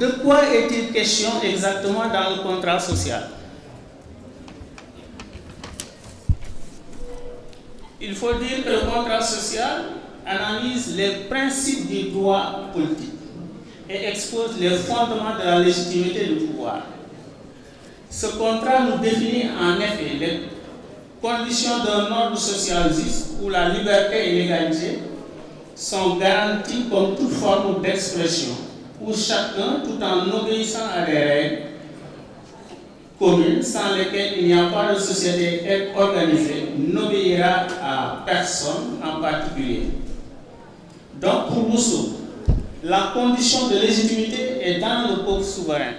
Speaker 4: de quoi est-il question exactement dans le contrat social il faut dire que le contrat social analyse les principes du droit politique et expose les fondements de la légitimité du pouvoir. Ce contrat nous définit en effet les conditions d'un ordre social juste la liberté et l'égalité sont garanties comme toute forme d'expression, où chacun, tout en obéissant à des règles, communes sans lesquelles il n'y a pas de société organisée n'obéira à personne en particulier. Donc pour la condition de légitimité e dans le peuple souverain.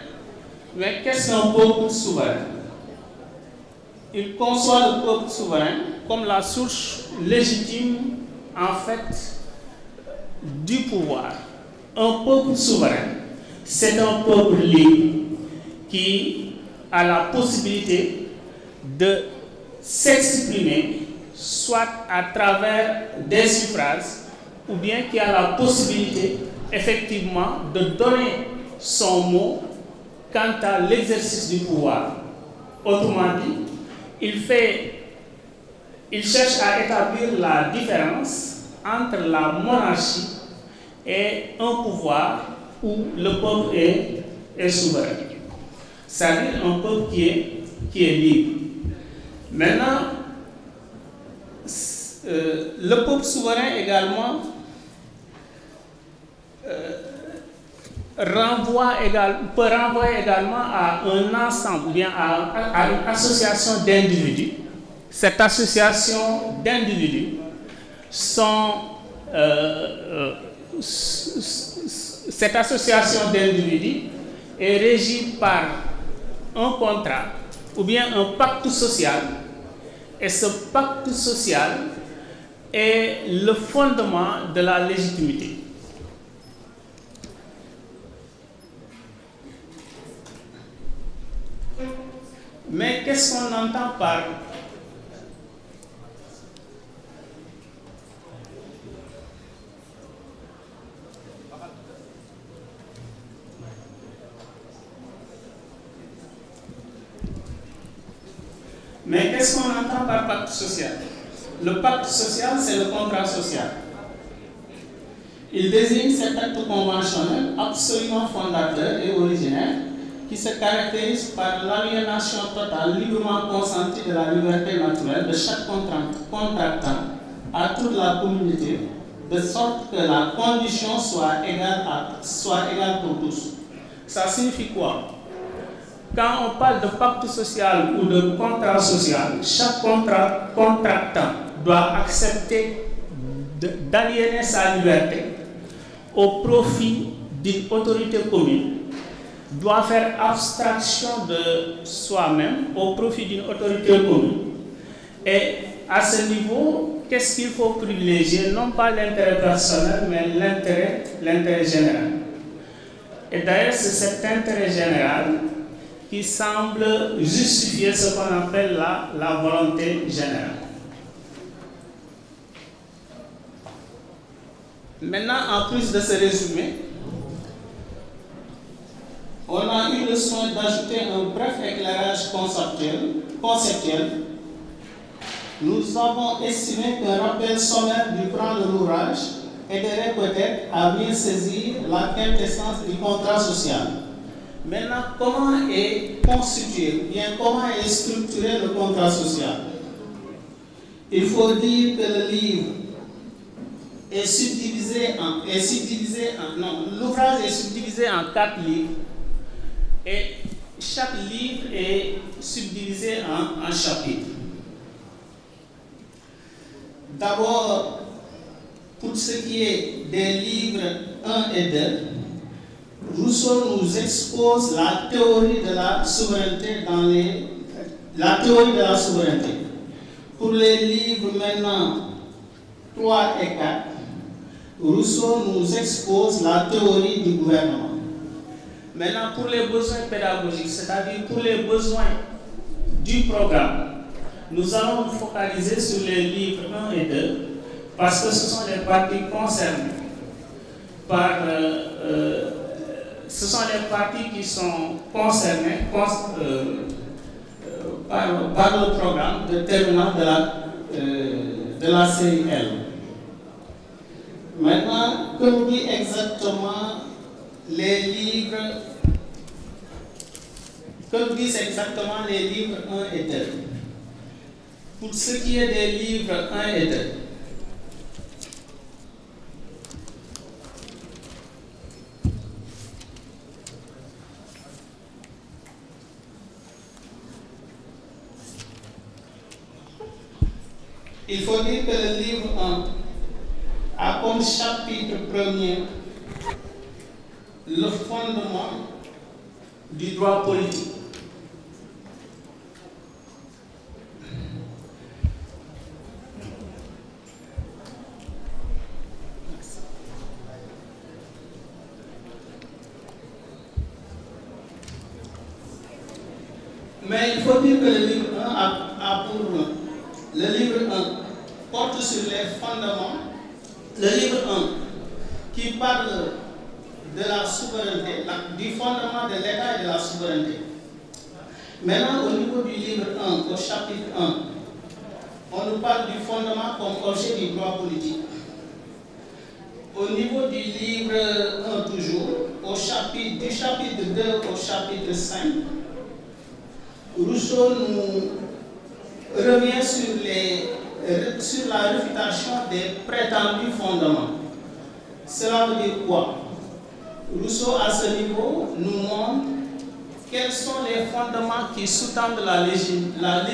Speaker 4: Mais qu'est-ce qu'un peuple souverain? Il conçoit le peuple souverain comme la source légitime en fait du pouvoir. Un peuple souverain, c'est un peuple libre qui à la possibilité de s'exprimer soit à travers des suffrages ou bien qui a la possibilité effectivement de donner son mot quant à l'exercice du pouvoir. Autrement il, cherche à établir la différence entre la monarchie et un pouvoir où le peuple est, est souverain. cest à un peuple qui est, qui est libre. Maintenant, euh, le peuple souverain également euh, renvoie égal, peut renvoyer également à un ensemble, bien à, à une association d'individus. Cette association d'individus sont euh, euh
Speaker 9: cette
Speaker 4: association d'individus est régie par un contrat ou bien un pacte social et ce pacte social est le fondement de la légitimité. Mais qu'est-ce qu'on entend
Speaker 9: par
Speaker 2: Mais qu'est-ce qu'on
Speaker 4: entend par pacte social Le pacte social, c'est le contrat social. Il désigne cet acte conventionnel absolument fondateur et originaire qui se caractérise par l'aliénation totale librement consentie liberté naturelle de chaque contractant à toute la communauté, de sorte que la condition à, soit égale pour tous. Ça signifie quoi quand on parle de pacte social ou de contrat social, chaque contrat, contractant doit accepter d'aliéner sa liberté au profit d'une autorité commune, doit faire abstraction de soi-même au profit d'une autorité commune. Et à ce niveau, qu'est-ce qu'il faut privilégier Non pas l'intérêt personnel, mais l'intérêt, général. Et d'ailleurs, cet intérêt général qui semble justifier ce qu'on appelle la, la volonté générale. Maintenant, en plus de ce résumé, on a eu soin d'ajouter un bref éclairage conceptuel, Nous avons estimé qu'un rappel sommaire du plan de l'ouvrage aiderait peut-être à mieux saisir la quintessence du contrat social Maintenant, comment est constitué, ou bien comment est structuré le contrat social Il faut dire que le livre est subdivisé en, est subdivisé en, non, l'ouvrage est subdivisé en quatre livres et chaque livre est subdivisé en, en chapitres. D'abord, pour ce qui est des livres 1 et Rousseau nous expose la théorie de la souveraineté dans la théorie de la souveraineté. Pour les livres maintenant 3 et 4, Rousseau nous expose la théorie du gouvernement. Maintenant, pour les besoins pédagogiques, c'est-à-dire pour les besoins du programme, nous allons nous focaliser sur les livres 1 et 2 parce que ce sont les parties concernées par euh, euh, ce sont les parties qui sont concernées cons euh, euh par, par, le de terminal de la, euh, de la CIL. Maintenant,
Speaker 11: que nous dit exactement les livres que disent exactement les livres 1 et 2
Speaker 4: Pour ce qui est des livres 1 et
Speaker 7: Il faut dire que le livre 1 a comme chapitre premier le fondement
Speaker 4: du droit politique. Mais il faut dire que le livre 1 a, a pour
Speaker 7: Le livre 1 porte sur les fondements. Le livre
Speaker 4: 1 qui parle de la souveraineté, du fondement de l'État et de la souveraineté.
Speaker 7: Maintenant, au niveau du livre 1, au chapitre 1,
Speaker 4: on nous parle du fondement comme objet du droit politique. Au niveau du livre 1 toujours, au chapitre, du chapitre au chapitre 5, Rousseau nous revient sur, les, euh, sur la réfutation des prétendus fondements. Cela veut dire quoi Rousseau, à ce niveau, nous montre quels sont les fondements qui sous-tendent la, lég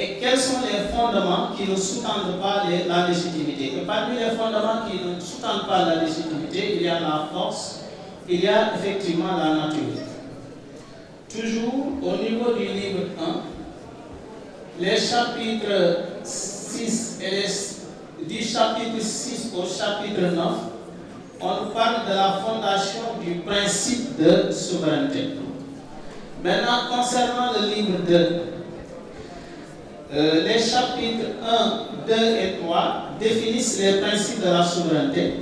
Speaker 4: et quels sont les fondements qui ne sous-tendent pas les, la légitimité. Et parmi les fondements qui ne sous-tendent pas la légitimité, il y a la force, il y a effectivement la nature. Toujours au niveau du livre 1, les chapitres et les, du chapitre 6 chapitre 9, on parle de la fondation du principe de souveraineté. Maintenant, concernant le livre 2, euh, les chapitres 1, 2 et 3 définissent les principes de la
Speaker 11: souveraineté.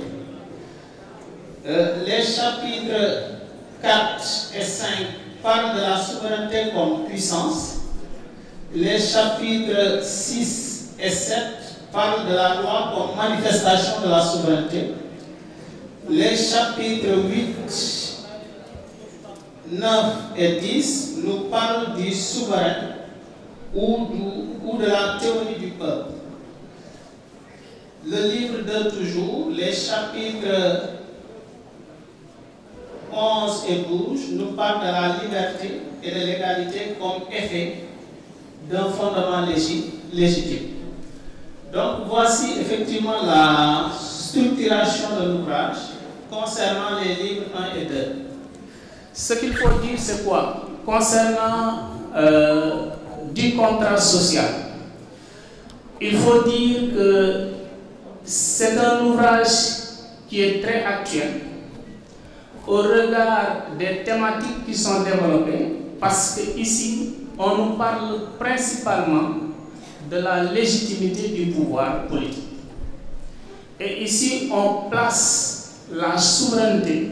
Speaker 4: Euh, les chapitres et 5 parlent de la souveraineté comme puissance. les chapitres 6 et 7 parlent de la loi comme manifestation de la souveraineté. Les chapitres 8, 9 et 10 nous parlent du souverain ou, de la théorie du peuple. Le livre de toujours, les chapitres 11 et 12 nous parlent de la liberté et de l'égalité comme effet d'un fondement légitime. Donc voici effectivement la structuration de l'ouvrage concernant les livres 1 et 2. Ce qu'il faut dire, c'est quoi? Concernant euh, du contrat social, il faut dire que c'est un ouvrage qui est très actuel au regard des thématiques qui sont développées, parce que ici on nous parle principalement de la légitimité du pouvoir politique. Et ici, on place la souveraineté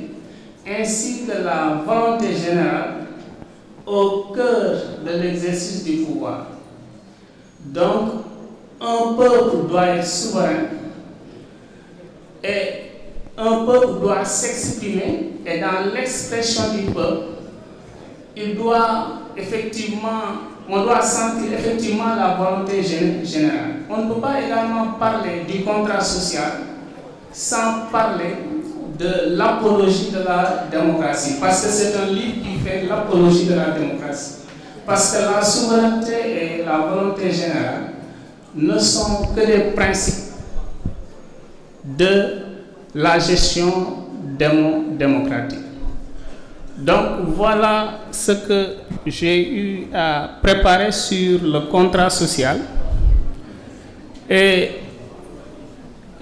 Speaker 4: ainsi que la volonté générale au cœur de l'exercice du pouvoir. Donc, un peuple doit être souverain et un peuple doit s'exprimer et dans l'expression du peuple, il doit effectivement, on doit sentir effectivement la volonté générale. On ne peut pas également parler du contrat social sans parler de l'apologie de la démocratie, parce que c'est un livre qui l'apologie de la démocratie. Parce que la souveraineté et la volonté générale ne sont que des principes de la gestion démocratique. Donc voilà ce que j'ai eu à préparer sur le contrat social et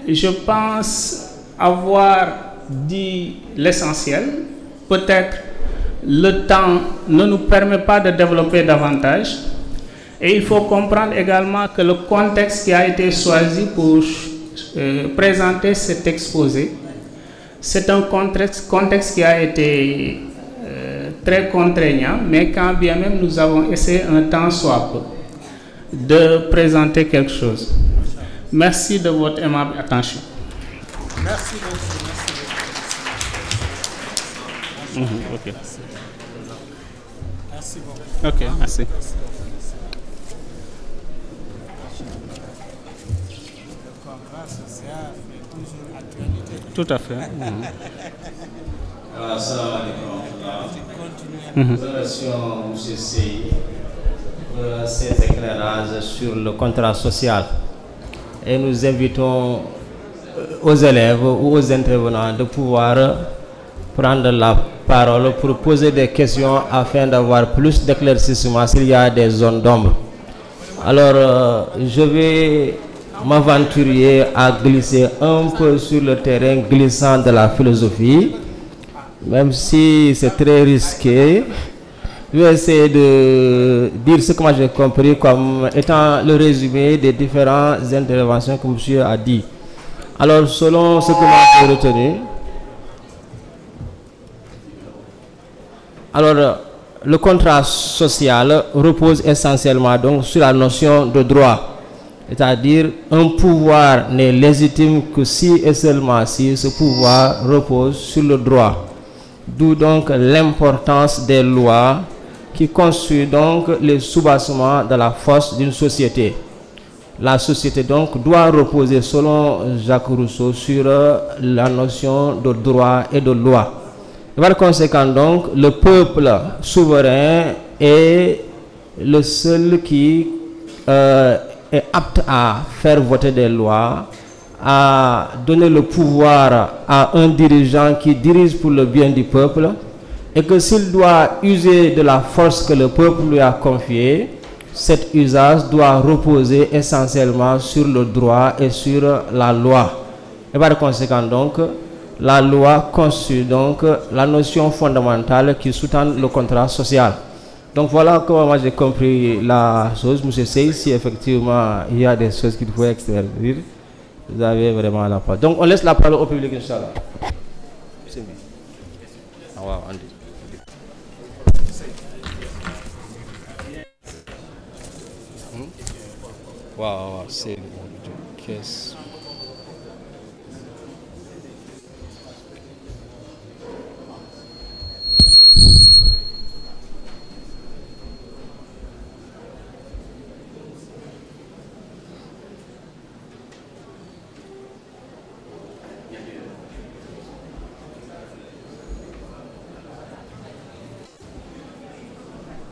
Speaker 4: je pense avoir dit l'essentiel. Peut-être le temps ne nous permet pas de développer davantage et il faut comprendre également que le contexte qui a été choisi pour euh, présenter cet exposé, c'est un contexte, contexte qui a été très contraignant, mais quand bien même nous avons essayé un temps soit de présenter quelque chose. Merci de votre aimable attention. Merci beaucoup. Merci. Mhm, Tout à fait. Mmh.
Speaker 12: Mhm. relation monsieur Sey euh, le contrat social et nous invitons euh, aux élèves ou aux intervenants de pouvoir prendre la parole pour poser des questions afin d'avoir plus d'éclaircissement s'il y a des zones d'ombre. Alors, euh, je vais m'aventurer à glisser un peu sur le terrain glissant de la philosophie même si c'est très risqué je vais essayer de dire ce que moi j'ai compris comme étant le résumé des différentes interventions que monsieur a dit alors selon ce que moi j'ai alors le contrat social repose essentiellement donc sur la notion de droit c'est-à-dire un pouvoir n'est légitime que si et seulement si ce pouvoir repose sur le droit D'où donc l'importance des lois qui constituent donc les soubassements de la force d'une société. La société donc doit reposer selon Jacques Rousseau sur euh, la notion de droit et de loi. Et par conséquent donc, le peuple souverain est le seul qui euh, est apte à faire voter des lois à donner le pouvoir à un dirigeant qui dirige pour le bien du peuple et que s'il doit user de la force que le peuple lui a confiée, cet usage doit reposer essentiellement sur le droit et sur la loi. Et par conséquent donc, la loi constitue donc la notion fondamentale qui sous-tend le contrat social. Donc voilà comment moi compris la chose, Monsieur Sey, si effectivement il y a des choses qu'il faut extraire. vous avez vraiment la parole donc la parole au public incha waaw waaw waaw sëñ kees.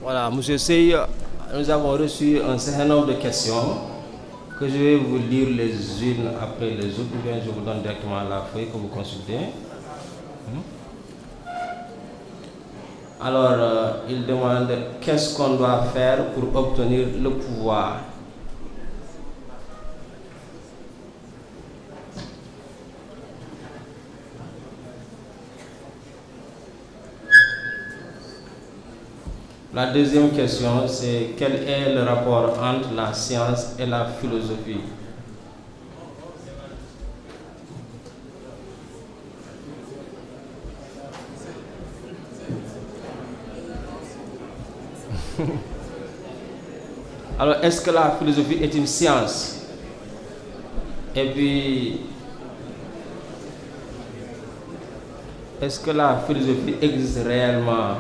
Speaker 12: Voilà, Monsieur Sey, nous avons reçu un certain nombre de questions que je vais vous lire les unes après les autres, ou bien je vous donne directement la feuille que vous consultez.
Speaker 9: Hmm.
Speaker 12: Alors, euh, il demande qu'est-ce qu'on doit faire pour obtenir le pouvoir? La deuxième question, c'est quel est le rapport entre la science et la philosophie Alors, est-ce que la philosophie est une science Et est-ce que la philosophie existe réellement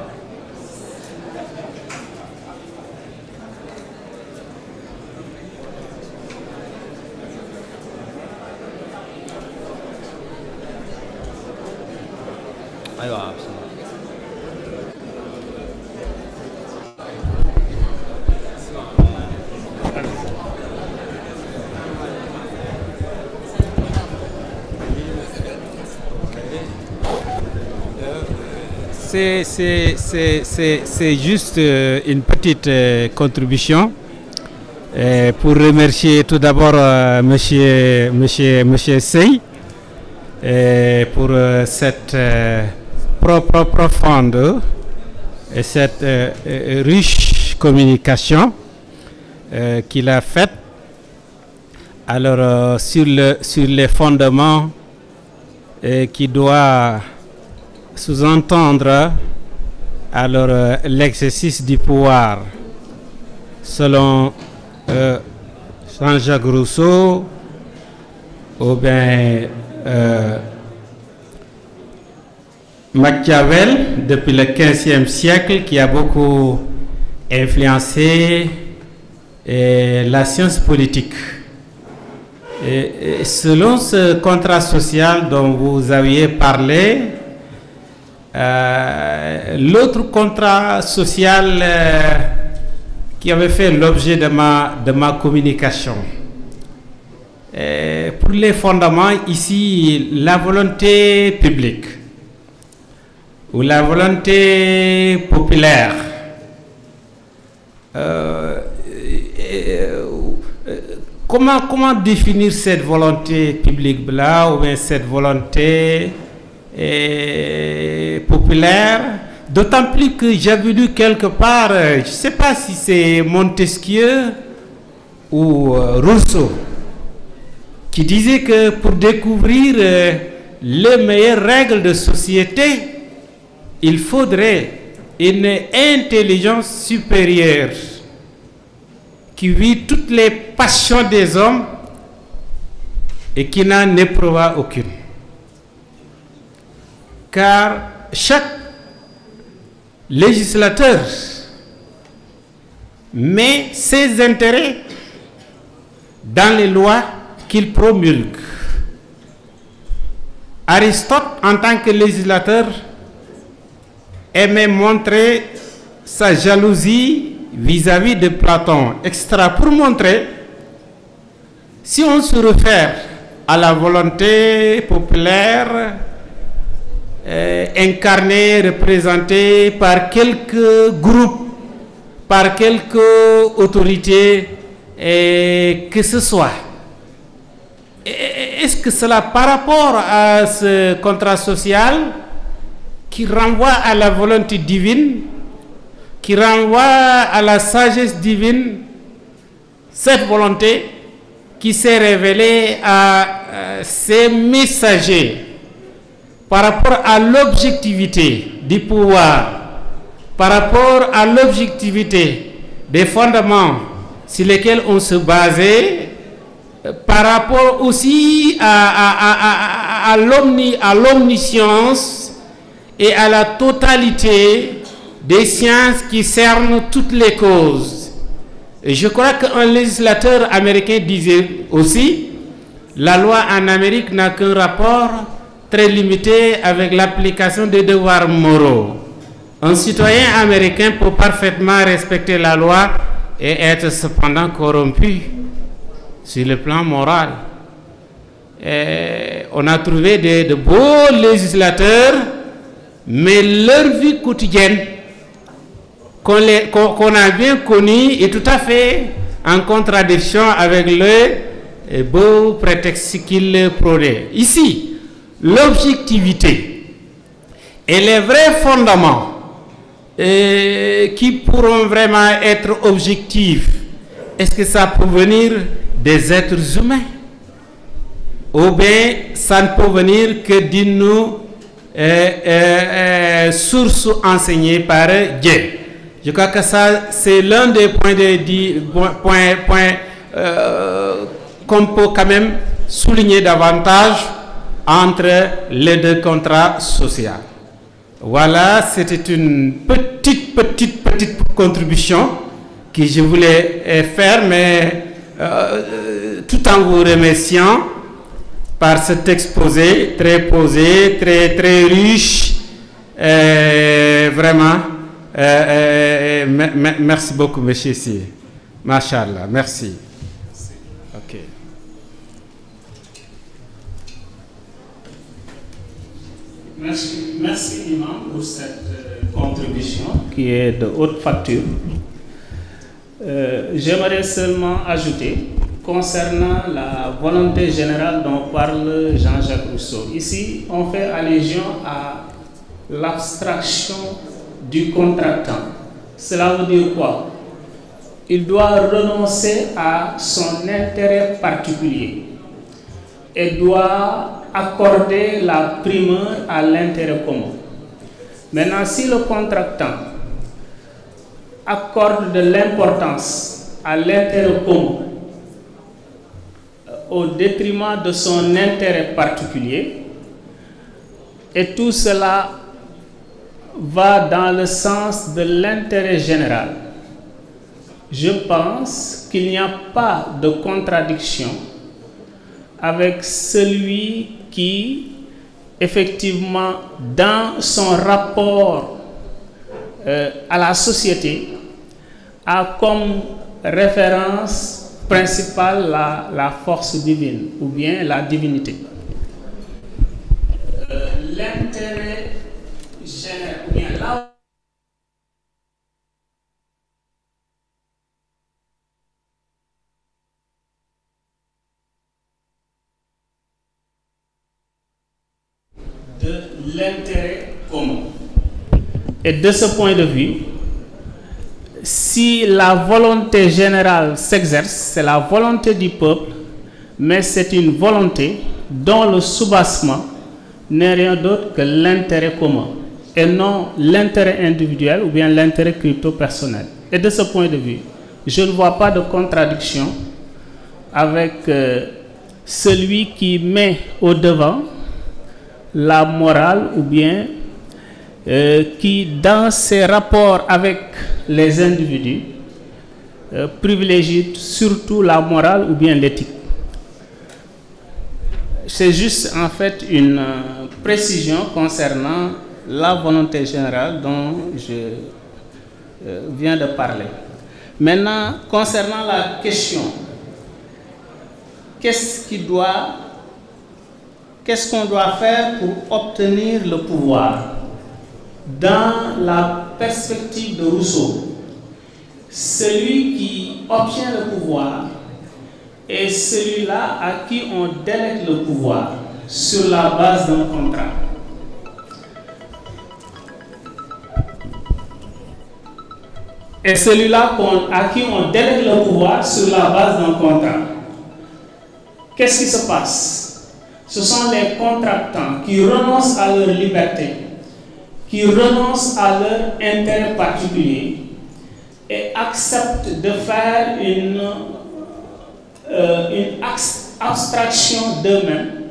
Speaker 4: C'est, c'est, c'est, c'est juste euh, une petite euh, contribution euh, pour remercier tout d'abord monsieur, monsieur, monsieur Sey pour cette propre profonde et cette riche communication qu'il a faite alors sur, le, sur les fondements qui doit sous-entendre Alors, euh, l'exercice du pouvoir, selon euh, Jean-Jacques Rousseau, ou bien euh, Machiavel, depuis le 15e siècle, qui a beaucoup influencé euh, la science politique. selon ce contrat social dont vous aviez parlé, Euh, l'autre contrat social euh, qui avait fait l'objet de ma, de ma communication. Euh, pour les fondements, ici, la volonté publique ou la volonté populaire euh, euh comment, comment définir cette volonté publique-là ou bien cette volonté et populaire, d'autant plus que j'avais lu quelque part, euh, je ne sais pas si c'est Montesquieu ou euh, Rousseau, qui disait que pour découvrir euh, les meilleures règles de société, il faudrait une intelligence supérieure qui vit toutes les passions des hommes et qui n'en éprouva aucune. car chaque législateur met ses intérêts dans les lois qu'il promulgue. Aristote, en tant que législateur, aimait montrer sa jalousie vis-à-vis de Platon, extra pour montrer si on se réfère à la volonté populaire euh, incarné, représenté par quelques groupes, par quelques autorités, et que ce soit. Est-ce que cela, par rapport à ce contrat social qui renvoie à la volonté divine, qui renvoie à la sagesse divine, cette volonté qui s'est révélée à ses euh, messagers par rapport à l'objectivité du pouvoir, par rapport à l'objectivité des fondements sur lesquels on se basait, euh, par rapport aussi à, à, à, à l'omniscience et à la totalité des sciences qui cernent toutes les causes. Et je crois qu'un législateur américain disait aussi, la loi en Amérique n'a qu'un rapport très limitée avec l'application des devoirs moraux. Un citoyen américain peut parfaitement respecter la loi et être cependant corrompu sur le plan moral. Et on a trouvé de, beaux législateurs, mais leur vie quotidienne, qu'on a bien connue, est tout à fait en contradiction avec le beau prétexte qu'ils prônaient. Ici, l'objectivité et les vrais fondements et euh, qui pourront vraiment être objectifs, est-ce que ça peut venir des êtres humains ou bien ça ne peut venir que d'une euh, euh, euh source enseignée par Je crois que ça, c'est l'un des points, de, de, points, point euh, qu'on peut quand même souligner davantage entre les deux contrats sociaux. Voilà, c'était une petite, petite, petite contribution que je voulais euh, faire, mais euh, euh, tout en vous remerciant par cet exposé très posé, très, très riche. Et euh, vraiment, euh, euh, merci beaucoup, monsieur Mashallah, merci.
Speaker 12: merci.
Speaker 4: Merci, merci Imam pour cette euh, contribution qui est de facture. Euh, j'aimerais seulement ajouter concernant la volonté générale dont parle Jean-Jacques Rousseau. Ici, on fait allusion à l'abstraction du contractant. Cela veut dire quoi? Il doit renoncer à son intérêt particulier et doit accorder la primeur à l'intérêt commun. Maintenant, si le contractant accorde de l'importance à l'intérêt commun euh, au détriment de son intérêt particulier, et tout cela va dans le sens de l'intérêt général. Je pense qu'il n'y a pas de contradiction avec celui qui, effectivement, dans son rapport euh, à la société, a comme référence principale la, la force divine ou bien la divinité. Euh, Et de ce point de vue, si la volonté générale s'exerce, c'est la volonté du peuple, mais c'est une volonté dont le soubassement n'est rien d'autre que l'intérêt commun et non l'intérêt individuel ou bien l'intérêt crypto-personnel. Et de ce point de vue, je ne vois pas de contradiction avec euh, celui qui met au devant la morale ou bien euh, qui, dans ses rapports avec les individus, euh, privilégie surtout la morale ou bien l'éthique. C'est juste en fait une euh, précision concernant la volonté générale dont je euh, viens de parler. Maintenant, concernant la question, qu'est-ce qu'est-ce qu'on doit faire pour obtenir le pouvoir dans la perspective de Rousseau, celui qui obtient le pouvoir est celui-là à qui on délègue le pouvoir sur la base d'un contrat. Et celui-là à qui on délègue le pouvoir sur la base d'un contrat. Qu'est-ce qui se passe Ce sont les contractants qui renoncent à leur liberté
Speaker 9: qui renoncent
Speaker 4: à leur intérêt particulier et acceptent de faire une, euh, abstraction d'eux-mêmes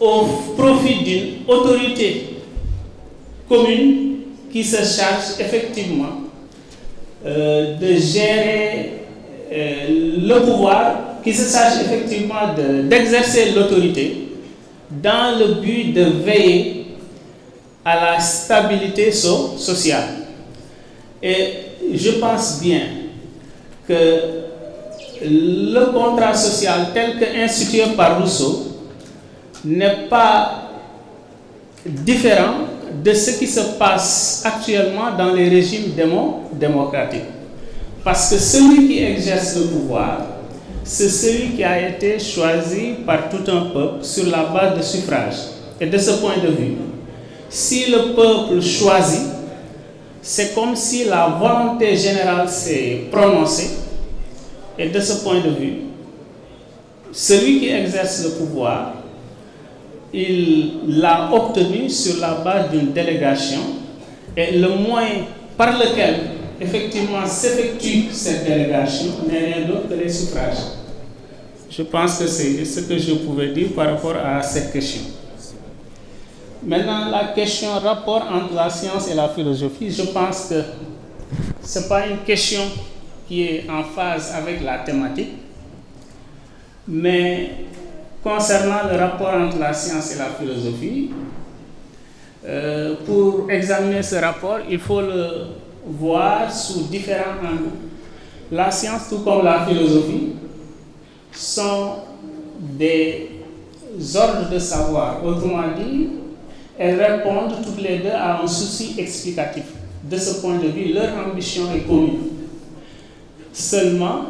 Speaker 4: au profit d'une autorité commune qui se charge effectivement euh, de gérer euh, le pouvoir, qui se charge effectivement d'exercer l'autorité dans le but de veiller à la stabilité so sociale. Et je pense bien que le contrat social tel que institué par Rousseau n'est pas différent de ce qui se passe actuellement dans les régimes démo démocratiques. Parce que celui qui exerce le pouvoir, c'est celui qui a été choisi par tout un peuple sur la base de suffrage. Et de ce point de vue, si le peuple choisit, c'est comme si la volonté générale s'est prononcée. Et de ce point de vue, celui qui exerce le pouvoir, il l'a obtenu sur la base d'une délégation et le moyen par lequel effectivement s'effectue cette délégation n'est rien d'autre que les suffrages. Je pense que c'est ce que je pouvais dire par rapport à cette question. Maintenant, la question rapport entre la science et la philosophie, je pense que ce n'est pas une question qui est en phase avec la thématique, mais concernant le rapport entre la science et la philosophie, euh, pour examiner ce rapport, il faut le voir sous différents angles. La science, tout comme la philosophie, sont des ordres de savoir. Autrement Elles répondent toutes les deux à un souci explicatif. De ce point de vue, leur ambition est commune. Seulement,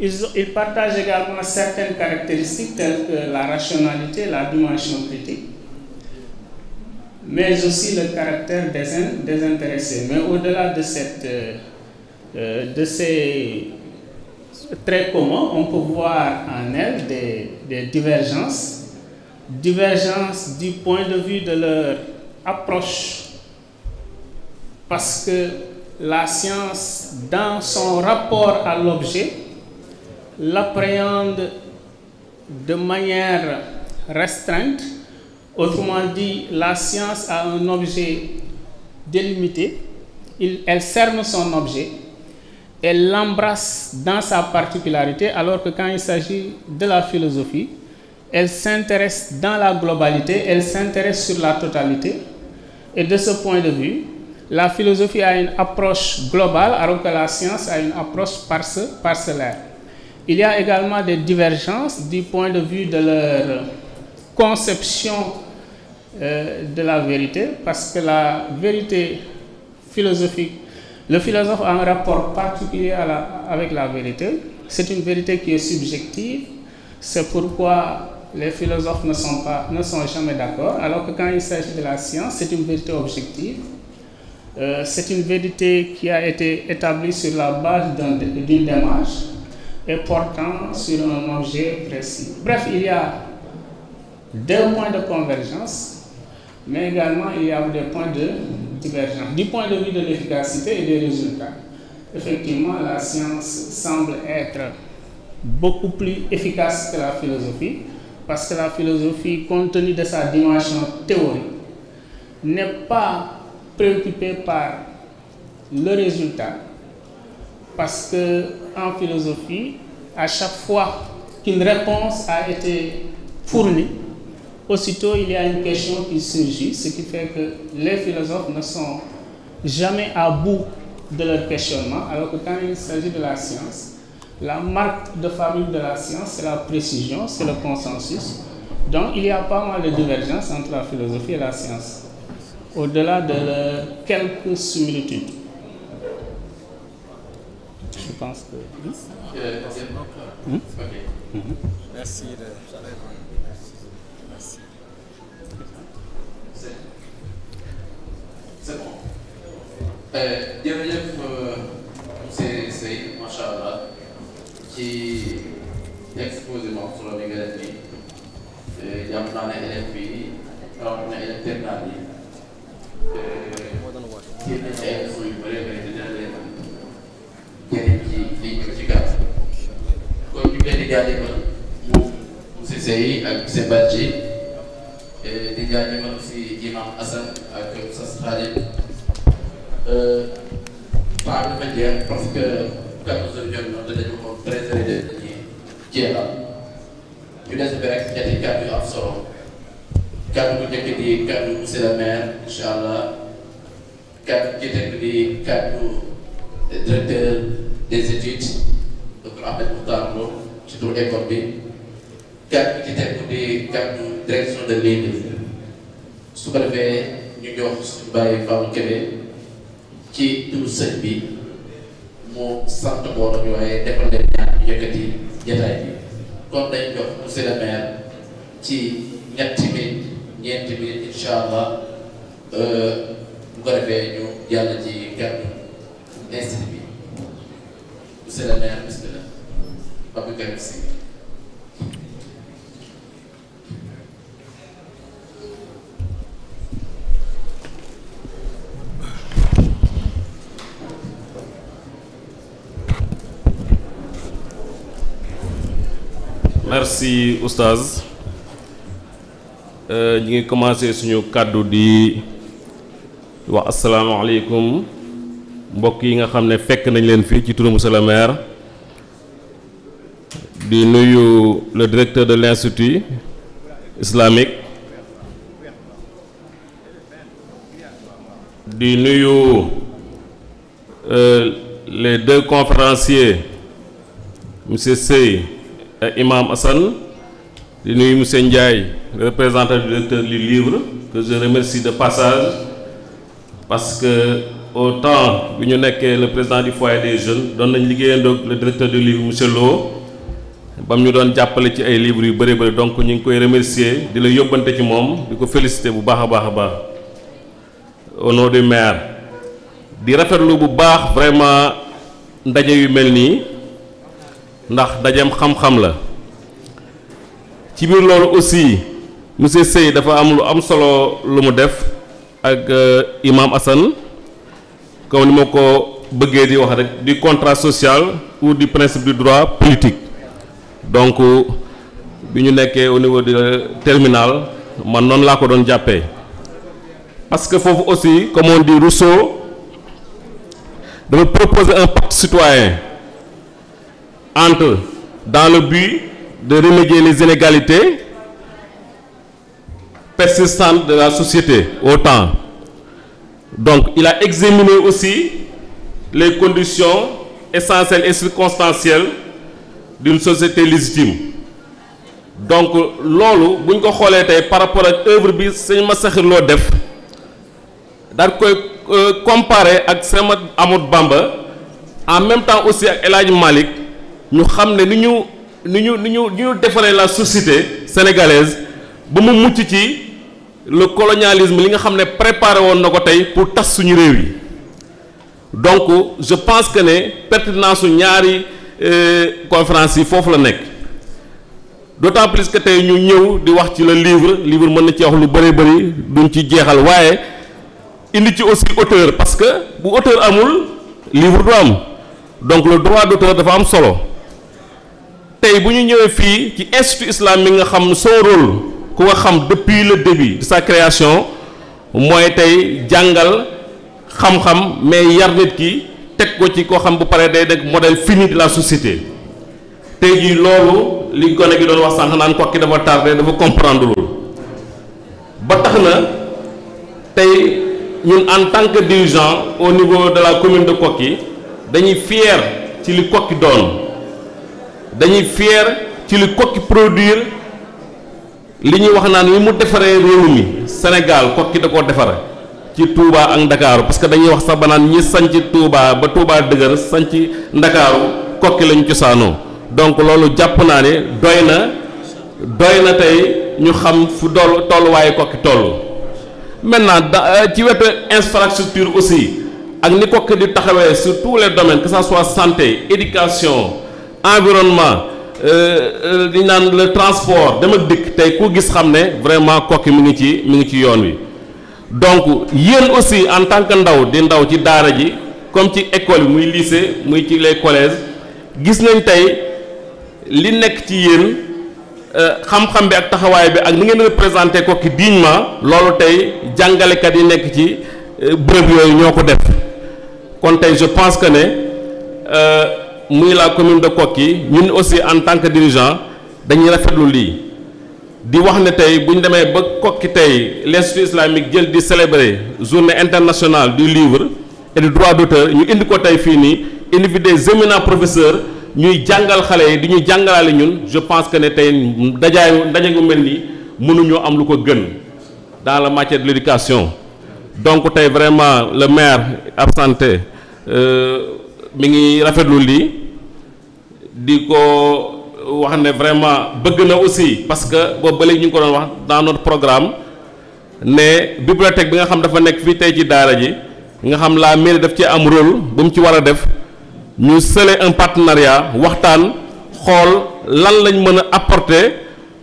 Speaker 4: ils, ils partagent également certaines caractéristiques telles la rationalité, la dimension critique, mais aussi le caractère désintéressé. Mais au-delà de, cette, euh, euh, de ces traits communs, on peut voir en elles des, des divergence du point de vue de leur approche parce que la science, dans son rapport à l'objet, l'appréhende de manière restreinte. Autrement dit, la science a un objet délimité, Il, elle cerne son objet, elle l'embrasse dans sa particularité, alors que quand il s'agit de la philosophie, elle s'intéresse dans la globalité, elle s'intéresse sur la totalité. Et de ce point de vue, la philosophie a une approche globale alors que la science a une approche parcellaire. Il y a également des divergences du point de vue de leur conception euh, de la vérité, parce que la vérité philosophique, le philosophe a un rapport particulier à la, avec la vérité. C'est une vérité qui est subjective. C'est pourquoi les philosophes ne sont, pas, ne sont jamais d'accord, alors que quand il s'agit de la science, c'est une vérité objective. Euh, c'est une vérité qui a été établie sur la base d'une démarche et portant sur un objet précis. Bref, il y a deux points de convergence, mais également il y a des points de divergence. Du point de vue de l'efficacité et des résultats, effectivement, la science semble être beaucoup plus efficace que la philosophie, parce que la philosophie, compte tenu de sa dimension théorique, n'est pas préoccupée par le résultat, parce que en philosophie, à chaque fois qu'une réponse a été fournie, aussitôt il y a une question qui surgit, ce qui fait que les philosophes ne sont jamais à bout de leur questionnement, alors que quand il s'agit de la science, La marque de fabrique de la science, c'est la précision, c'est le consensus. Donc il y a pas mal de divergences la philosophie et la science, au de quelques similitudes. Je pense que... Mmh? Mmh.
Speaker 3: ci exposé moom solo bi nga def nii jàpp naa ne élève bi rawatina élève terminal yi génn nañ ay leçons yu bëree bëri dina leen jëriñ ci liñ ñëw ci gàtt kon ñu ngi leen di jaajëfal moom monsieur Seye ak Sebadji di jaajëfal aussi imam Assane ak Oustaz Khalid euh, Pape Madiène parce que 14 heures jot na te dañu ko 13 heures dañuy jeexal ñu des bi rek ñetti kàddu yu di kàddu monsieur le maire incha allah di kàddu directeur des études docteur Ahmed Moukhtar Lo ci tur école bi kàddu ci di kàddu direction de l'île su ko defee ñu jox suñu bàyyi Fallou ci mu sant mbooloo bi waaye defal leen ñaan ñu yëkkati jataay bi kon dañ jox monsieur le maire ci ñetti minute ñeenti minute incha allah euh, bu ko defee ñu jàll ci kàddu institut bi monsieur le maire bismillah Abdou Karim Sy
Speaker 4: merci oustaz euh, ñu ngi commencé suñu kàddu di wax asalaamaaleykum mbokk yi nga xam ne fekk nañ leen fii ci turu sela le maire di nuyu le directeur de l'institut islamique di nuyu euh, les deux conférenciers monsieur Sey Imam Hassan di nuyu monsieur Ndiaye représentant du directeur du livre que je remercie de passage parce que au temps bi ñu nekkee le président du foyer des jeunes doon nañ liggéeyandoo le directeur du livre monsieur Lo bam ñu doon jàppale ci ay livres yu bëri bëri donc ñu ngi koy remercier di la yóbbante ci moom di ko féliciter bu baax a baax a baax au nom du maire di rafetlu bu baax vraiment ndaje yu mel nii. ndax dajeem xam-xam la ci biir loolu aussi monsieur Seye dafa am lu am solo lu mu def ak euh, imam Assane comme ni ma ko bëggee di wax rek di contrat social ou di principe du droit politique donc bi ñu nekkee au niveau de euh, terminal man noonu laa ko doon jàppee parce que foofu aussi comme on dit Rousseau dafa proposer un pacte citoyen entre dans le but de remédier les inégalités persistantes de la société au temps. Donc, il a examiné aussi les conditions essentielles et circonstancielles d'une société légitime. donc loolu buñ ko xoolee tey par rapport ak euvre bi sëñ Massakhir Lo def daal koy euh, comparer ak sama Amadou Bamba en même temps aussi ak El Hadj ñu xam ne ni ñu ni ñu ni ñu ni ñu defaree la société sénégalaise ba mu mucc ci le colonialisme li nga xam ne préparé woon na ko tey pour tas suñu réew yi donc je pense que ne pertinence su ñaari euh, conférence yi foofu la nekk d'autant plus que tey ñu ñëw di wax ci la livre le livre mën na ci wax lu bëree bëri duñ ci jeexal waaye indi ci aussi auteur parce que bu auteur amul livre du am donc le droit d'auteur dafa am solo tey bu ñu ñëwee fii ci institut islamique nga xam son rôle ku nga xam depuis le début de sa création mooy tey jàngal xam-xam mais yar nit ki teg ko ci koo xam bu pare day nekk model fini de la société tey ji loolu li gone gi doon wax sànq naan kokki dafa tardé dafa comprendre loolu ba tax na tey ñun en tant que dirigeant au niveau de la commune de Koki dañuy fier ci li Koki doon dañuy fier ci li kokki produire li ñuy wax naan li mu defaree réew mi Sénégal kokki da koo defar ci Touba ak Ndakaaru parce que dañuy wax sax banaan naan ñi sanc Touba ba Touba dëgër sañc Ndakaaru kokki lañu cosaanoo donc loolu jàpp naa ne doy na doy na tey ñu xam fu dool tolluwaayu kokki toll maintenant da euh, ci wetu infrastructure aussi ak ni kokki di taxawee sur tous les domaines que ça soit santé éducation environnement euh, euh, li ñu naan le transport dama ak dikk tey ku gis xam ne vraiment Koki mu ngi ci mu ngi ci yoon wi donc yéen aussi en tant que ndaw di ndaw ci daara ji comme ci école yi muy lycée muy ci les collège gis nañ tey li nekk ci yéen euh, xam-xam bi ak taxawaay bi ak ni ngeen représenté Koki dignement loolu tey jàngalekat yi nekk ci bërëb yooyu ñoo ko def kon tey je pense que ne. muy la commune de Koki ñun aussi en tant que dirigeant dañuy rafetlu lii di wax ne tey bu ñu demee ba Koki tey les l'institut islamique jël di célébrer journée internationale du livre et du droit ñu indi ko tey fii nii indi fi des éminents professeurs ñuy jàngal xale yi di ñuy jàngalaale ñun je pense que ne tey dajaay ndaje gu mel nii mënuñoo am lu ko gën dans la matière de l'éducation donc tey vraiment le maire absenté. Euh, mi ngi rafetlu lii di ko wax ne vraiment bëgg na aussi parce que boobu ba ñu ngi ko doon wax dans programme ne bibliothèque bi nga xam dafa nekk fii tey ci daara ji nga xam laa mairie daf ci am rôle bu mu ci war a def ñu sële un partenariat waxtaan xool lan lañ mën a apporter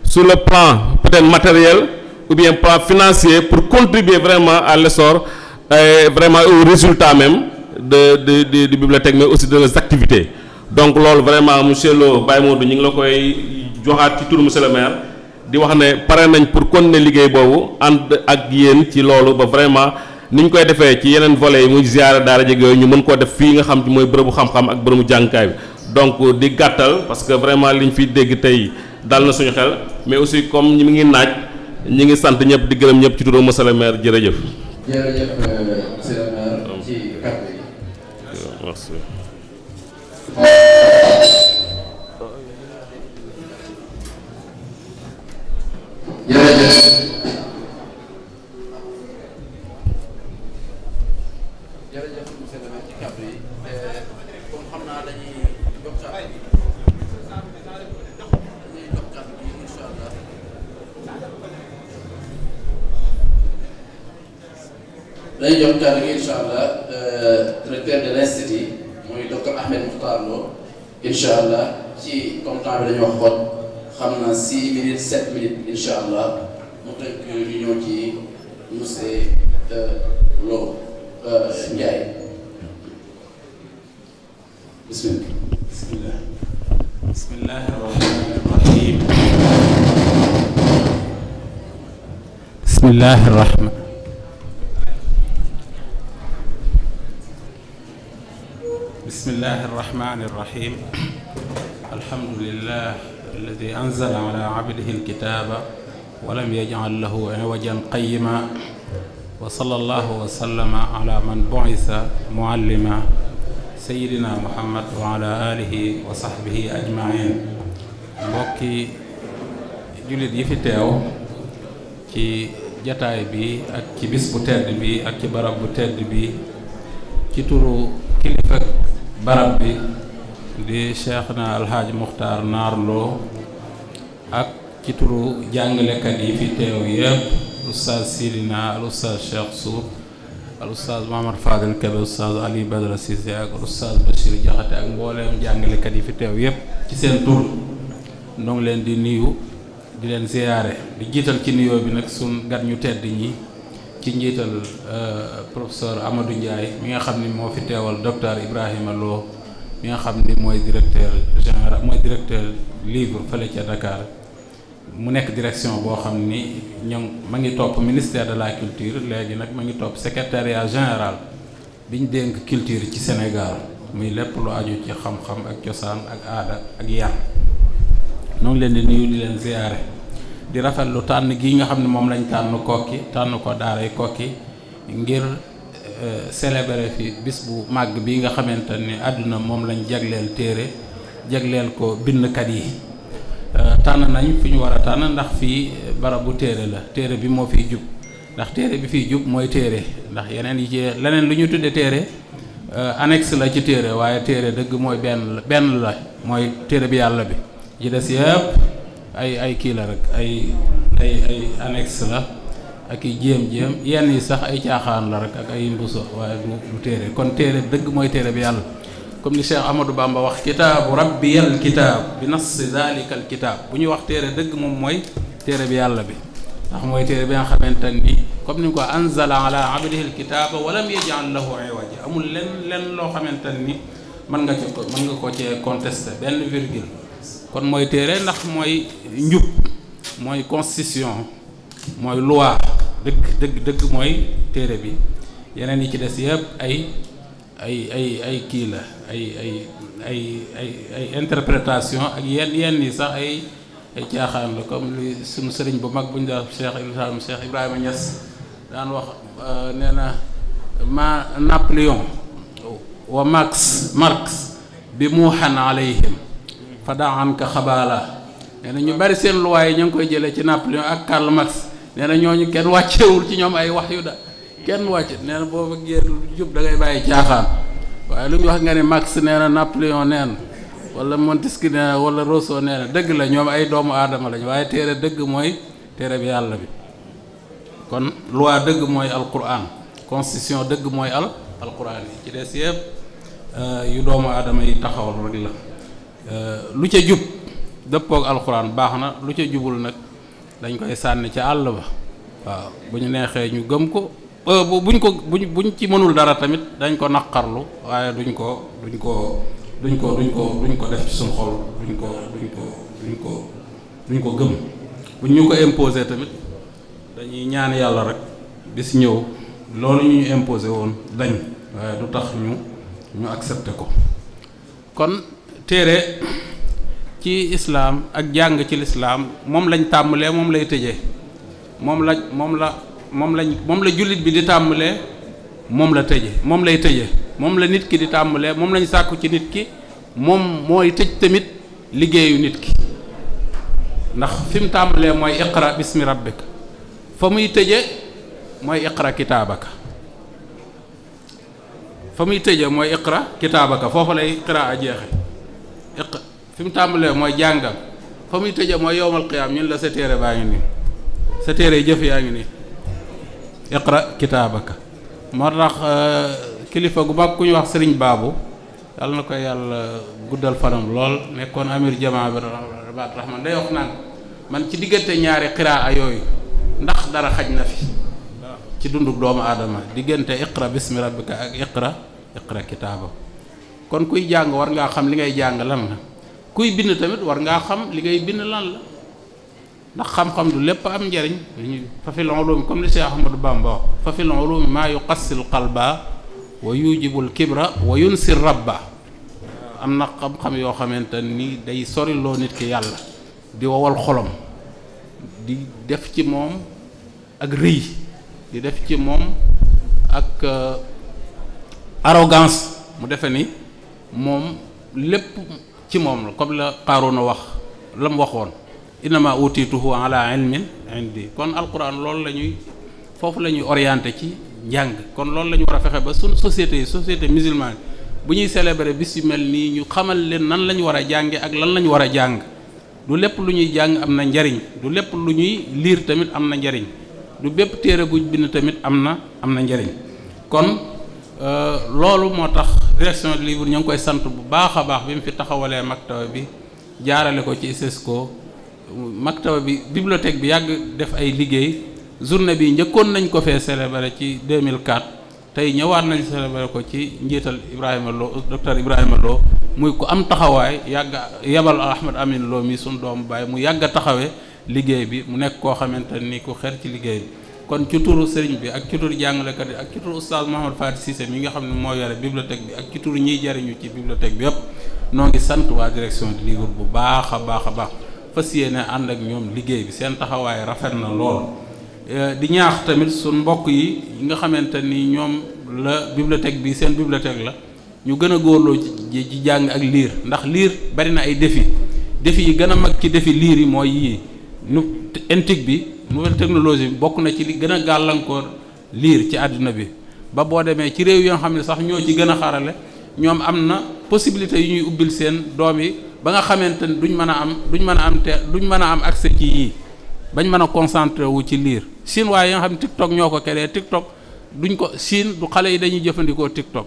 Speaker 4: sur le plan peut-être matériel ou bien plan financier pour contribuer vraiment à l'essor et vraiment au résultat même de de de de bibliothèque mais aussi de leurs activités donc loolu vraiment monsieur Lo Baye Modou ñu ngi la koy joxaat ci turu monsieur le maire di wax ne pare nañ pour kon ne liggéey boobu ànd ak yéen ci loolu ba vraiment ni ñu koy defee ci yeneen vole yi muy ziare daal jeg yooyu ñu mën koo def fii nga xam ci mooy bërëbu xam-xam ak bërëbu jàngukaay bi donc di gàttal parce que vraiment li ñu fiy dégg tey dal na suñu xel mais aussi comme ñu ngi naaj ñi ngi sant ñëpp di gërëm ñëpp ci turu monsieur maire jërëjëf.
Speaker 3: Euh,
Speaker 9: Euh, dañuy
Speaker 3: jox kàddu gi incha allah euh, directeur de l'Institut Ahmed Mokhtar Lo incha allah ci comme temps bi dañoo xool xam naa six minutes sept minutes incha allah mu tënk ñu ñëw ci monsieur euh, euh, bismillah
Speaker 9: bismillah bismillahi rahmani rahim bismillahi
Speaker 4: rahmani bismillahi irrahmani irrahim alhamdulilah alladi anzala ala abdihi alkitaba walam yajcal lahu iwajan qayima wa sallallahu wa sallama ala man buisa muallima sayidina muhammad wa ala alihi wa sahbihi ajmain mbokki jullit yi fi teew ci jataay bi ak ci bis bu tedd bi ak ci barab bu tedd bi ci turu kilifa barab bi di cheikh na alhaaj muxtaar naarloo ak ci turu jàngalekat yi fi teew yëpp oustaz sidina al oustaz cheikh suur al oustaz mahamad fadel kebe oustaz ali badra sise ak oustaz bachir jaxate ak mbooleem jàngalekat yi fi teew yépp ci seen tur noo leen di nuyu di leen ziyaare di jiital ci nuyoo bi nag sun gan ñu tedd ñi ci njiital euh, professeur Amadou Ndiaye mi nga xam ni moo fi teewal docteur Ibrahima Lo mi nga xam ni mooy directeur général mooy directeur livre fële ca Dakar mu nekk direction boo xam ni ño ma ngi topp ministère de la culture léegi nag ma ngi topp secretariat général biñ ñu dénk culture ci Sénégal muy lépp lu aju ci xam-xam ak cosaan ak aada ak yar ñoo ngi leen di nuyu di leen ziyaare di rafet lu tànn gi nga xam ne moom lañ tànn kokki tànn ko daaray kokki ngir euh, célébrer fi bis bu màgg bi nga xamante ni àdduna moom lañ jagleel téere jagleel ko bindkat yi euh, tànn nañ fi ñu war a tànn ndax fii barabu téere la téere bi moo fiy jub ndax téere bi fiy jub mooy téere ndax yeneen yi ci leneen lu ñu tudde téere euh, annexe la ci téere waaye téere dëgg mooy benn benn la mooy téere bi yàlla bi ji des yëpp ay ay kii la rek ay ay ay la ak i jéem-jéem yenn yi sax ay caaxaan la rek ak ay mbuso waaye du du téere kon téere dëgg mooy téere bi yàlla comme ni Cheikh Bamba wax kitaabu rabbiyal kitaab bi nassi zalikal kitaab bu ñu wax dëgg moom mooy téere bi yàlla bi ndax mooy téere bi nga xamante ni comme ni ko anzala a abdihil kitaaba walam yaj'al lahu iwaja amul lenn lenn loo xamante ni mën nga ci mën nga ko cee contesté benn virgule kon mooy téere ndax mooy njub mooy constitution mooy loi dëgg dëgg dëgg mooy téere bi yeneen yi ci des yëpp ay ay ay ay kii la ay ay ay ay ay interprétation ak yenn yenn yi sax ay ay caaxaan la comme li suñu sëriñ bu mag buñ daal def Cheikh Ibrahima Cheikh Ibrahima Niass daan wax euh, nee na ma Napoléon wa Marx Marx bi muuxan alayhim fa daan ka xabaala nee na ñu bari seen luwaay yi ñu ngi koy jëlee ci Napoléon ak Karl Marx nee na ñooñu kenn wàccewul ci ñoom ay wax yu da kenn wàcc nee boobu boo bëggee jub da ngay bàyyi caaxaan waaye lu ñu wax nga ne Marx nee na Napoléon nee na wala Montesquieu nee na wala Rousseau dëgg la ñoom ay doomu aadama lañ waaye téere dëgg mooy téere bi yàlla bi kon loi dëgg mooy alquran constition dëgg mooy al alquran yi ci des yëpp euh, yu doomu aadama yi taxawal la Euh, lu ca jub dëppook alxuraan baax na lu ca jubul nag dañ koy sànni ca àll ba waaw bu ñu neexee ñu gëm ko euh, buñ ko buñ buñ ci mënul dara tamit dañ ko naqarlu waaye duñ
Speaker 6: ko duñ ko duñ ko duñ ko ko def ci suñ xol duñ ko duñ ko duñ ko gëm bu ñu ko imposé tamit dañuy ñaan yàlla rek
Speaker 4: bis ñëw loolu ñu imposé woon dañ waaye du tax ñu ñu accepté ko kon téere ci islaam ak jàng ci lislaam moom lañ tàmbalee moom lay tëjee moom la moom la moom lañ moom la jullit bi di tàmbalee moom la tëje moom lay tëje moom la nit ki di tàmbalee moom lañ sàkku ci nit ki moom mooy tëj tamit liggéeyu nit ki ndax fi mu tàmbalee mooy iqra bismi rabbik fa muy tëje mooy iqra kitaabaka fa muy tëje mooy iqra kitaabaka foofu lay qiraa a jeexe iq fi mu tàmbalee mooy jàngal fa muy tëje mooy yowmal qiyaam ñun la sa téere baa ngi nii sa jëf yaa ngi nii iqra kitaabaka moo tax euh, kilifa gu mag ku ñu wax sëriñ baabu yàlla na ko yàlla guddal fanam lool nekkoon amir jamaa bi rabat rahman day wax naan man ci diggante ñaari qiraa yooyu ndax dara xaj na fi ci dunduk doomu aadama diggante iqra bismi rabbika ak iqra iqra kitaabaka kon kuy jàng war ngaa xam li ngay jàng lan la kuy bind tamit war ngaa xam li ngay bind lan la ndax xam-xam du lépp am njariñ dañuy fa fil ulumi comme li Cheikh Ahmadou Bamba wax fa fil ulumi wa yujibul kibra wa yunsir rabba am na xam-xam yoo xamante ni day soriloo nit ki yàlla di wowal xolom di def ci moom ak rëy di def ci moom ak euh, arrogance mu defe nii moom lépp ci moom la comme la na wax la mu waxoon innama utiituhu ala ilmin indi kon alquran loolu la ñuy foofu la ñuy orienté ci njàng kon loolu lañu ñu war fexe ba suñ société yi société musulmane bu ñuy célébrer bis yu mel nii ñu xamal leen nan la ñu war a jànge ak lan la ñu war a jàng du lépp lu ñuy jàng am na njariñ du lépp lu ñuy liir tamit am na njariñ du bépp téere buñ bind tamit am na am na njariñ kon euh, loolu moo tax direction du livre ñu ngi koy sant bu baax a baax bi mu fi taxawalee mag maktaba bi jaarale ko ci CESCO maktaba bi bibliothèque bi yàgg def ay liggéey journée bi njëkkoon nañ ko fee célébrer ci mille 2004 tey ñëwaat nañ célébrer ko ci njiital Ibrahima Lo docteur Ibrahima Lo muy ku am taxawaay yàgg yebal Ahmed Amin Lo mi suñ doomu baay mu yàgg a taxawee liggéey bi mu nekk koo xamante ni ku xer ci liggéey bi kon ci turu sëriñ bi ak ci turu jàngalekat yi ak ci turu oustaz Mouhamed Faty Cissé nga xam ne moo yore bibliothèque bi ak ci turu ñiy jariñu ci bibliothèque bi yëpp noo ngi sant waa direction du livre bu baax a baax a baax fas yéene ànd ak ñoom liggéey bi seen taxawaay rafet na lool. Eh, di ñaax tamit suñ mbokk yi nga xamante ni ñoom la bibliothèque bi seen bibliothèque la ñu gën a góorloo ci ci jàng ak liir ndax liir bari na ay defi défi yi gën a mag ci défi liir yi mooy yii intique bi. nouvelle technologie bokk na ci li gën a gàllankoor liir ci àdduna bi ba boo demee ci réew yoo xam ne sax ñoo ci gën a xarale ñoom am na possibilité yu ñuy ubbil seen doom yi ba nga xamante ne duñ mën a am duñ mën a am te duñ mën a am accès ci yii bañ mën a concentré wu ci liir chinois yi nga xam ne TikTok ñoo ko keree créé TikTok duñ ko Chine du xale yi dañuy jëfandikoo TikTok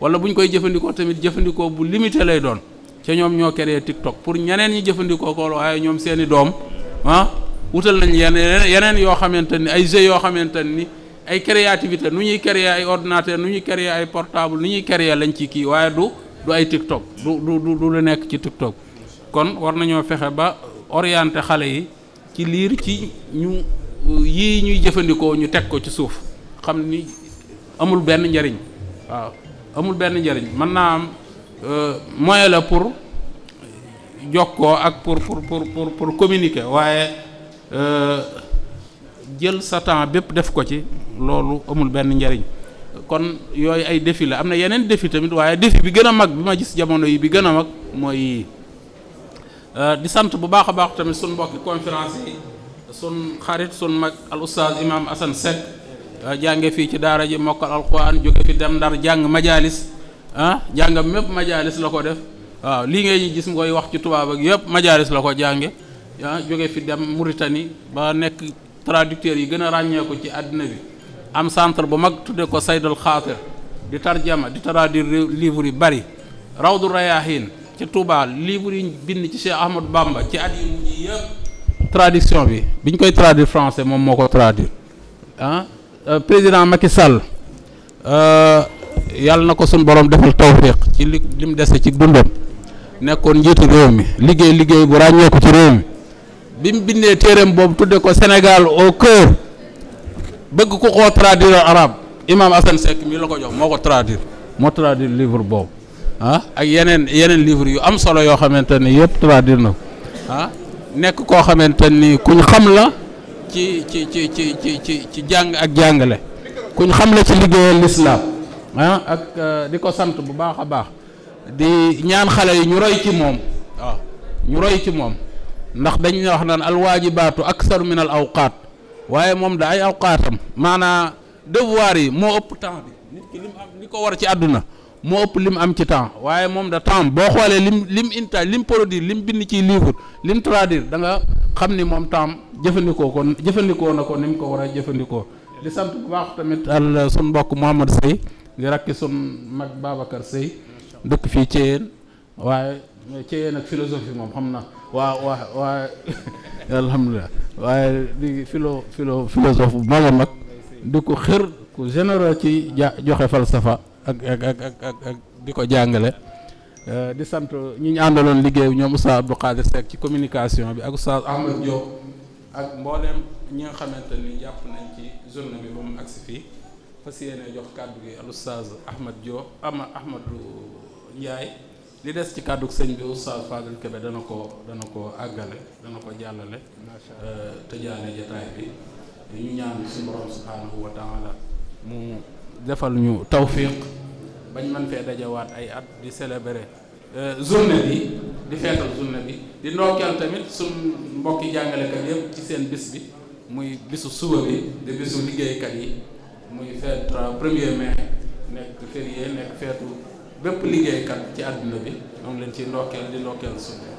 Speaker 4: wala buñ koy jëfandikoo tamit jëfandikoo bu limité lay doon ca ñoom ñoo keree créé TikTok pour ñeneen ñi jëfandikoo ko ñoom seeni doom ah, wutal nañ yeneen yeneen yoo xamante ni ay jeux yoo xamante ni ay créativité nu ñuy créer ay ordinateur nu ñuy créer ay portable nu ñuy créer lañ ci kii waaye du du ay TikTok du du du nekk ci TikTok kon war nañoo fexe ba orienté xale yi ci liir ci ñu yii ñuy jëfandikoo ñu teg ko ci suuf xam ni amul benn njariñ waaw amul benn njariñ mën naa am euh, moyen la pour jokkoo ak pour pour pour pour pour communiquer waaye Euh, jël sa temps bépp def ko ci loolu amul benn njariñ kon yooyu ay défi la am na yeneen defi tamit waaye defi bi gën a mag bi ma gis jamono yi bi gën a mag mooy euh, di sant bu baax a baax tamit suñ mbokki conférence yi sun xarit sun mag al oustaz imam Assane Seck euh, jànge fii ci daara ji mokkal alquran jóge fi dem ndar jàng majalis ah jàngam mépp majalis la ko def waaw lii ngay gis ngoy wax ci tubaab ak yëpp majalis la ko jànge ah jóge fi dem Mauritanie ba nekk traducteurs yi gën a ràññee ko ci àddina bi am centre bu mag tudde ko saydul xaatir di tarjama di traduire livre yu bari rawdu rayahin ci Touba livre yi bind ci Cheikh Ahmadou Bamba ci at yi yëpp traduction bi biñ koy traduire français moom moo ko traduire ah euh, président Macky Sall euh, yàlla na ko suñ borom defal tawfiq ci li li mu dese ci dundam nekkoon njiitu réew mi liggéey liggéey bu ràññee ko ci réew mi bi mu bindee téereem boobu tudde ko Sénégal au cœur bëgg ku ko traduire arabe imam Assane Seck mi la ko jox moo ko traduire moo traduire livre boobu ah, ak yeneen yeneen livre yu am solo yoo xamante ni yëpp traduire na
Speaker 6: ko ah,
Speaker 4: nekk koo xamante ni kuñ xam la ci ci
Speaker 6: ci ci ci ci
Speaker 4: ci jàng ak jàngale kuñ xam la ci liggéeyal lislaam ah, ak euh, di ko sant bu baax a baax di ñaan xale yi ñu roy ci moom waaw ñu roy ci moom ndax dañ ne wax naan alwaajibaatu aksaru min al awqaat waaye moom da ay awqaatam maanaa devoir yi moo ëpp
Speaker 6: temps bi nit
Speaker 4: ki lim am li ko war ci àdduna moo ëpp lim am ci temps waaye moom da temps boo xoolee lim lim inta lim produire lim bind ci livre lim traduire da nga xam ni moom temps jëfandikoo ko jëfandikoo na ko ni mu ko war a jëfandikoo di sant bu baax tamit al sun mbokk Mouhamad Sey di rakki sun mag Babacar Sey dëkk fii Thièyeen waaye Thièyeen ak philosophie moom xam na waa waa waa alhamdulilah waaye di philo philo philosophe bu mag a ko xër ku généreux ci ja joxe falsafa ak ak ak ak ak di ko jàngale euh, di sant ñi ñu àndaloon liggéey ñoom Oustaz Abdou Khadir Seck ci communication bi ak Oustaz Ahmed Diop ak mbooleem ñi nga xamante ni jàpp nañ ci journée bi ba mu agsi fii fas yéene jox kàddu gi al Oustaz Ahmed Diop ama Ahmadou Ndiaye li des ci kàddu sëñ bi oustaz Fadel Kébé dana ko dana ko àggale dana ko jàllale macha euh, tëjaane jataay bi ñu ñaan suñu borom subhaanahu
Speaker 12: mu
Speaker 6: defal ñu tawfiq
Speaker 4: bañ fee dajawaat ay at di célébrer euh, journée bi tamit suñ mbokki jàngalekat ci seen bis bi muy bisu suba bi di bisu liggéeykat yi muy fête 1er mai nekk férié nekk feetu bépp liggéeykat
Speaker 3: ci àdduna bi ñoom leen ci ndokkeel di ndokkeel suñu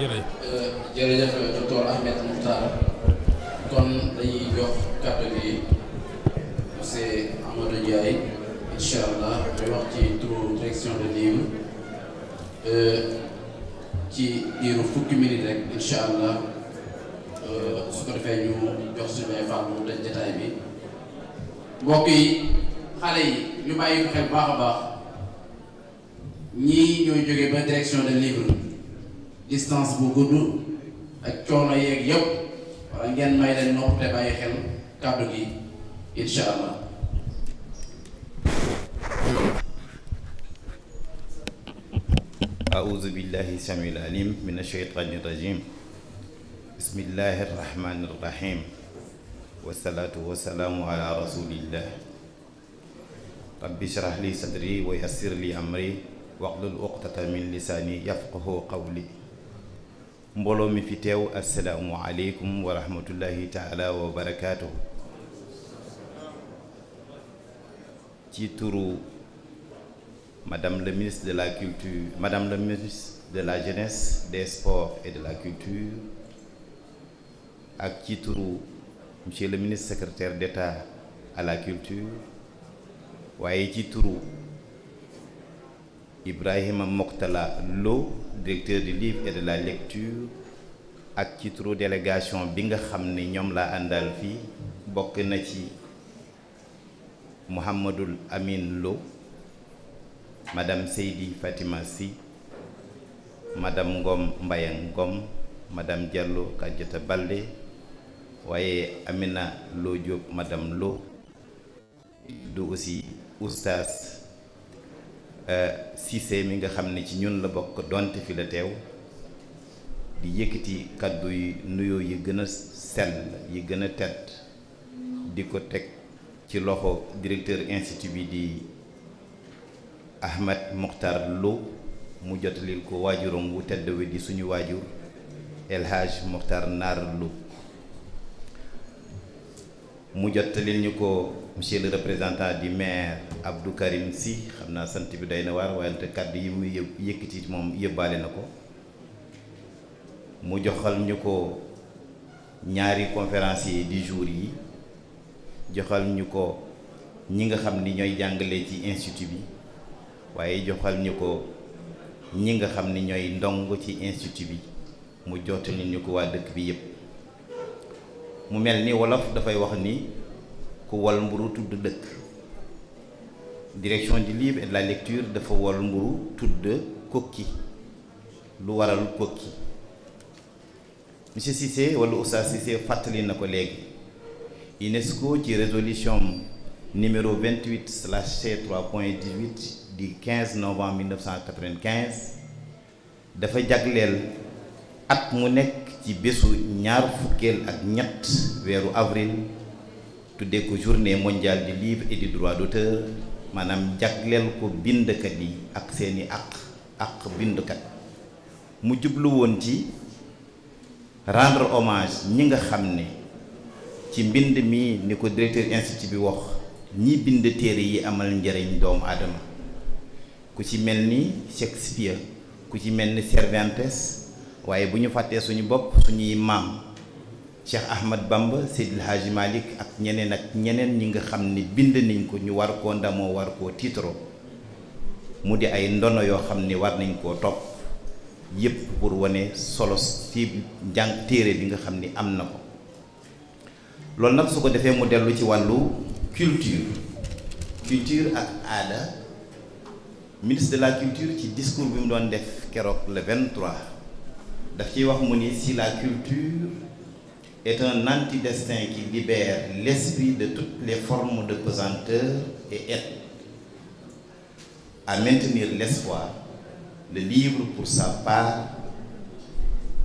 Speaker 3: euh, jërëjëf docteur Ahmed Moukhtar kon dañuy jox kàddu bi monsieur Amadou Ndiaye incha allah muy wax ci turu direction de livre euh, ci diiru fukki minute rek incha allah euh, su ko defee ñu jox suñu ay fàmm mu tëj jataay mbokk yi xale yi ñu bàyyi ko xel baax a baax ñii ñooy jógee ba direction de livre distance bu gudd ak coono yeeg yëpp wala ngeen may leen nopp te bàyyi xel kàddu gi incha allah.
Speaker 11: أعوذ بالله السميع العليم من الشيطان الرجيم بسم الله الرحمن الرحيم wasalaatu wasalaamu ala rasulillah rabbi shrah li sadri wa yassir li amri waxlul uqtata min lisaani yafqahu qawli mbooloo mi fi teew asalaamu aleykum wa rahmatullahi taala ci turu madame le ministre de la culture madame le ministre de la jeunesse des sports et de la culture ak ci turu monsieur le ministre secrétaire d'État à la culture waaye ci turu Ibrahima Moktala Lo directeur du livre et de la lecture ak ci turu délégation bi nga xam ni ñoom laa àndal fii bokk na ci Mouhamadul Amin Lo madame Seydi Fatima si madame Ngom Mbayang Ngom madame Diallo Kadiata Baldé waaye Amina Lo Diop madame loo du aussi oustaz euh, Cissé mi nga xam ne ci ñun la bokk donte fi la teew di yëkkati kàddu yi nuyoo yi gën a sell yi gën a tedd di ko teg ci loxo directeur institut bi di Ahmed Mokhtar Lo mu jotalil ko waajuram wu tedd di suñu waajur El Hadj Mokhtar Naar Lo mu jottali ñu ko monsieur le représentant du maire Abdou Karim Sy xam naa sant bi day na waar wante kàdd yi muy yë yëkkati moom yëbbaale na ko mu joxal ñu ko ñaari conférenciers di jour yi joxal ñu ko ñi nga xam ni ñooy jàngale ci institut bi waaye joxal ñu ko ñi nga xam ni ñooy ndongo ci institut bi mu jottali ñu ko waa dëkk bi yëpp. mu mel ni wolof dafay wax ni ku wal mburu tudd dëkk direction di livre et la lecture dafa wal mburu tudd kokki lu waral kokki monsieur Cissé wala oustaz Cissé fàttali na ko léegi UNESCO ci résolution numéro 28 slash C 3 du 15 novembre 1995 dafa jagleel at mu nekk ci bésu ñaar fukkeel ak ñett weeru avril tuddee ko journée mondiale du livre et du droit d'auteur maanaam jagleel ko bindkat yi ak seeni àq àq bindkat mu jublu woon ci rendre hommage ñi nga xam ne ci mbind mi ni ko directeur institut bi wax ñi bind téere yi amal njëriñ doomu aadama ku ci mel ni Shakespeare ku ci mel ni Cervantes waaye bu ñu fàttee suñu bopp suñuy maam Cheikh Ahmad Bamba Seydil Hadji Malick ak ñeneen ak ñeneen ñi nga xam ni bind nañ ko ñu war koo ndamoo war koo tiitaroo mu di ay ndono yoo xam ni war nañ koo topp yépp pour wane solo ci njàng téere bi nga xam ni am na ko loolu nag su ko defee mu dellu ci wàllu culture culture ak aada ministre de la culture ci discours bi mu doon def keroog le 23 daf ciy wax mu ni si la culture est un antidestin qui libère l'esprit de toutes les formes de pesanteur et aide à maintenir l'espoir, le livre pour sa part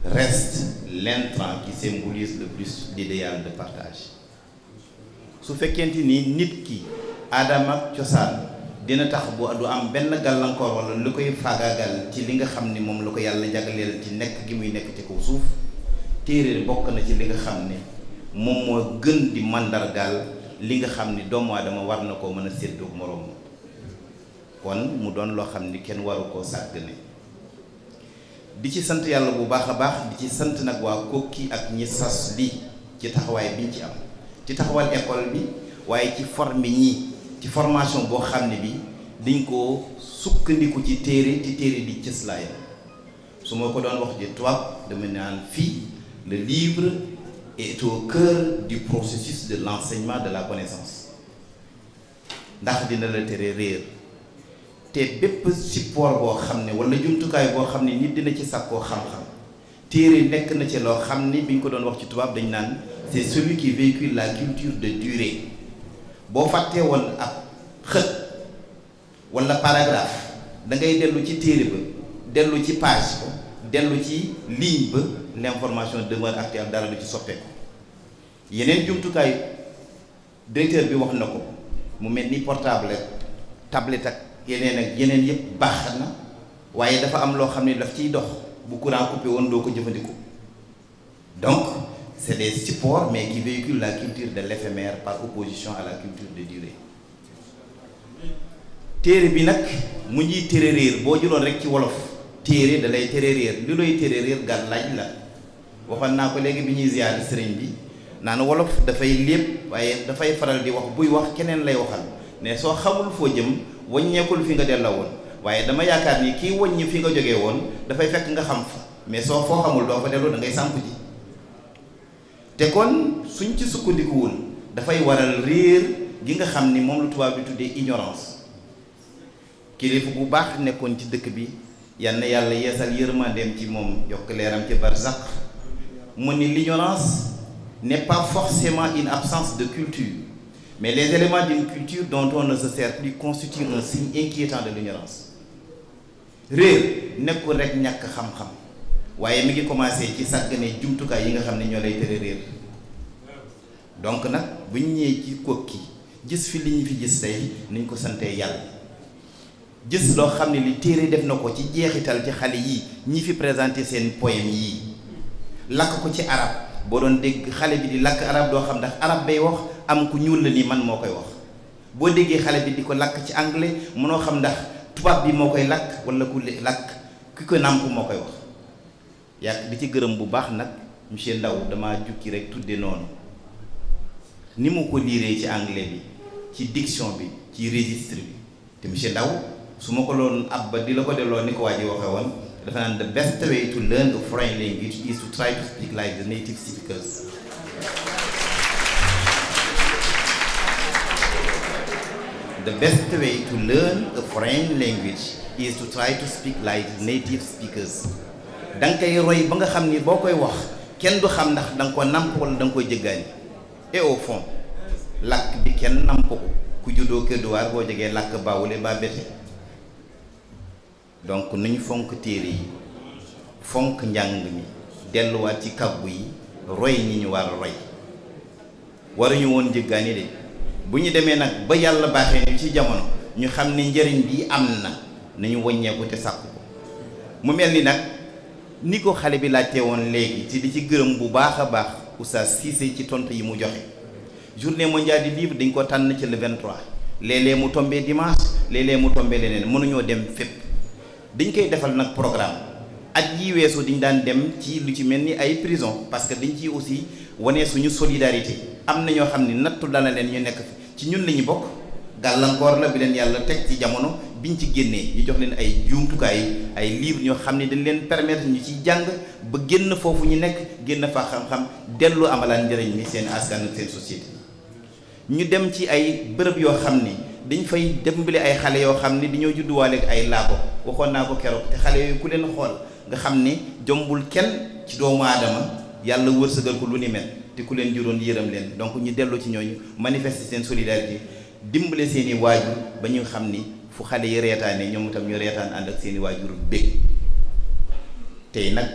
Speaker 11: reste l'intrant qui symbolise le plus l'idéal de partage su fekkent ni nit ki adama cosaan dina tax bu du am benn gàllankoor wala lu koy faagaagal ci li nga xam ni moom la ko yàlla jagleel ci nekk gi muy nekk ci ko suuf téere bokk na ci li nga xam ne moom moo gën di màndargaal li nga xam ni doomu aadama war na koo mën a séddoog moroom kon mu doon loo xam ni kenn waru koo sàggane di ci sant yàlla bu baax a baax di ci sant nag waa Koki ak ñi sas li ci taxawaay biñ ci am ci taxawal école bi waaye ci forme ñi ci formation boo xam ne bi dañ ko sukkandiku ci téere ci téere di cëslaaya su ma ko doon wax di tubaab dama naan fii le livre est au cœur du processus de l'enseignement de la connaissance ndax dina la tere réer te bépp support boo xam ne wala jumtukaay boo xam ne nit dina ci sàkkoo xam-xam téere nekk na ci loo xam ne bi ñu ko doon wax ci tubaab dañ naan c'est celui qui la culture de durée boo fàttee woon ab xët walla paragraphe da dellu ci téere ba dellu ci page ba dellu ci ligne ba l'information demeure actuelle dara lu ci soppeeku yeneen jumtukaay directeur bi wax na ko mu mel ni portable tablette ak yeneen ak yeneen yëpp baax na waaye dafa am loo xam ne daf ciy dox bu courant coupé woon doo ko jëfandikoo donc C'est des supports, mais qui véhiculent la culture de l'éphémère par opposition à la culture de durée. téere bi nag mu ngi téere réer boo jëloon rek ci wolof téere da lay téere réer lu lay téere réer gàllaaj la waxoon naa ko léegi bi ñuy ziyaar sëriñ bi naan wolof dafay lépp waaye dafay faral di wax buy wax keneen lay waxal ne soo xamul foo jëm wàññeekul fi nga delloo woon waaye dama yaakaar ni kii wàññi fi nga jógee woon dafay fekk nga xam fa mais soo foo xamul doo fa delloo da ngay sàmp ji te kon suñ ci sukkandikuwul dafay waral réer gi nga xam ni moom lu tubaab bi tuddee ignorance kilifa bu baax nekkoon ci dëkk bi yal na yàlla yeesal yërmandeem ji moom yokk leeram ci barzak mu ni l'ignorance n'est pas forcément une absence de culture mais les éléments culture dont on ne se sert plus constituent un signe inquiétant de l'ignorance réer nekkul rek ñàkk xam-xam waaye mi ngi commencé ci sàggane jumtukaay yi nga xam ne ñoo lay tere réer donc nag bu ñu ñëwee ci ki gis fi li ñu fi gis tey niñ ko santee yàlla gis loo xam ne li téere def na ko ci jeexital ci xale yi ñi fi présenté seen poème yi lakk ko ci arab boo doon dégg xale bi di lakk arab doo xam ndax arab bay wax am ku ñuul la ni man moo koy wax boo déggee xale bi di ko lakk ci anglais noo xam ndax tubaab bi moo koy lakk wala ku lakk ki ko moo koy wax yàgg di ci gërëm bu baax nag monsieur Ndaw dama jukki rek tudde noonu ni mu ko liiree ci anglais bi ci diction bi ci registre bi te monsieur Ndaw su ma ko loon ab ba di la ko delloo ni ko waa ji waxee woon dafa naan the best way to learn a foreign language is to try to speak like the native speakers da nga koy roy ba nga xam ni boo koy wax kenn du xam ndax da nga ko namp wala da nga koy jëggaani et au làkk bi kenn namp ko ku juddoo Kër Duwaar boo jegee làkk baawule baa bete donc nañu fonk téere yi fonk njàng mi delluwaat ci kàggu yi roy ñi ñu war a roy waruñu woon jëggaani de bu ñu demee nag ba yàlla baaxee ñu ci jamono ñu xam ne njëriñ bi am na nañu waññeeku te sàkk ko mu mel ni nag ni ko xale bi laajtee woon léegi ci di ci gërëm bu baax a baax Oustaz Cissé ci tontu yi mu joxe journée mondiale du livre dañ ko tànn ci le 23 léeg mu tombee dimanche léeg mu tombé leneen mënuñoo dem fépp dañ koy defal nag programme at yi weesu dañ daan dem ci lu ci mel ni ay prison parce que dañ ci aussi wane suñu solidarité am na ñoo xam ne nattu dana leen ñu nekk ci ñun la ñu bokk gàllankoor la bi leen yàlla teg ci jamono bi ñu ci génnee ñu jox leen ay jumtukaay ay livre ñoo xam ne dañ leen permettre ñu ci jàng ba génn foofu ñu nekk génn faa xam-xam dellu amalaan njëriñ mi seen askan seen société ñu dem ci ay bërëb yoo xam ni dañ fay dembale ay xale yoo xam ni dañoo judduwaale ay laako waxoon naa ko keroog te xale yooyu ku leen xool nga xam ni jombul kenn ci doomu aadama yàlla wërsëgal ko lu ni mel te ku leen juróon yërëm leen donc ñu dellu ci ñooñu manifester seen solidarité dimbale seen i fu xale yi reetaane ñoom itam ñu reetaan ànd ak seeni waajur bég tey nag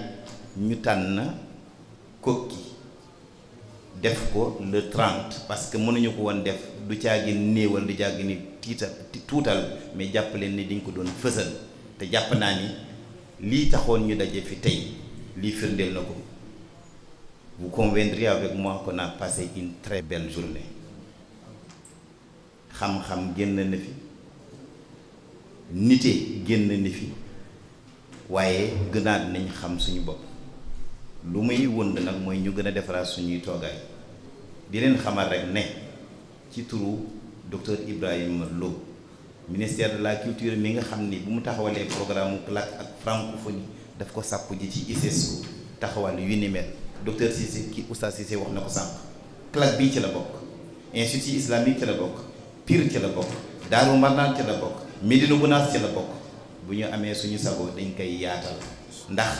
Speaker 11: ñu tànn kokki def ko le 30 parce que mënuñu ko woon def du caagi néewal du jàgg ni tiital tuutal mais jàpp leen ni diñ ko doon fësal te jàpp naa ni lii taxoon ñu daje fi tey lii firndeel na ko vous conviendrez avec moi qu'on a passé une très belle journée xam-xam génn na fi nit yi génn ni fi waaye gënaat nañ xam suñu bopp lu muy wënd nag mooy ñu gën a defaraat suñuy toogaay di leen xamal rek ne ci turu docteur Ibrahima Lo ministère de la culture mi nga xam ni bu mu taxawalee programme CLAC ak francophonie daf ko sàpp ji ci ICESO taxawal yu ni mel docteur Cissé ki oustaz Cissé wax na ko sànq CLAC bii ci la bokk institut islamique ci la bokk Pire ci la bokk Daaru Marnaan ci la bokk Médina Gounass ci la bokk bu ñu amee suñu sago dañ koy yaatal ndax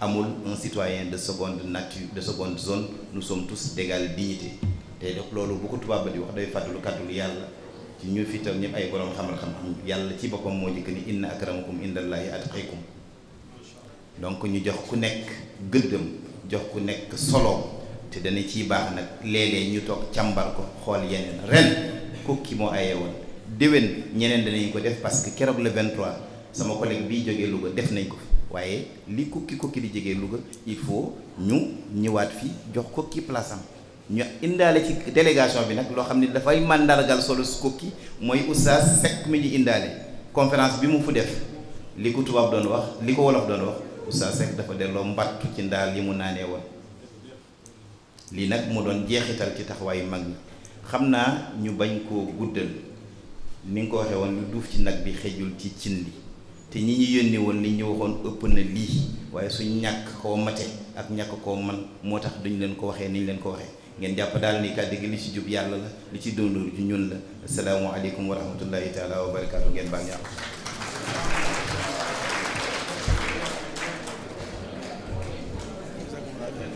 Speaker 11: amul un citoyen de seconde nature de seconde zone nous sommes tous d'égale dignité te loolu bu ko tubaab di wax day fàttalu kàddul yàlla ci ñu fi tam ñëpp ay borom xamal xam ne yàlla ci boppam moo njëkk ni inna akramakum indallahi atqaykum donc ñu jox ku nekk gëddëm jox ku nekk solo te dana ciy baax nag léeg ñu toog càmbar ko xool yeneen ren kooku ki moo aye woon déwén ñeneen danañ ko def parce que keroog le 23 sama collègue bi jógee Louga def nañ ko waaye li kukki kukki di jógee Louga il faut ñu ñëwaat fi jox ko kii place am ñu indaale ci délégation bi nag loo xam ne dafay màndargal solo su kukki mooy oustaz Seck mi di indaale conférence bi mu fu def li ko tubaab doon wax li ko wolof doon wax oustaz Seck dafa delloo mbattu ci ndaal yi mu naanee woon lii nag mu doon jeexital ci taxawaayu mag ñi xam naa ñu bañ koo guddal ni nga ko waxee woon lu duuf ci nag bi xejul ci cin li te ñi ñu yónnee woon li ñu waxoon ëpp na lii waaye su ñàkk koo mate ak ñàkk koo man moo tax duñ leen ko waxee ni ñu leen ko waxee ngeen jàpp daal ni kàddu gi li ci jub yàlla la li ci dóndóor ju ñun la asalaamualeykum wa rahmatullahi taala wa ngeen baal ñàkk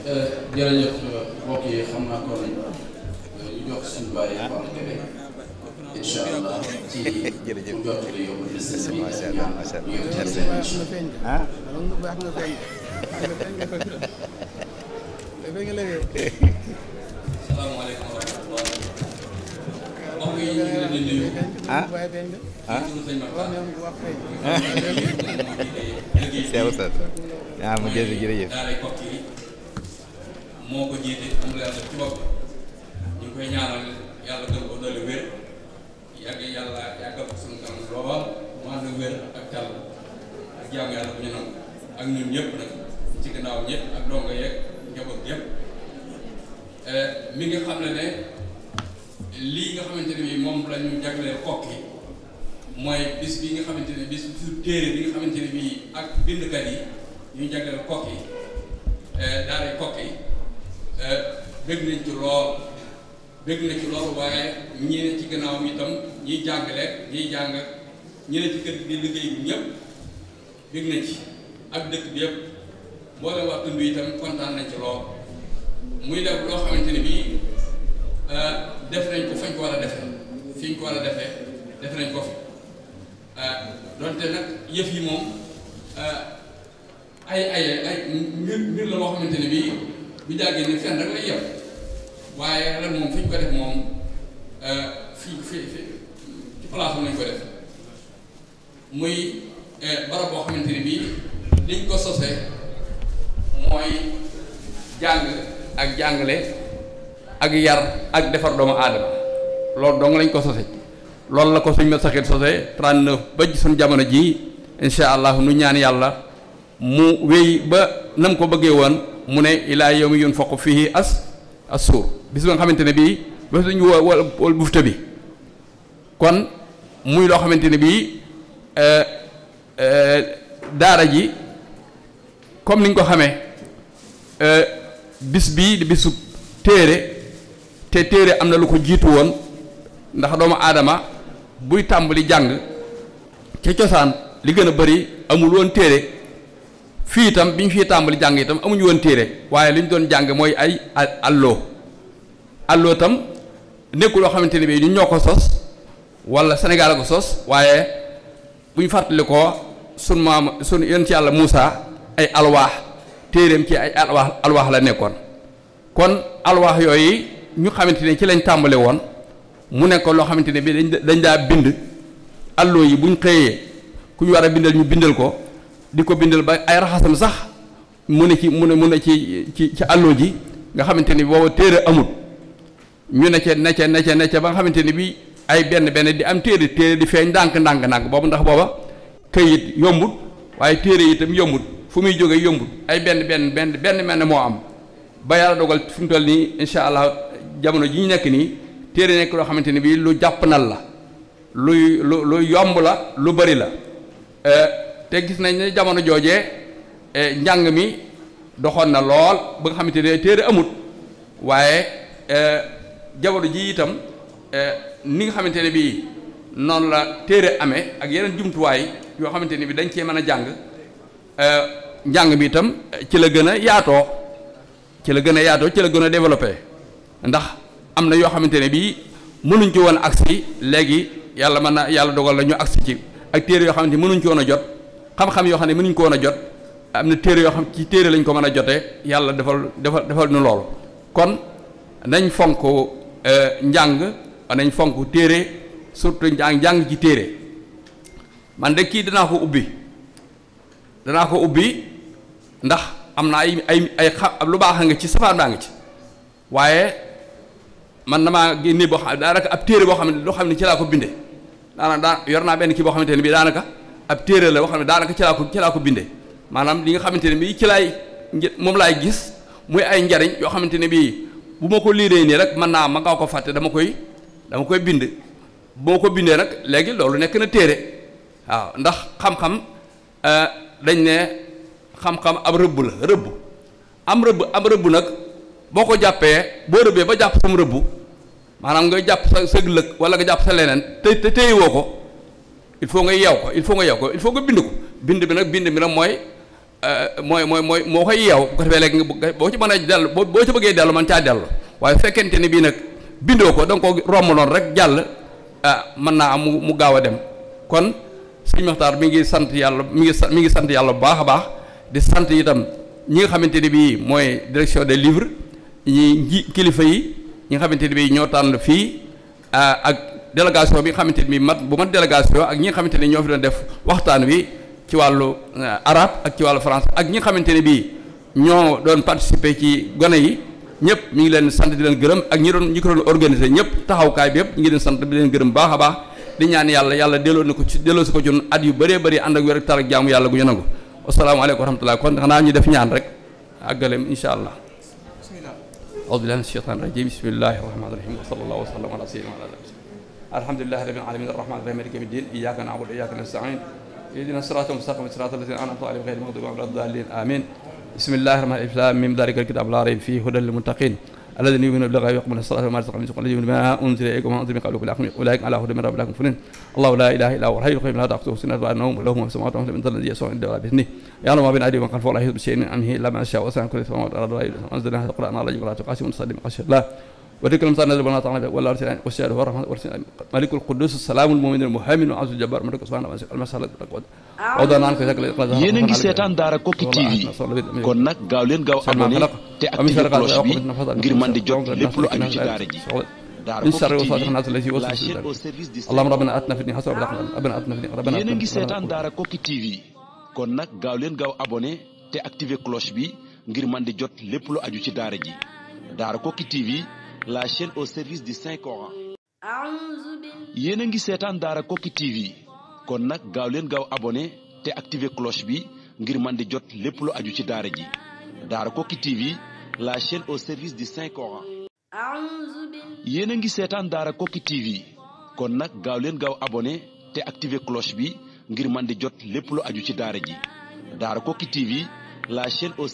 Speaker 3: euh, jërëjëf incha allah ci jërëjëf macha allah macha allah merci ah ah
Speaker 6: ah sew sax ah mu jël jërëjëf moo ko jiite am la yàlla ci bopp ñu koy ñaanal yàlla gën ko dolli wér yàgg yàlla yàggal ko suñu kanam lool mu ànd wér ak tal ak jaamu yàlla bu ñu nangu ak ñun ñëpp nag ci gannaaw ñëpp ak dongo yeeg njaboot yëpp eh, mi ngi xam ne ne lii nga xamante ne bii moom la ñu jagleel kokk yi mooy bis bi nga xamante ne bis su téere bi nga xamante ne bii ak bindkat yi ñu jagleel kokk yi eh, daara kokk yi eh, bëgg nañ ci lool. bëgg na ci loolu waaye ñi ne ci gannaawam ñuy ñiy jàngale ñiy jàng ñi ne ci kër gi di liggéey ñëpp bëgg na ci ak dëkk bi yëpp mboolem waa tund itam kontaan nañ ci lool muy def loo xamante ne bii euh, def nañ ko fañ ko war ko war a nañ ko fi euh, donte nag yëf yi moom euh, ay ay ay mbir mbir la loo xamante ne bii bu jàggee ni fenn rek lay waaye ren moom fi ñu ko def moom euh, fii fii ci place am nañu ko def muy euh, barab boo xamante ni bii liñ ko sosee mooy jàng ak jàngale ak yar ak defar doomu aadama loolu dong lañ ko sose loolu la ko suñ ma saxit sose 39 ba suñ jamono ji incha allah nu ñaan yàlla mu wéy ba nam ko bëggee woon mu ne ilaa yawmi yunfaqu fihi as assuur bis ba nga xamante ne bii bés dañu wal wal bufta bi kon muy loo xamante ne bii euh, euh, daara ji comme ni nga ko xamee euh, bis bii di bisu téere te téere am na lu ko jiitu woon ndax doomu aadama buy tàmbali jàng ca cosaan li gën a bari amul woon téere fii itam bi ñu fii tàmbali jàng itam amuñu woon téere waaye li ñu doon jàng mooy ay allo allo itam nekkul loo xamante ne bii ñun ñoo ko sos wala Sénégal ko sos waaye bu ñu fàttali ko sunu maam sunu yonent ci yàlla Moussa ay alwaax téereem ci ay alwaax alwaax la nekkoon kon alwaax yooyu ñu xamante ne ci lañ tàmbale woon mu nekk loo xamante ne bii dañ dañ daa bind allo yi buñ xëyee ku ñu war a bindal ñu bindal ko. di ko bindal ba ay raxasam sax mu ne ci mu ne mu ne ci ci ci àlloo ji nga xamante ni booba téere amul ñu ne ca ne ca ca ne xamante ni bi ay benn benn di am téere téere di feeñ ndànk ndànk ndànk boobu ndax booba këyit yombut waaye téere yi itam yombut fu muy jógee yombut ay benn benn benn benn mel moo am ba dogal fu mu toll nii incha allah jamono ji ñu nekk nii téere nekk loo xamante ni bii lu jàpp nal la luy lu lu yomb la lu bari la. Eh, te gis nañ ne jamono joojee eh, njàng mi doxoon na lool ba nga xamante ne téere amut waaye eh, jamono ji itam eh, ni nga xamante ne bii noonu la téere amee ak yeneen jumtuwaay yoo xamante ne bii dañ cee mën a jàng njàng mi itam ci la gën a yaatoo ci la gën a yaatoo ci la gën a développé ndax am na yoo xamante ne bii mënuñ ci woon agsi léegi yàlla man na yàlla dogal la ñu agsi ci ak téere yoo xamante ne mënuñ ci woon a jot xam-xam yoo xam ne mënuñ ko woon a jot am na téere yoo xam ci téere lañ ko mën a jote yàlla defal defal defal nu loolu kon nañ fonk euh, njàng nañ fonk téere surtout njàng njàng ci téere man de kii danaa ko ubbi danaa ko ubbi ndax am na ay ay ay xam lu baax a nga ci safaan baa nga ci waaye man damaa génne boo xam daanaka ab téere boo xam ne loo xam ne ci laa ko binde daanaka yor naa benn kii boo xamante ne bii daanaka ab téere la boo xam ne daanaka ci laa ko ci laa bindee maanaam li nga xamante ne bii ci laay moom laay gis muy ay njariñ yoo xamante ne bii bu ma ko liiree nii rek mën naa ma ngaa ko fàtte dama koy dama koy bind boo ko bindee nag léegi loolu nekk na téere waaw ndax xam-xam euh, dañ ne xam-xam ab rëbb la rëbb am rëbb am rëbb nag boo ko jàppee boo rëbbee ba jàpp sam rëbb maanaam nga jàpp sa sa lëg wala nga jàpp sa leneen te te téyewoo ko il faut nga yeew ko il faut nga yeew ko il faut nga bind ko bind bi nag bind bi nag mooy euh, mooy mooy mooy moo koy yeew bu ko defee léegi nga boo ci mën a dellu boo ci bëggee dellu man caa dellu waaye fekkente ne bii nag bindoo ko da nga ko romb noonu rek jàll ah mën naa am mu gaaw a dem kon sëñ Maxtaar mi ngi sant yàlla mi ngi mi ngi sant yàlla bu baax a baax di sant itam ñi nga xamante ne bii mooy direction des livres ñi nji kilifa yi ñi nga xamante ne bii ñoo tànn fii ah, ak. délégation bi nga xamante ni mat bu mat délégation ak ñi nga xamante ni ñoo fi doon def waxtaan wi ci wàllu euh, arabe ak ci wàllu français ak ñi nga xamante ne bii ñoo doon participer ci gone yi ñëpp mi ngi leen sant di leen gërëm ak ñi doon ñi ko doon organiser ñëpp taxawkaay bi yëpp ñu ngi leen sant di leen gërëm baax a baax di ñaan yàlla yàlla delloo na ko ci delloo si ko ci at yu bëree bëri ànd ak wér ak tar ak jaamu yàlla gu ñu nangu asalaamaaleykum wa rahmatullah kon xanaa ñu def ñaan rek àggalem incha allah auzu billahi mina shaytaani rajim bismillahi rahmaani rahim wa sallallahu ala alhamdulillahi rabbil alamin arrahmani arrahim maliki yawmiddin iyyaka na'budu wa iyyaka nasta'in ihdina siratal mustaqim siratal ladzina an'amta alaihim ghayril maghdubi alaihim waladdallin amin bismillahir rahmanir rahim lam mim dhalikal kitabu la rayba fihi hudan lil muttaqin alladhina yu'minuna bil ghaibi wa yuqimuna as-salata wa mimma razaqnahum yunfiqun mimma unzila ilaykum wa mimma unzila min qablikum ulaika ala hudan min rabbihim la yakun muflihun allahu la ilaha illa huwal hayyul qayyum la ta'khudhuhu sinatun wa la nawm lahu ma fis samawati wa ma fil ardi yasawun indahu ala bithni ya'lamu ma bayna aydihim wa ma khalfahum la yuhituna bi shay'in min ilmihi illa ma sha'a wa sa'ala kullu shay'in wa anzalna hadha al-qur'ana ala jabalin mutasawirin min khashyati allah وتكلم صار نزل بنا تعالى ولا رسل والسائر والرحمة والسلام ملك القدوس السلام المؤمن المهيمن العزيز الجبار ملك سبحانه المسألة الأقوال وضعنا عنك شكل الإقلاع yéen a ngi seetaan Daara Koki TV kon nag gaaw leen gaaw abonné te activé cloche bi ngir mën di jot lépp lu aju ci daara ji من شر وسواس الناس الذي يوسوس في اللهم ربنا اتنا في الدنيا حسنه وفي الاخره ربنا اتنا في الدنيا ربنا اتنا في الدنيا
Speaker 4: Daara Koki TV kon nag gaaw leen gaaw abonné te activé cloche bi ngir mën di jot lépp lu aju ci daara ji Daara Koki TV la chaîne au service du Saint Coran. yéen a ngi seetaan Daara Koki TV kon nag gaaw leen gaaw abonné te activé cloche bi ngir man di jot lépp lu aju ci daara ji Daara Koki TV la chaîne au service di Saint Coran. yéen a ngi seetaan Daara Koki TV kon nag gaaw leen gaaw abonné
Speaker 6: te activé cloche bi ngir man di jot lépp lu aju ci daara ji Daara Koki TV la chaîne au